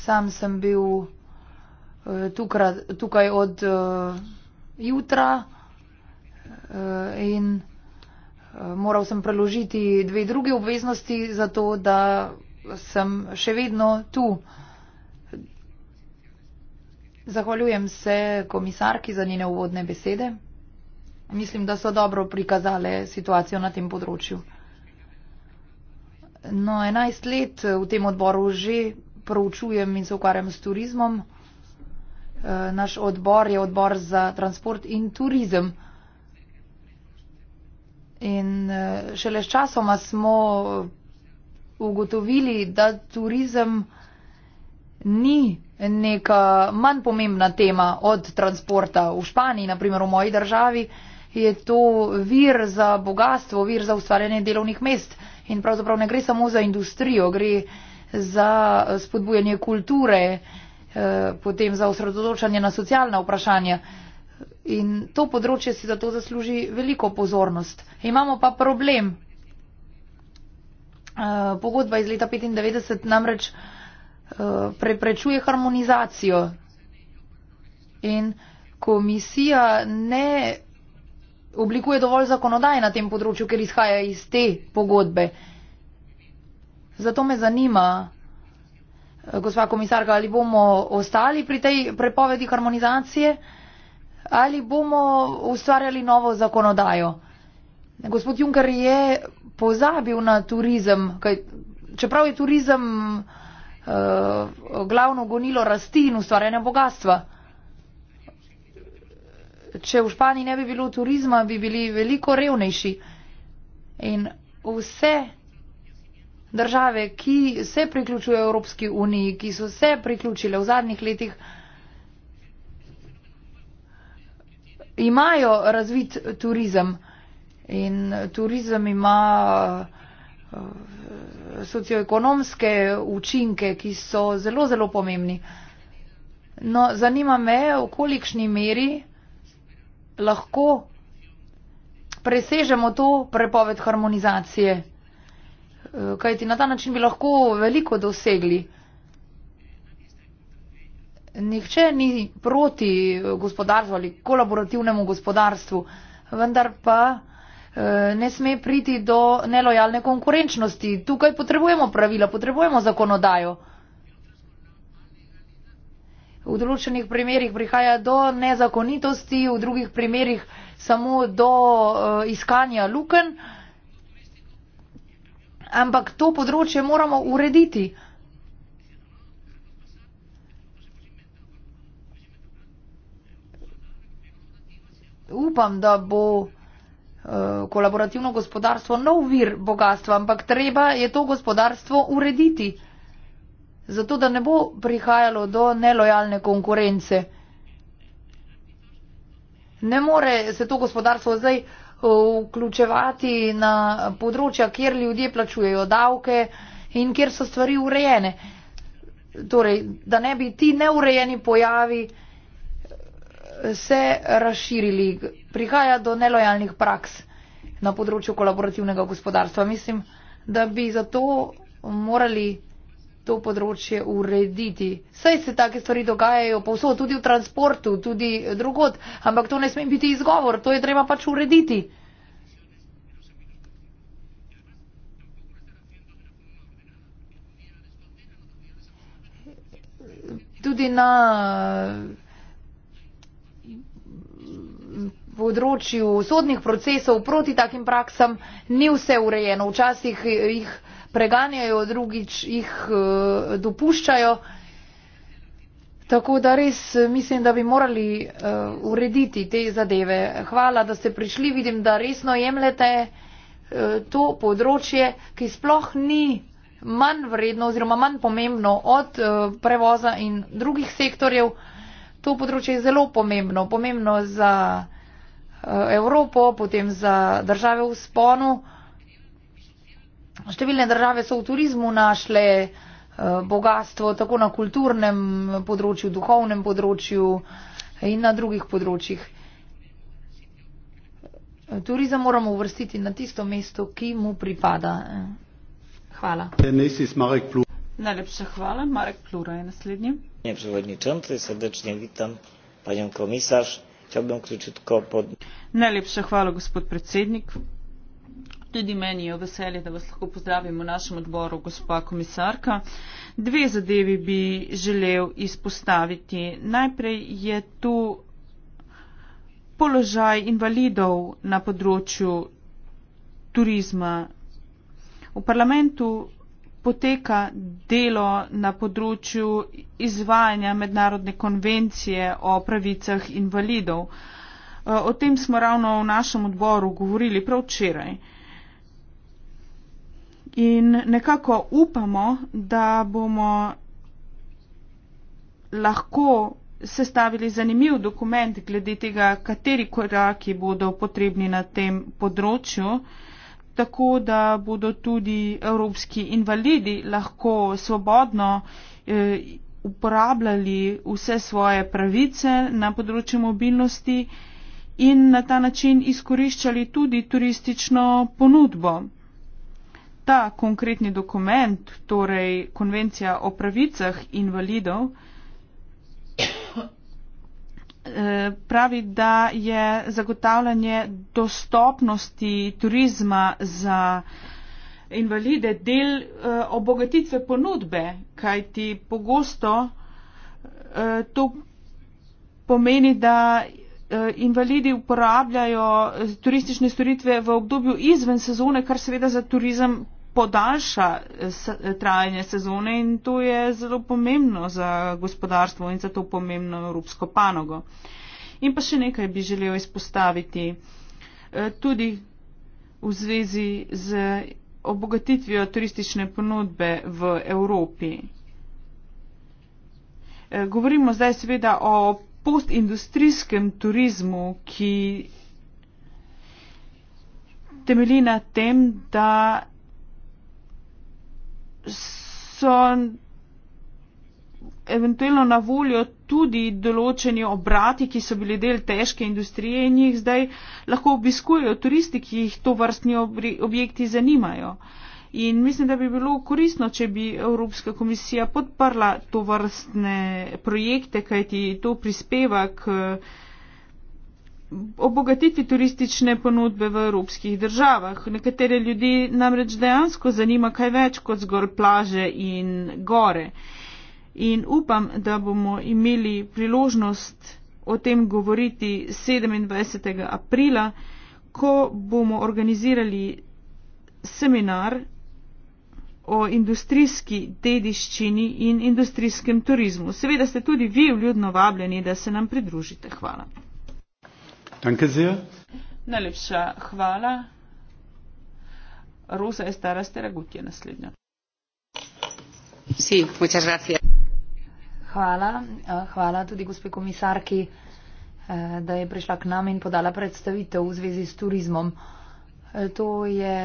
sam sem bil uh, tukrat, tukaj od uh, jutra uh, in moral sem preložiti dve druge obveznosti za to, da sem še vedno tu. Zahvaljujem se komisarki za njene uvodne besede. Mislim, da so dobro prikazale situacijo na tem področju. No, 11 let v tem odboru že proučujem in se ukvarjam s turizmom. Naš odbor je odbor za transport in turizem. In eh, šele s časoma smo ugotovili, da turizem ni neka manj pomembna tema od transporta. V Španiji, naprimer v moji državi, je to vir za bogatstvo, vir za ustvarjanje delovnih mest. In pravzaprav ne gre samo za industrijo, gre za eh, spodbujanje kulture, eh, potem za osredotočanje na socialna vprašanja. In to področje si zato zasluži veliko pozornost. Imamo pa problem. Eh, pogodba iz leta 95 namreč eh, preprečuje harmonizacijo. In komisija ne oblikuje dovolj zakonodaje na tem področju, ker izhaja iz te pogodbe. Zato me zanima, eh, gospa komisarka, ali bomo ostali pri tej prepovedi harmonizacije ali bomo ustvarjali novo zakonodajo. Gospod Juncker je pozabil na turizem, kaj, čeprav je turizem uh, glavno gonilo rasti in ustvarjanja bogatstva. Če v Španiji ne bi bilo turizma, bi bili veliko revnejši. In vse države, ki se priključujejo Evropski uniji, ki so se priključile v zadnjih letih, uh, imajo razvit turizem in turizem ima eh, socioekonomske učinke, ki so zelo, zelo pomembni. No, zanima me, v kolikšni meri lahko presežemo to prepoved harmonizacije, eh, kajti na ta način bi lahko veliko dosegli. Nihče ni proti gospodarstvu ali kolaborativnemu gospodarstvu, vendar pa eh, ne sme priti do nelojalne konkurenčnosti. Tukaj potrebujemo pravila, potrebujemo zakonodajo. V določenih primerjih prihaja do nezakonitosti, v drugih primerjih samo do eh, iskanja luken, ampak to področje moramo urediti. upam, da bo eh, kolaborativno gospodarstvo nov vir bogatstva, ampak treba je to gospodarstvo urediti, zato da ne bo prihajalo do nelojalne konkurence. Ne more se to gospodarstvo zdaj eh, vključevati na področja, kjer ljudje plačujejo davke in kjer so stvari urejene. Torej, da ne bi ti neurejeni pojavi, se razširili, prihaja do nelojalnih praks na področju kolaborativnega gospodarstva. Mislim, da bi zato morali to področje urediti. Saj se take stvari dogajajo povsod, tudi v transportu, tudi drugot, ampak to ne sme biti izgovor, to je treba pač urediti. Tudi na področju sodnih procesov proti takim praksam ni vse urejeno. Včasih jih preganjajo, drugič jih eh, dopuščajo. Tako da res eh, mislim, da bi morali uh, urediti te zadeve. Hvala, da ste prišli. Vidim, da resno jemljete uh, to področje, ki sploh ni manj vredno oziroma manj pomembno od uh, prevoza in drugih sektorjev. To področje je zelo pomembno. Pomembno za. Eh, Evropo, potem za države v sponu. Številne države so v turizmu našle eh, bogatstvo tako na kulturnem področju, duhovnem področju in na drugih področjih. Turizem moramo uvrstiti na tisto mesto, ki mu pripada. Hvala. Najlepša hvala. Marek Plura je naslednji. Ne, predsedujoči, srdečno vitam, panjo komisar če bom ključil tako pod. Najlepša hvala, gospod predsednik. Tudi meni je veselje, da vas lahko pozdravim v našem odboru, gospa komisarka. Dve zadevi bi želel izpostaviti. Najprej je tu položaj invalidov na področju turizma. V parlamentu poteka delo na področju izvajanja mednarodne konvencije o pravicah invalidov. Eh, o tem smo ravno v našem odboru govorili prav včeraj. In nekako upamo, da bomo lahko sestavili zanimiv dokument glede tega, kateri koraki bodo potrebni na tem področju tako da bodo tudi evropski invalidi lahko svobodno eh, uporabljali vse svoje pravice na področju mobilnosti in na ta način izkoriščali tudi turistično ponudbo. Ta konkretni dokument, torej konvencija o pravicah invalidov, pravi, da je zagotavljanje dostopnosti turizma za invalide del eh, obogatitve ponudbe, kajti pogosto eh, to pomeni, da eh, invalidi uporabljajo turistične storitve v obdobju izven sezone, kar seveda za turizem podaljša trajanje sezone in to je zelo pomembno za gospodarstvo in za to pomembno evropsko panogo. In pa še nekaj bi želel izpostaviti. Eh, tudi v zvezi z obogatitvijo turistične ponudbe v Evropi. Eh, govorimo zdaj seveda o postindustrijskem turizmu, ki temelji na tem, da so eventualno na voljo tudi določeni obrati, ki so bili del težke industrije in jih zdaj lahko obiskujejo turisti, ki jih to vrstni objekti zanimajo. In mislim, da bi bilo koristno, če bi Evropska komisija podprla to vrstne projekte, kajti to prispeva k. Uh, obogatiti turistične ponudbe v evropskih državah. Nekatere ljudi namreč dejansko zanima kaj več kot zgolj plaže in gore. In upam, da bomo imeli priložnost o tem govoriti 27. aprila, ko bomo organizirali seminar o industrijski dediščini in industrijskem turizmu. Seveda ste tudi vi vljudno vabljeni, da se nam pridružite. Hvala. Danke sehr. Najlepša hvala. Rosa Estara Steragut je naslednja. Sí, muchas gracias. Hvala. Eh, hvala tudi gospe komisarki, eh, da je prišla k nam in podala predstavitev v zvezi s turizmom. Eh, to je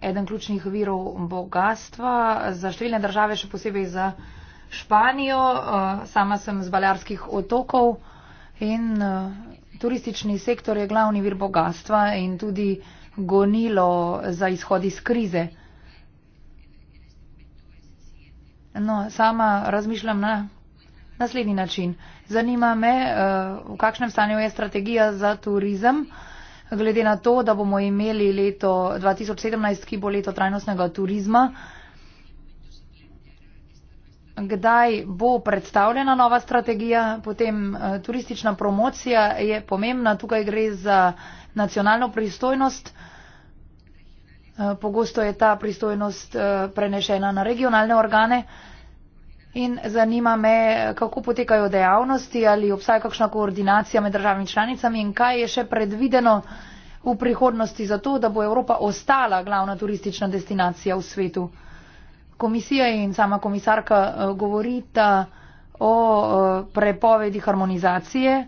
eden ključnih virov bogatstva za številne države, še posebej za Španijo. Sama sem z Balearskih otokov in Turistični sektor je glavni vir bogatstva in tudi gonilo za izhod iz krize. No, sama razmišljam na naslednji način. Zanima me, eh, v kakšnem stanju je strategija za turizem, glede na to, da bomo imeli leto 2017, ki bo leto trajnostnega turizma kdaj bo predstavljena nova strategija, potem eh, turistična promocija je pomembna, tukaj gre za nacionalno pristojnost. Eh, pogosto je ta pristojnost eh, prenešena na regionalne organe in zanima me, kako potekajo dejavnosti ali obstaja kakšna koordinacija med državami članicami in kaj je še predvideno v prihodnosti za to, da bo Evropa ostala glavna turistična destinacija v svetu komisija in sama komisarka eh, govorita o eh, prepovedi harmonizacije,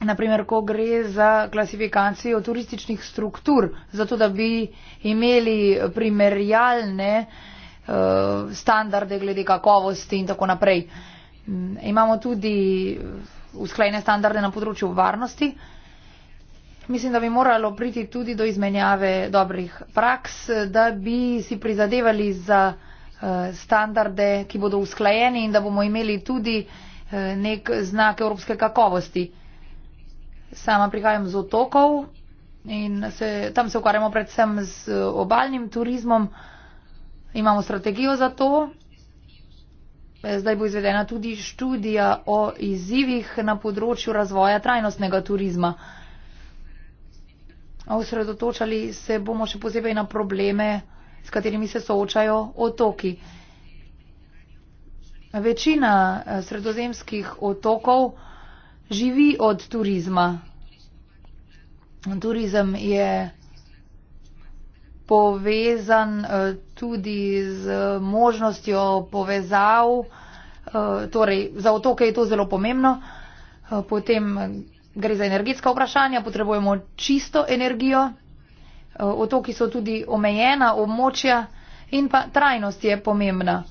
naprimer, ko gre za klasifikacijo turističnih struktur, zato da bi imeli primerjalne eh, standarde glede kakovosti in tako naprej. Mm, imamo tudi usklajene standarde na področju varnosti. Mislim, da bi moralo priti tudi do izmenjave dobrih praks, da bi si prizadevali za eh, standarde, ki bodo usklajeni in da bomo imeli tudi eh, nek znak evropske kakovosti. Sama prihajam z otokov in se, tam se ukvarjamo predvsem z obaljnim turizmom. Imamo strategijo za to. Zdaj bo izvedena tudi študija o izzivih na področju razvoja trajnostnega turizma osredotočali se bomo še posebej na probleme, s katerimi se soočajo otoki. Večina eh, sredozemskih otokov živi od turizma. Turizem je povezan eh, tudi z možnostjo povezav, eh, torej za otoke je to zelo pomembno, potem gre za energetska vprašanja, potrebujemo čisto energijo, eh, otoki so tudi omejena območja in pa trajnost je pomembna.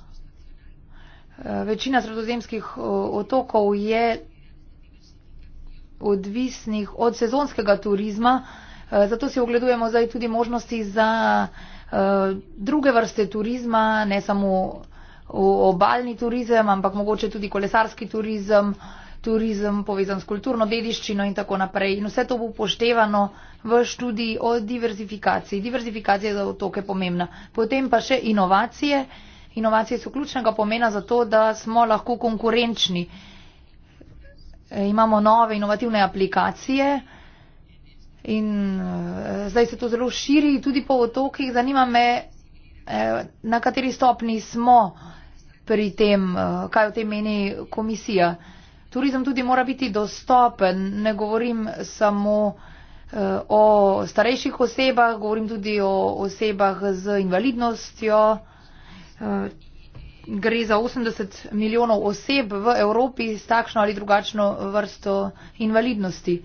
Eh, večina sredozemskih eh, otokov je odvisnih od sezonskega turizma, zato si ogledujemo zdaj tudi možnosti za druge vrste turizma, ne samo obaljni turizem, ampak mogoče tudi kolesarski turizem, turizem, povezan s kulturno dediščino in tako naprej. In vse to bo upoštevano v študiji o diverzifikaciji. Diverzifikacija za otoke je pomembna. Potem pa še inovacije. Inovacije so ključnega pomena za to, da smo lahko konkurenčni. E, imamo nove inovativne aplikacije in e, zdaj se to zelo širi tudi po otokih. Zanima me, e, na kateri stopni smo pri tem, e, kaj o tem meni komisija. Turizem tudi mora biti dostopen, ne govorim samo eh, o starejših osebah, govorim tudi o osebah z invalidnostjo. Eh, gre za 80 milijonov oseb v Evropi s takšno ali drugačno vrsto invalidnosti.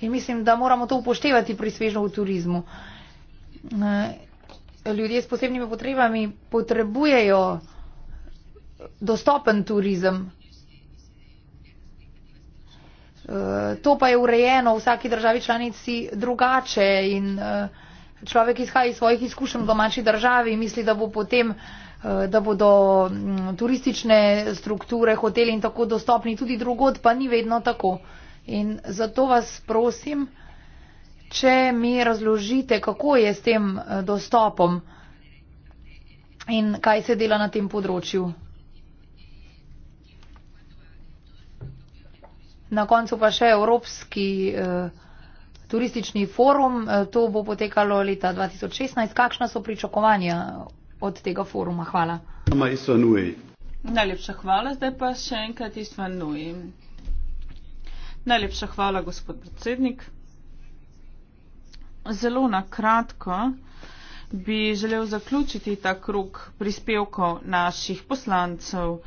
In mislim, da moramo to upoštevati pri svežnem turizmu. Eh, ljudje s posebnimi potrebami potrebujejo dostopen turizem. Eh, to pa je urejeno v vsaki državi članici drugače in eh, človek izhaja iz svojih izkušenj v domači državi in misli, da bo potem eh, da bodo mm, turistične strukture, hoteli in tako dostopni tudi drugod, pa ni vedno tako. In zato vas prosim, če mi razložite, kako je s tem dostopom in kaj se dela na tem področju. Na koncu pa še Evropski eh, turistični forum. Eh, to bo potekalo leta 2016. Kakšna so pričakovanja od tega foruma? Hvala. Najlepša hvala. Zdaj pa še enkrat izvanujem. Najlepša hvala, gospod predsednik. Zelo na kratko bi želel zaključiti ta krug prispevkov naših poslancev.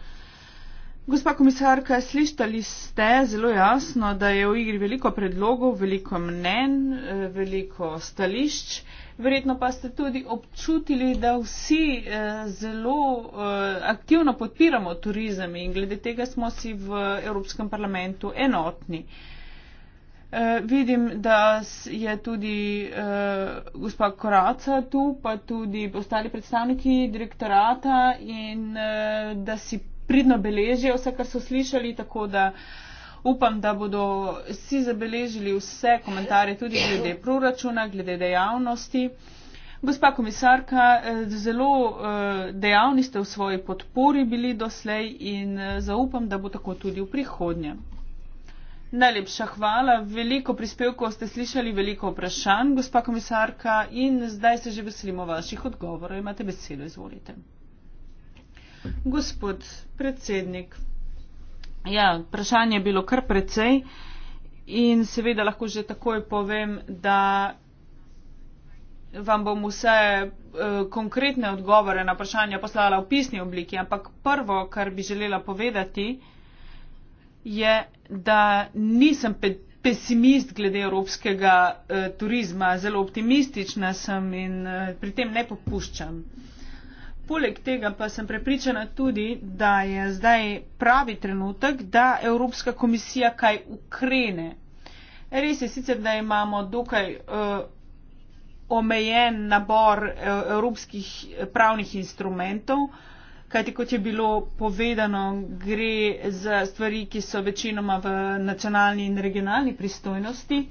Gospa komisarka, slišali ste zelo jasno, da je v igri veliko predlogov, veliko mnen, eh, veliko stališč. Verjetno pa ste tudi občutili, da vsi eh, zelo eh, aktivno podpiramo turizem in glede tega smo si v Evropskem parlamentu enotni. Vidim, da je tudi gospa Koraca tu, pa tudi ostali predstavniki direktorata in da si pridno beležijo vse, kar so slišali, tako da upam, da bodo vsi zabeležili vse komentarje tudi glede proračuna, glede dejavnosti. Gospa komisarka, eh, zelo eh, dejavni ste v svoji podpori bili doslej in eh, zaupam, da bo tako tudi v prihodnje. Najlepša hvala, veliko prispevkov ste slišali, veliko vprašanj, gospa komisarka, in zdaj se že veselimo vaših odgovorov. Imate besedo, izvolite. Gospod predsednik, ja, vprašanje je bilo kar precej in seveda lahko že takoj povem, da vam bom vse eh, konkretne odgovore na vprašanja poslala v pisni obliki, ampak prvo, kar bi želela povedati, je, da nisem pe pesimist glede evropskega eh, turizma, zelo optimistična sem in eh, pri tem ne popuščam. Eh, Poleg tega pa sem prepričana tudi, da je zdaj pravi trenutek, da Evropska komisija kaj ukrene. Res je sicer, da imamo dokaj uh, omejen nabor eh, evropskih pravnih instrumentov, kajti kot je bilo povedano, gre za stvari, ki so večinoma v nacionalni in regionalni pristojnosti.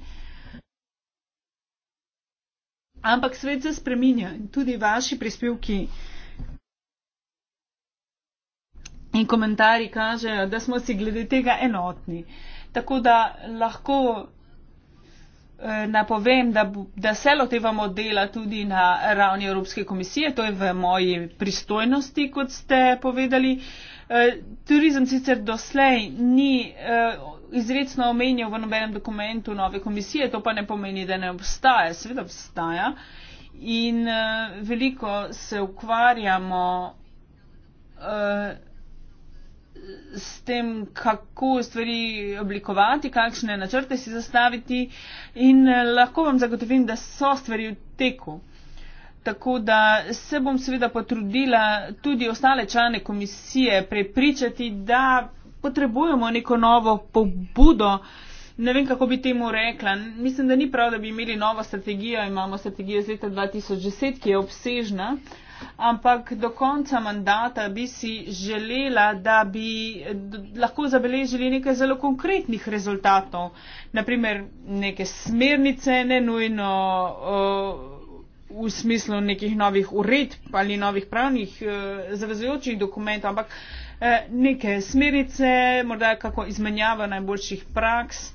Ampak svet se spreminja in tudi vaši prispevki. Uh, in komentarji kažejo, da smo si glede tega enotni. Tako da lahko eh, napovem, da, da se lotevamo dela tudi na ravni Evropske komisije, to je v moji pristojnosti, kot ste povedali. Eh, turizem sicer doslej ni eh, izredno omenjal v nobenem dokumentu nove komisije, to pa ne pomeni, da ne obstaja, seveda obstaja. In veliko se ukvarjamo. Uh, s tem, kako stvari oblikovati, kakšne načrte si zastaviti in eh, lahko vam zagotovim, da so stvari v teku. Tako da se bom seveda potrudila tudi ostale člane komisije prepričati, da potrebujemo neko novo pobudo. Ne vem, kako bi temu rekla. Mislim, da ni prav, da bi imeli novo strategijo. Imamo strategijo iz leta 2010, ki je obsežna. Uh, ampak do konca mandata bi si želela, da bi lahko zabeležili nekaj zelo konkretnih rezultatov. Naprimer, neke smernice, ne nujno eh, v smislu nekih novih ured ali novih pravnih eh, zavezujočih dokumentov, ampak eh, neke smernice, morda kako izmenjava najboljših praks.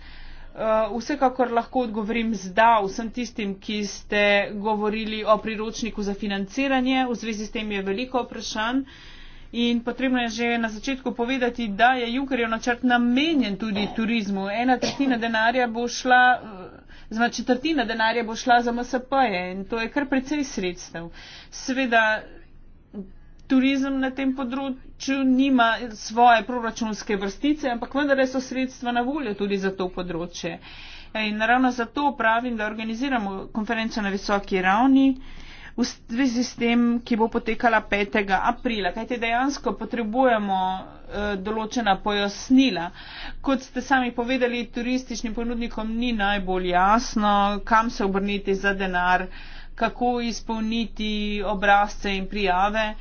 Uh, vsekakor lahko odgovorim zda vsem tistim, ki ste govorili o priročniku za financiranje. V zvezi s tem je veliko vprašanj in potrebno je že na začetku povedati, da je Junkerjev načrt namenjen tudi turizmu. Ena tretjina denarja bo šla, eh, zma četrtina denarja bo šla za MSP-je in to je kar precej sredstev. Sveda, turizem na tem področju nima svoje proračunske vrstice, ampak vendar so sredstva na voljo tudi za to področje. In ravno zato pravim, da organiziramo konferenco na visoki ravni v zvezi s tem, ki bo potekala 5. aprila, kajte dejansko potrebujemo eh, določena pojasnila. Kot ste sami povedali, turističnim ponudnikom ni najbolj jasno, kam se obrniti za denar, kako izpolniti obrazce in prijave,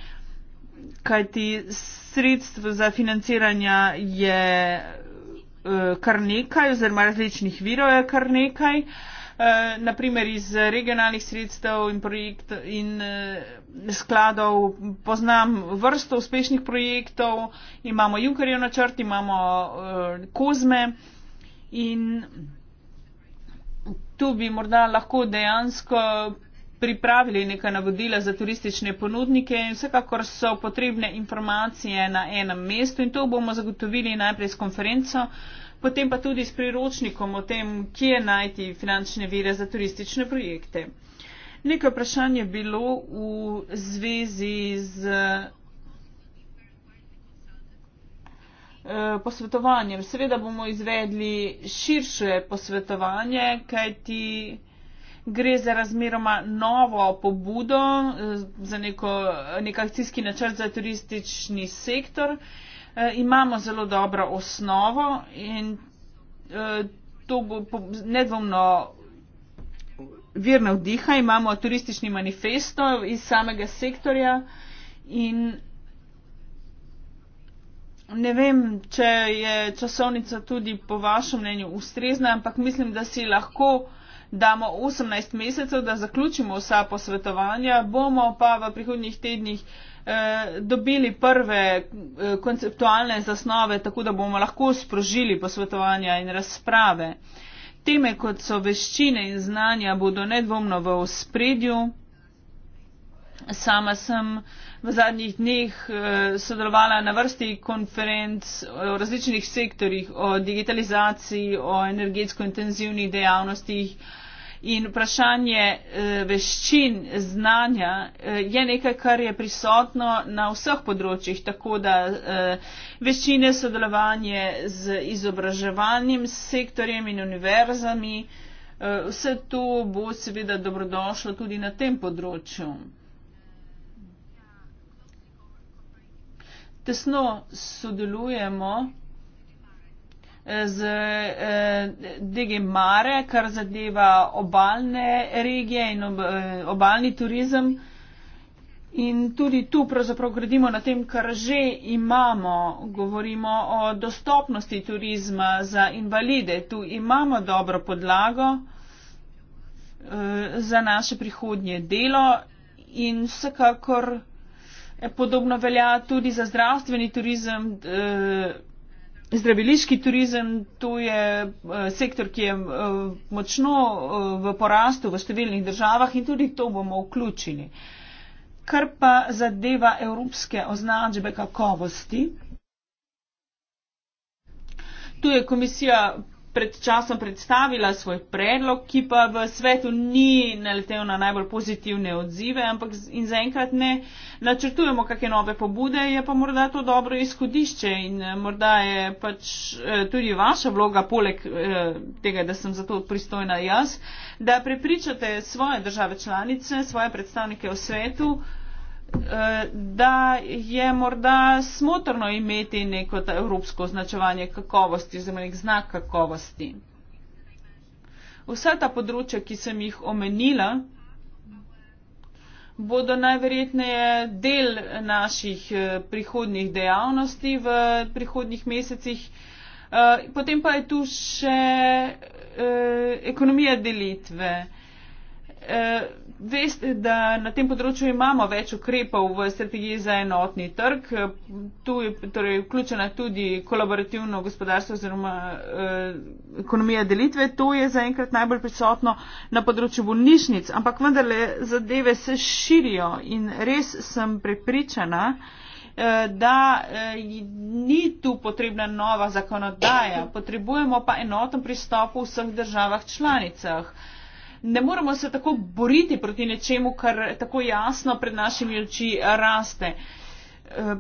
kajti sredstv za financiranje je eh, kar nekaj oziroma različnih virov je kar nekaj. Eh, Naprimer iz regionalnih sredstev in, projekt, in eh, skladov poznam vrsto uspešnih projektov, imamo Junkerjev načrt, imamo Kozme in tu bi morda lahko dejansko pripravili neka navodila za turistične ponudnike in vsekakor so potrebne informacije na enem mestu in to bomo zagotovili najprej s konferenco, potem pa tudi s priročnikom o tem, kje najti finančne vire za turistične projekte. Nekaj vprašanje je bilo v zvezi z eh, posvetovanjem. Seveda bomo izvedli širše posvetovanje, kajti gre za razmeroma novo pobudo, eh, za neko, nek akcijski načrt za turistični sektor. Eh, imamo zelo dobro osnovo in eh, to bo nedvomno virna vdiha. Imamo turistični manifesto iz samega sektorja in ne vem, če je časovnica tudi po vašem mnenju ustrezna, ampak mislim, da si lahko uh, damo 18 mesecev, da zaključimo vsa posvetovanja, bomo pa v prihodnjih tednih eh, dobili prve eh, konceptualne zasnove, tako da bomo lahko sprožili posvetovanja in razprave. Teme, kot so veščine in znanja, bodo nedvomno v ospredju. Sama sem v zadnjih dneh eh, sodelovala na vrsti konferenc v različnih sektorjih o digitalizaciji, o energetsko intenzivnih dejavnostih, in vprašanje eh, veščin znanja eh, je nekaj kar je prisotno na vseh področjih tako da eh, veščine sodelovanje z izobraževalnim sektorjem in univerzami vse to bo seveda dobrodošlo tudi na tem področju tesno sodelujemo z eh, DG Mare, kar zadeva obaljne regije in eh, obaljni turizem. In tudi tu pravzaprav gradimo na tem, kar že imamo. Govorimo o dostopnosti turizma za invalide. Tu imamo dobro podlago eh, za naše prihodnje delo in vsekakor podobno velja tudi za zdravstveni turizem. Zdraviliški turizem, to je eh, sektor, ki je eh, močno eh, v porastu v številnih državah in tudi to bomo vključili. Kar pa zadeva evropske označbe kakovosti, tu je komisija pred časom predstavila svoj predlog, ki pa v svetu ni naletel na najbolj pozitivne odzive, ampak in zaenkrat ne načrtujemo kakšne nove pobude, je pa morda to dobro izhodišče in eh, morda je pač eh, tudi vaša vloga, poleg eh, tega, da sem zato pristojna jaz, da prepričate svoje države članice, svoje predstavnike v svetu, da je morda smotrno imeti neko evropsko označevanje kakovosti oziroma nek znak kakovosti. Vsa ta področja, ki sem jih omenila, bodo najverjetneje del naših eh, prihodnih dejavnosti v prihodnih mesecih. Eh, potem pa je tu še eh, ekonomija delitve veste, da na tem področju imamo več ukrepov v strategiji za enotni trg. Tu je torej, vključena tudi kolaborativno gospodarstvo oziroma eh, ekonomija delitve. To je zaenkrat najbolj prisotno na področju bolnišnic, ampak vendarle zadeve se širijo in res sem prepričana, eh, da eh, ni tu potrebna nova zakonodaja. Potrebujemo pa enoten pristop v vseh državah članicah ne moremo se tako boriti proti nečemu, kar tako jasno pred našimi oči raste. Eh,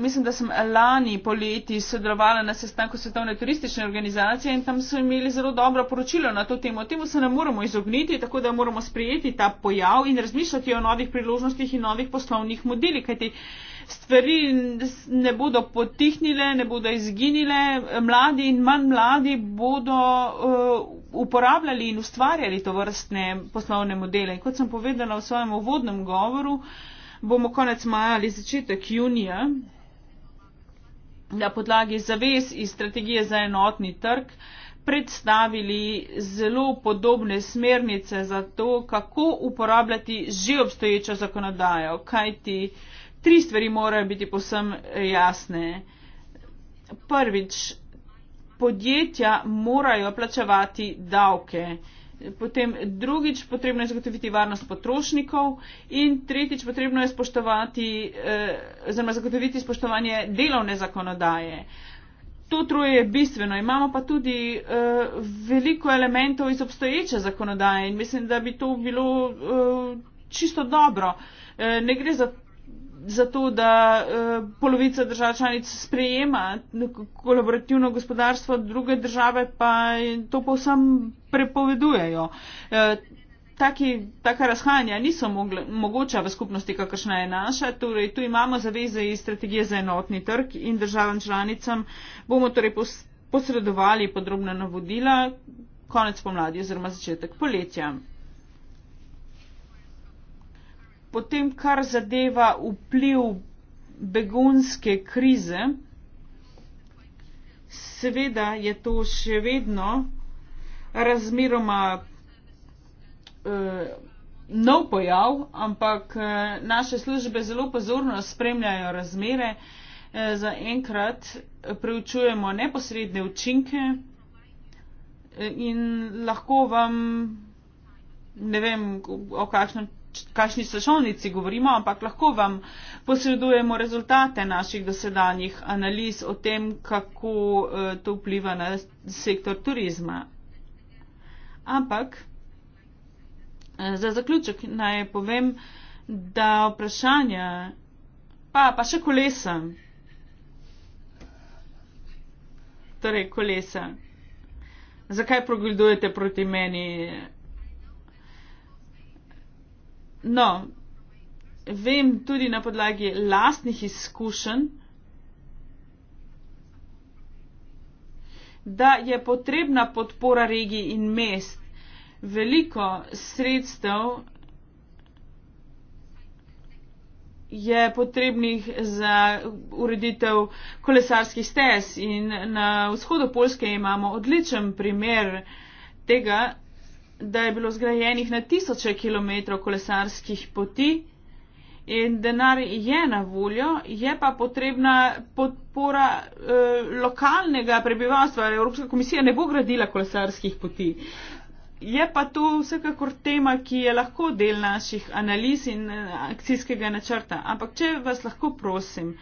mislim, da sem lani poleti sodelovala na sestanku Svetovne turistične organizacije in tam so imeli zelo dobro poročilo na to temo. Temu se ne moramo izogniti, tako da moramo sprejeti ta pojav in razmišljati o novih priložnostih in novih poslovnih modelih, kajti stvari ne bodo potihnile, ne bodo izginile, mladi in manj mladi bodo uh, uporabljali in ustvarjali to vrstne poslovne modele. In kot sem povedala v svojem uvodnem govoru, bomo konec maja ali začetek junija na podlagi zavez iz strategije za enotni trg predstavili zelo podobne smernice za to, kako uporabljati že obstoječo zakonodajo, kajti uh, tri stvari morajo biti posem eh, jasne. Prvič, podjetja morajo plačevati davke. Potem drugič, potrebno je zagotoviti varnost potrošnikov in tretjič, potrebno je spoštovati, eh, oziroma eh, zagotoviti spoštovanje delovne zakonodaje. To troje je bistveno. Imamo pa tudi eh, veliko elementov iz obstoječe zakonodaje in mislim, da bi to bilo eh, čisto dobro. Eh, ne gre za zato, da eh, polovica držav članic sprejema kolaborativno gospodarstvo, druge države pa to povsem prepovedujejo. Eh, taki, taka razhajanja niso mogle, mogoča v skupnosti, kakršna je naša. Torej, tu imamo zaveze iz strategije za enotni trg in državam članicam bomo torej posredovali podrobna navodila konec pomladi oziroma začetek poletja potem, kar zadeva vpliv begunske krize, seveda je to še vedno razmeroma eh, nov pojav, ampak eh, naše službe zelo pozorno spremljajo razmere. Eh, za enkrat preučujemo neposredne učinke eh, in lahko vam. Ne vem, o kakšnem kakšni slušalnici govorimo, ampak lahko vam posredujemo rezultate naših dosedanjih analiz o tem, kako eh, to vpliva na sektor turizma. Ampak eh, za zaključek naj povem, da vprašanje, pa, pa še kolesa. Torej, kolesa. Zakaj progledujete proti meni? No, vem tudi na podlagi lastnih izkušenj, da je potrebna podpora regij in mest. Veliko sredstev je potrebnih za ureditev kolesarskih stez in na vzhodu Polske imamo odličen primer tega, da je bilo zgrajenih na tisoče kilometrov kolesarskih poti in denar je na voljo, je pa potrebna podpora eh, lokalnega prebivalstva. Evropska komisija ne bo gradila kolesarskih poti. Je pa to vsekakor tema, ki je lahko del naših analiz in eh, akcijskega načrta. Ampak če vas lahko prosim,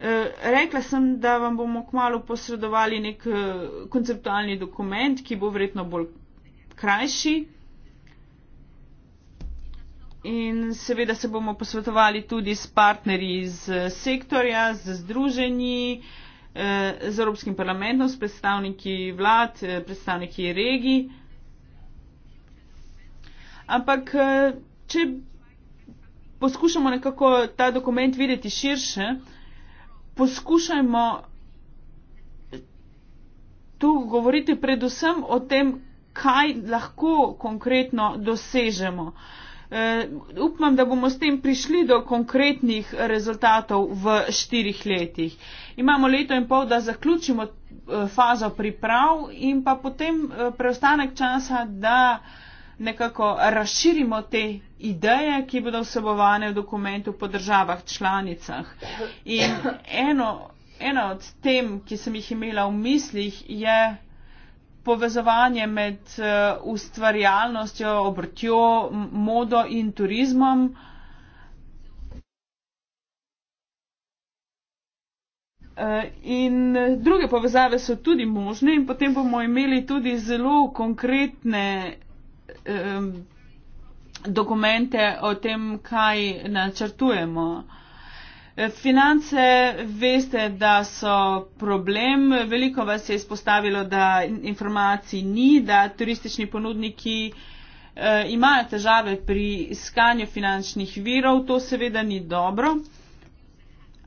eh, rekla sem, da vam bomo kmalo posredovali nek eh, konceptualni dokument, ki bo vredno bolj krajši. In seveda se bomo posvetovali tudi s partnerji iz eh, sektorja, z združenji, eh, z Evropskim parlamentom, s predstavniki vlad, eh, predstavniki regij. Ampak, če poskušamo nekako ta dokument videti širše, poskušajmo tu govoriti predvsem o tem, kaj lahko konkretno dosežemo. Uh, upam, da bomo s tem prišli do konkretnih rezultatov v štirih letih. Imamo leto in pol, da zaključimo uh, fazo priprav in pa potem uh, preostanek časa, da nekako razširimo te ideje, ki bodo vsebovane v dokumentu po državah članicah. In eno, eno od tem, ki sem jih imela v mislih, je povezovanje med eh, ustvarjalnostjo, obrtjo, modo in turizmom? Eh, in druge povezave so tudi možne in potem bomo imeli tudi zelo konkretne eh, dokumente o tem, kaj načrtujemo. Finance, veste, da so problem. Veliko vas je izpostavilo, da informacij ni, da turistični ponudniki eh, imajo težave pri iskanju finančnih virov. To seveda ni dobro.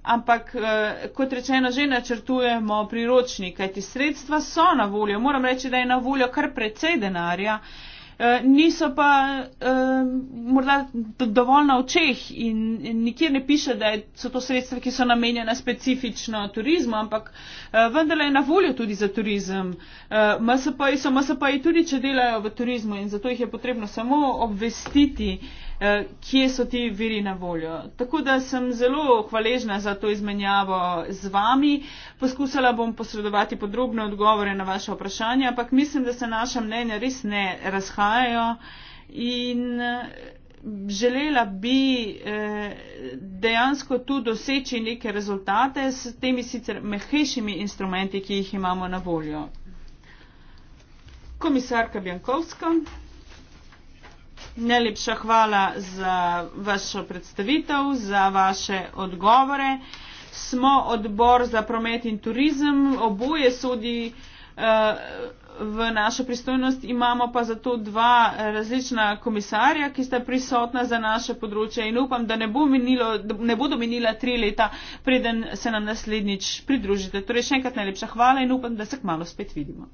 Ampak, eh, kot rečeno, že načrtujemo priročnik, kajti sredstva so na voljo. Moram reči, da je na voljo kar precej denarja. Uh, Eh, niso pa eh, morda dovolj na očeh in, in nikjer ne piše, da so to sredstva, ki so namenjena specifično turizmu, ampak eh, vendarle je na voljo tudi za turizem. Eh, MSP-ji so MSP-ji tudi, če delajo v turizmu in zato jih je potrebno samo obvestiti. Eh, Eh, kje so ti viri na voljo. Tako da sem zelo hvaležna za to izmenjavo z vami. Poskusala bom posredovati podrobne odgovore na vaše vprašanje, ampak mislim, da se naša mnenja res ne razhajajo in eh, želela bi eh, dejansko tu doseči neke rezultate s temi sicer mehkejšimi instrumenti, ki jih imamo na voljo. Komisarka Bjankovska. Najlepša hvala za vašo predstavitev, za vaše odgovore. Smo odbor za promet in turizem, oboje sodi eh, v našo pristojnost, imamo pa zato dva različna komisarja, ki sta prisotna za naše področje in upam, da ne, bo minilo, da ne bodo minila tri leta, preden se nam naslednjič pridružite. Torej, še enkrat najlepša hvala in upam, da se k malo spet vidimo.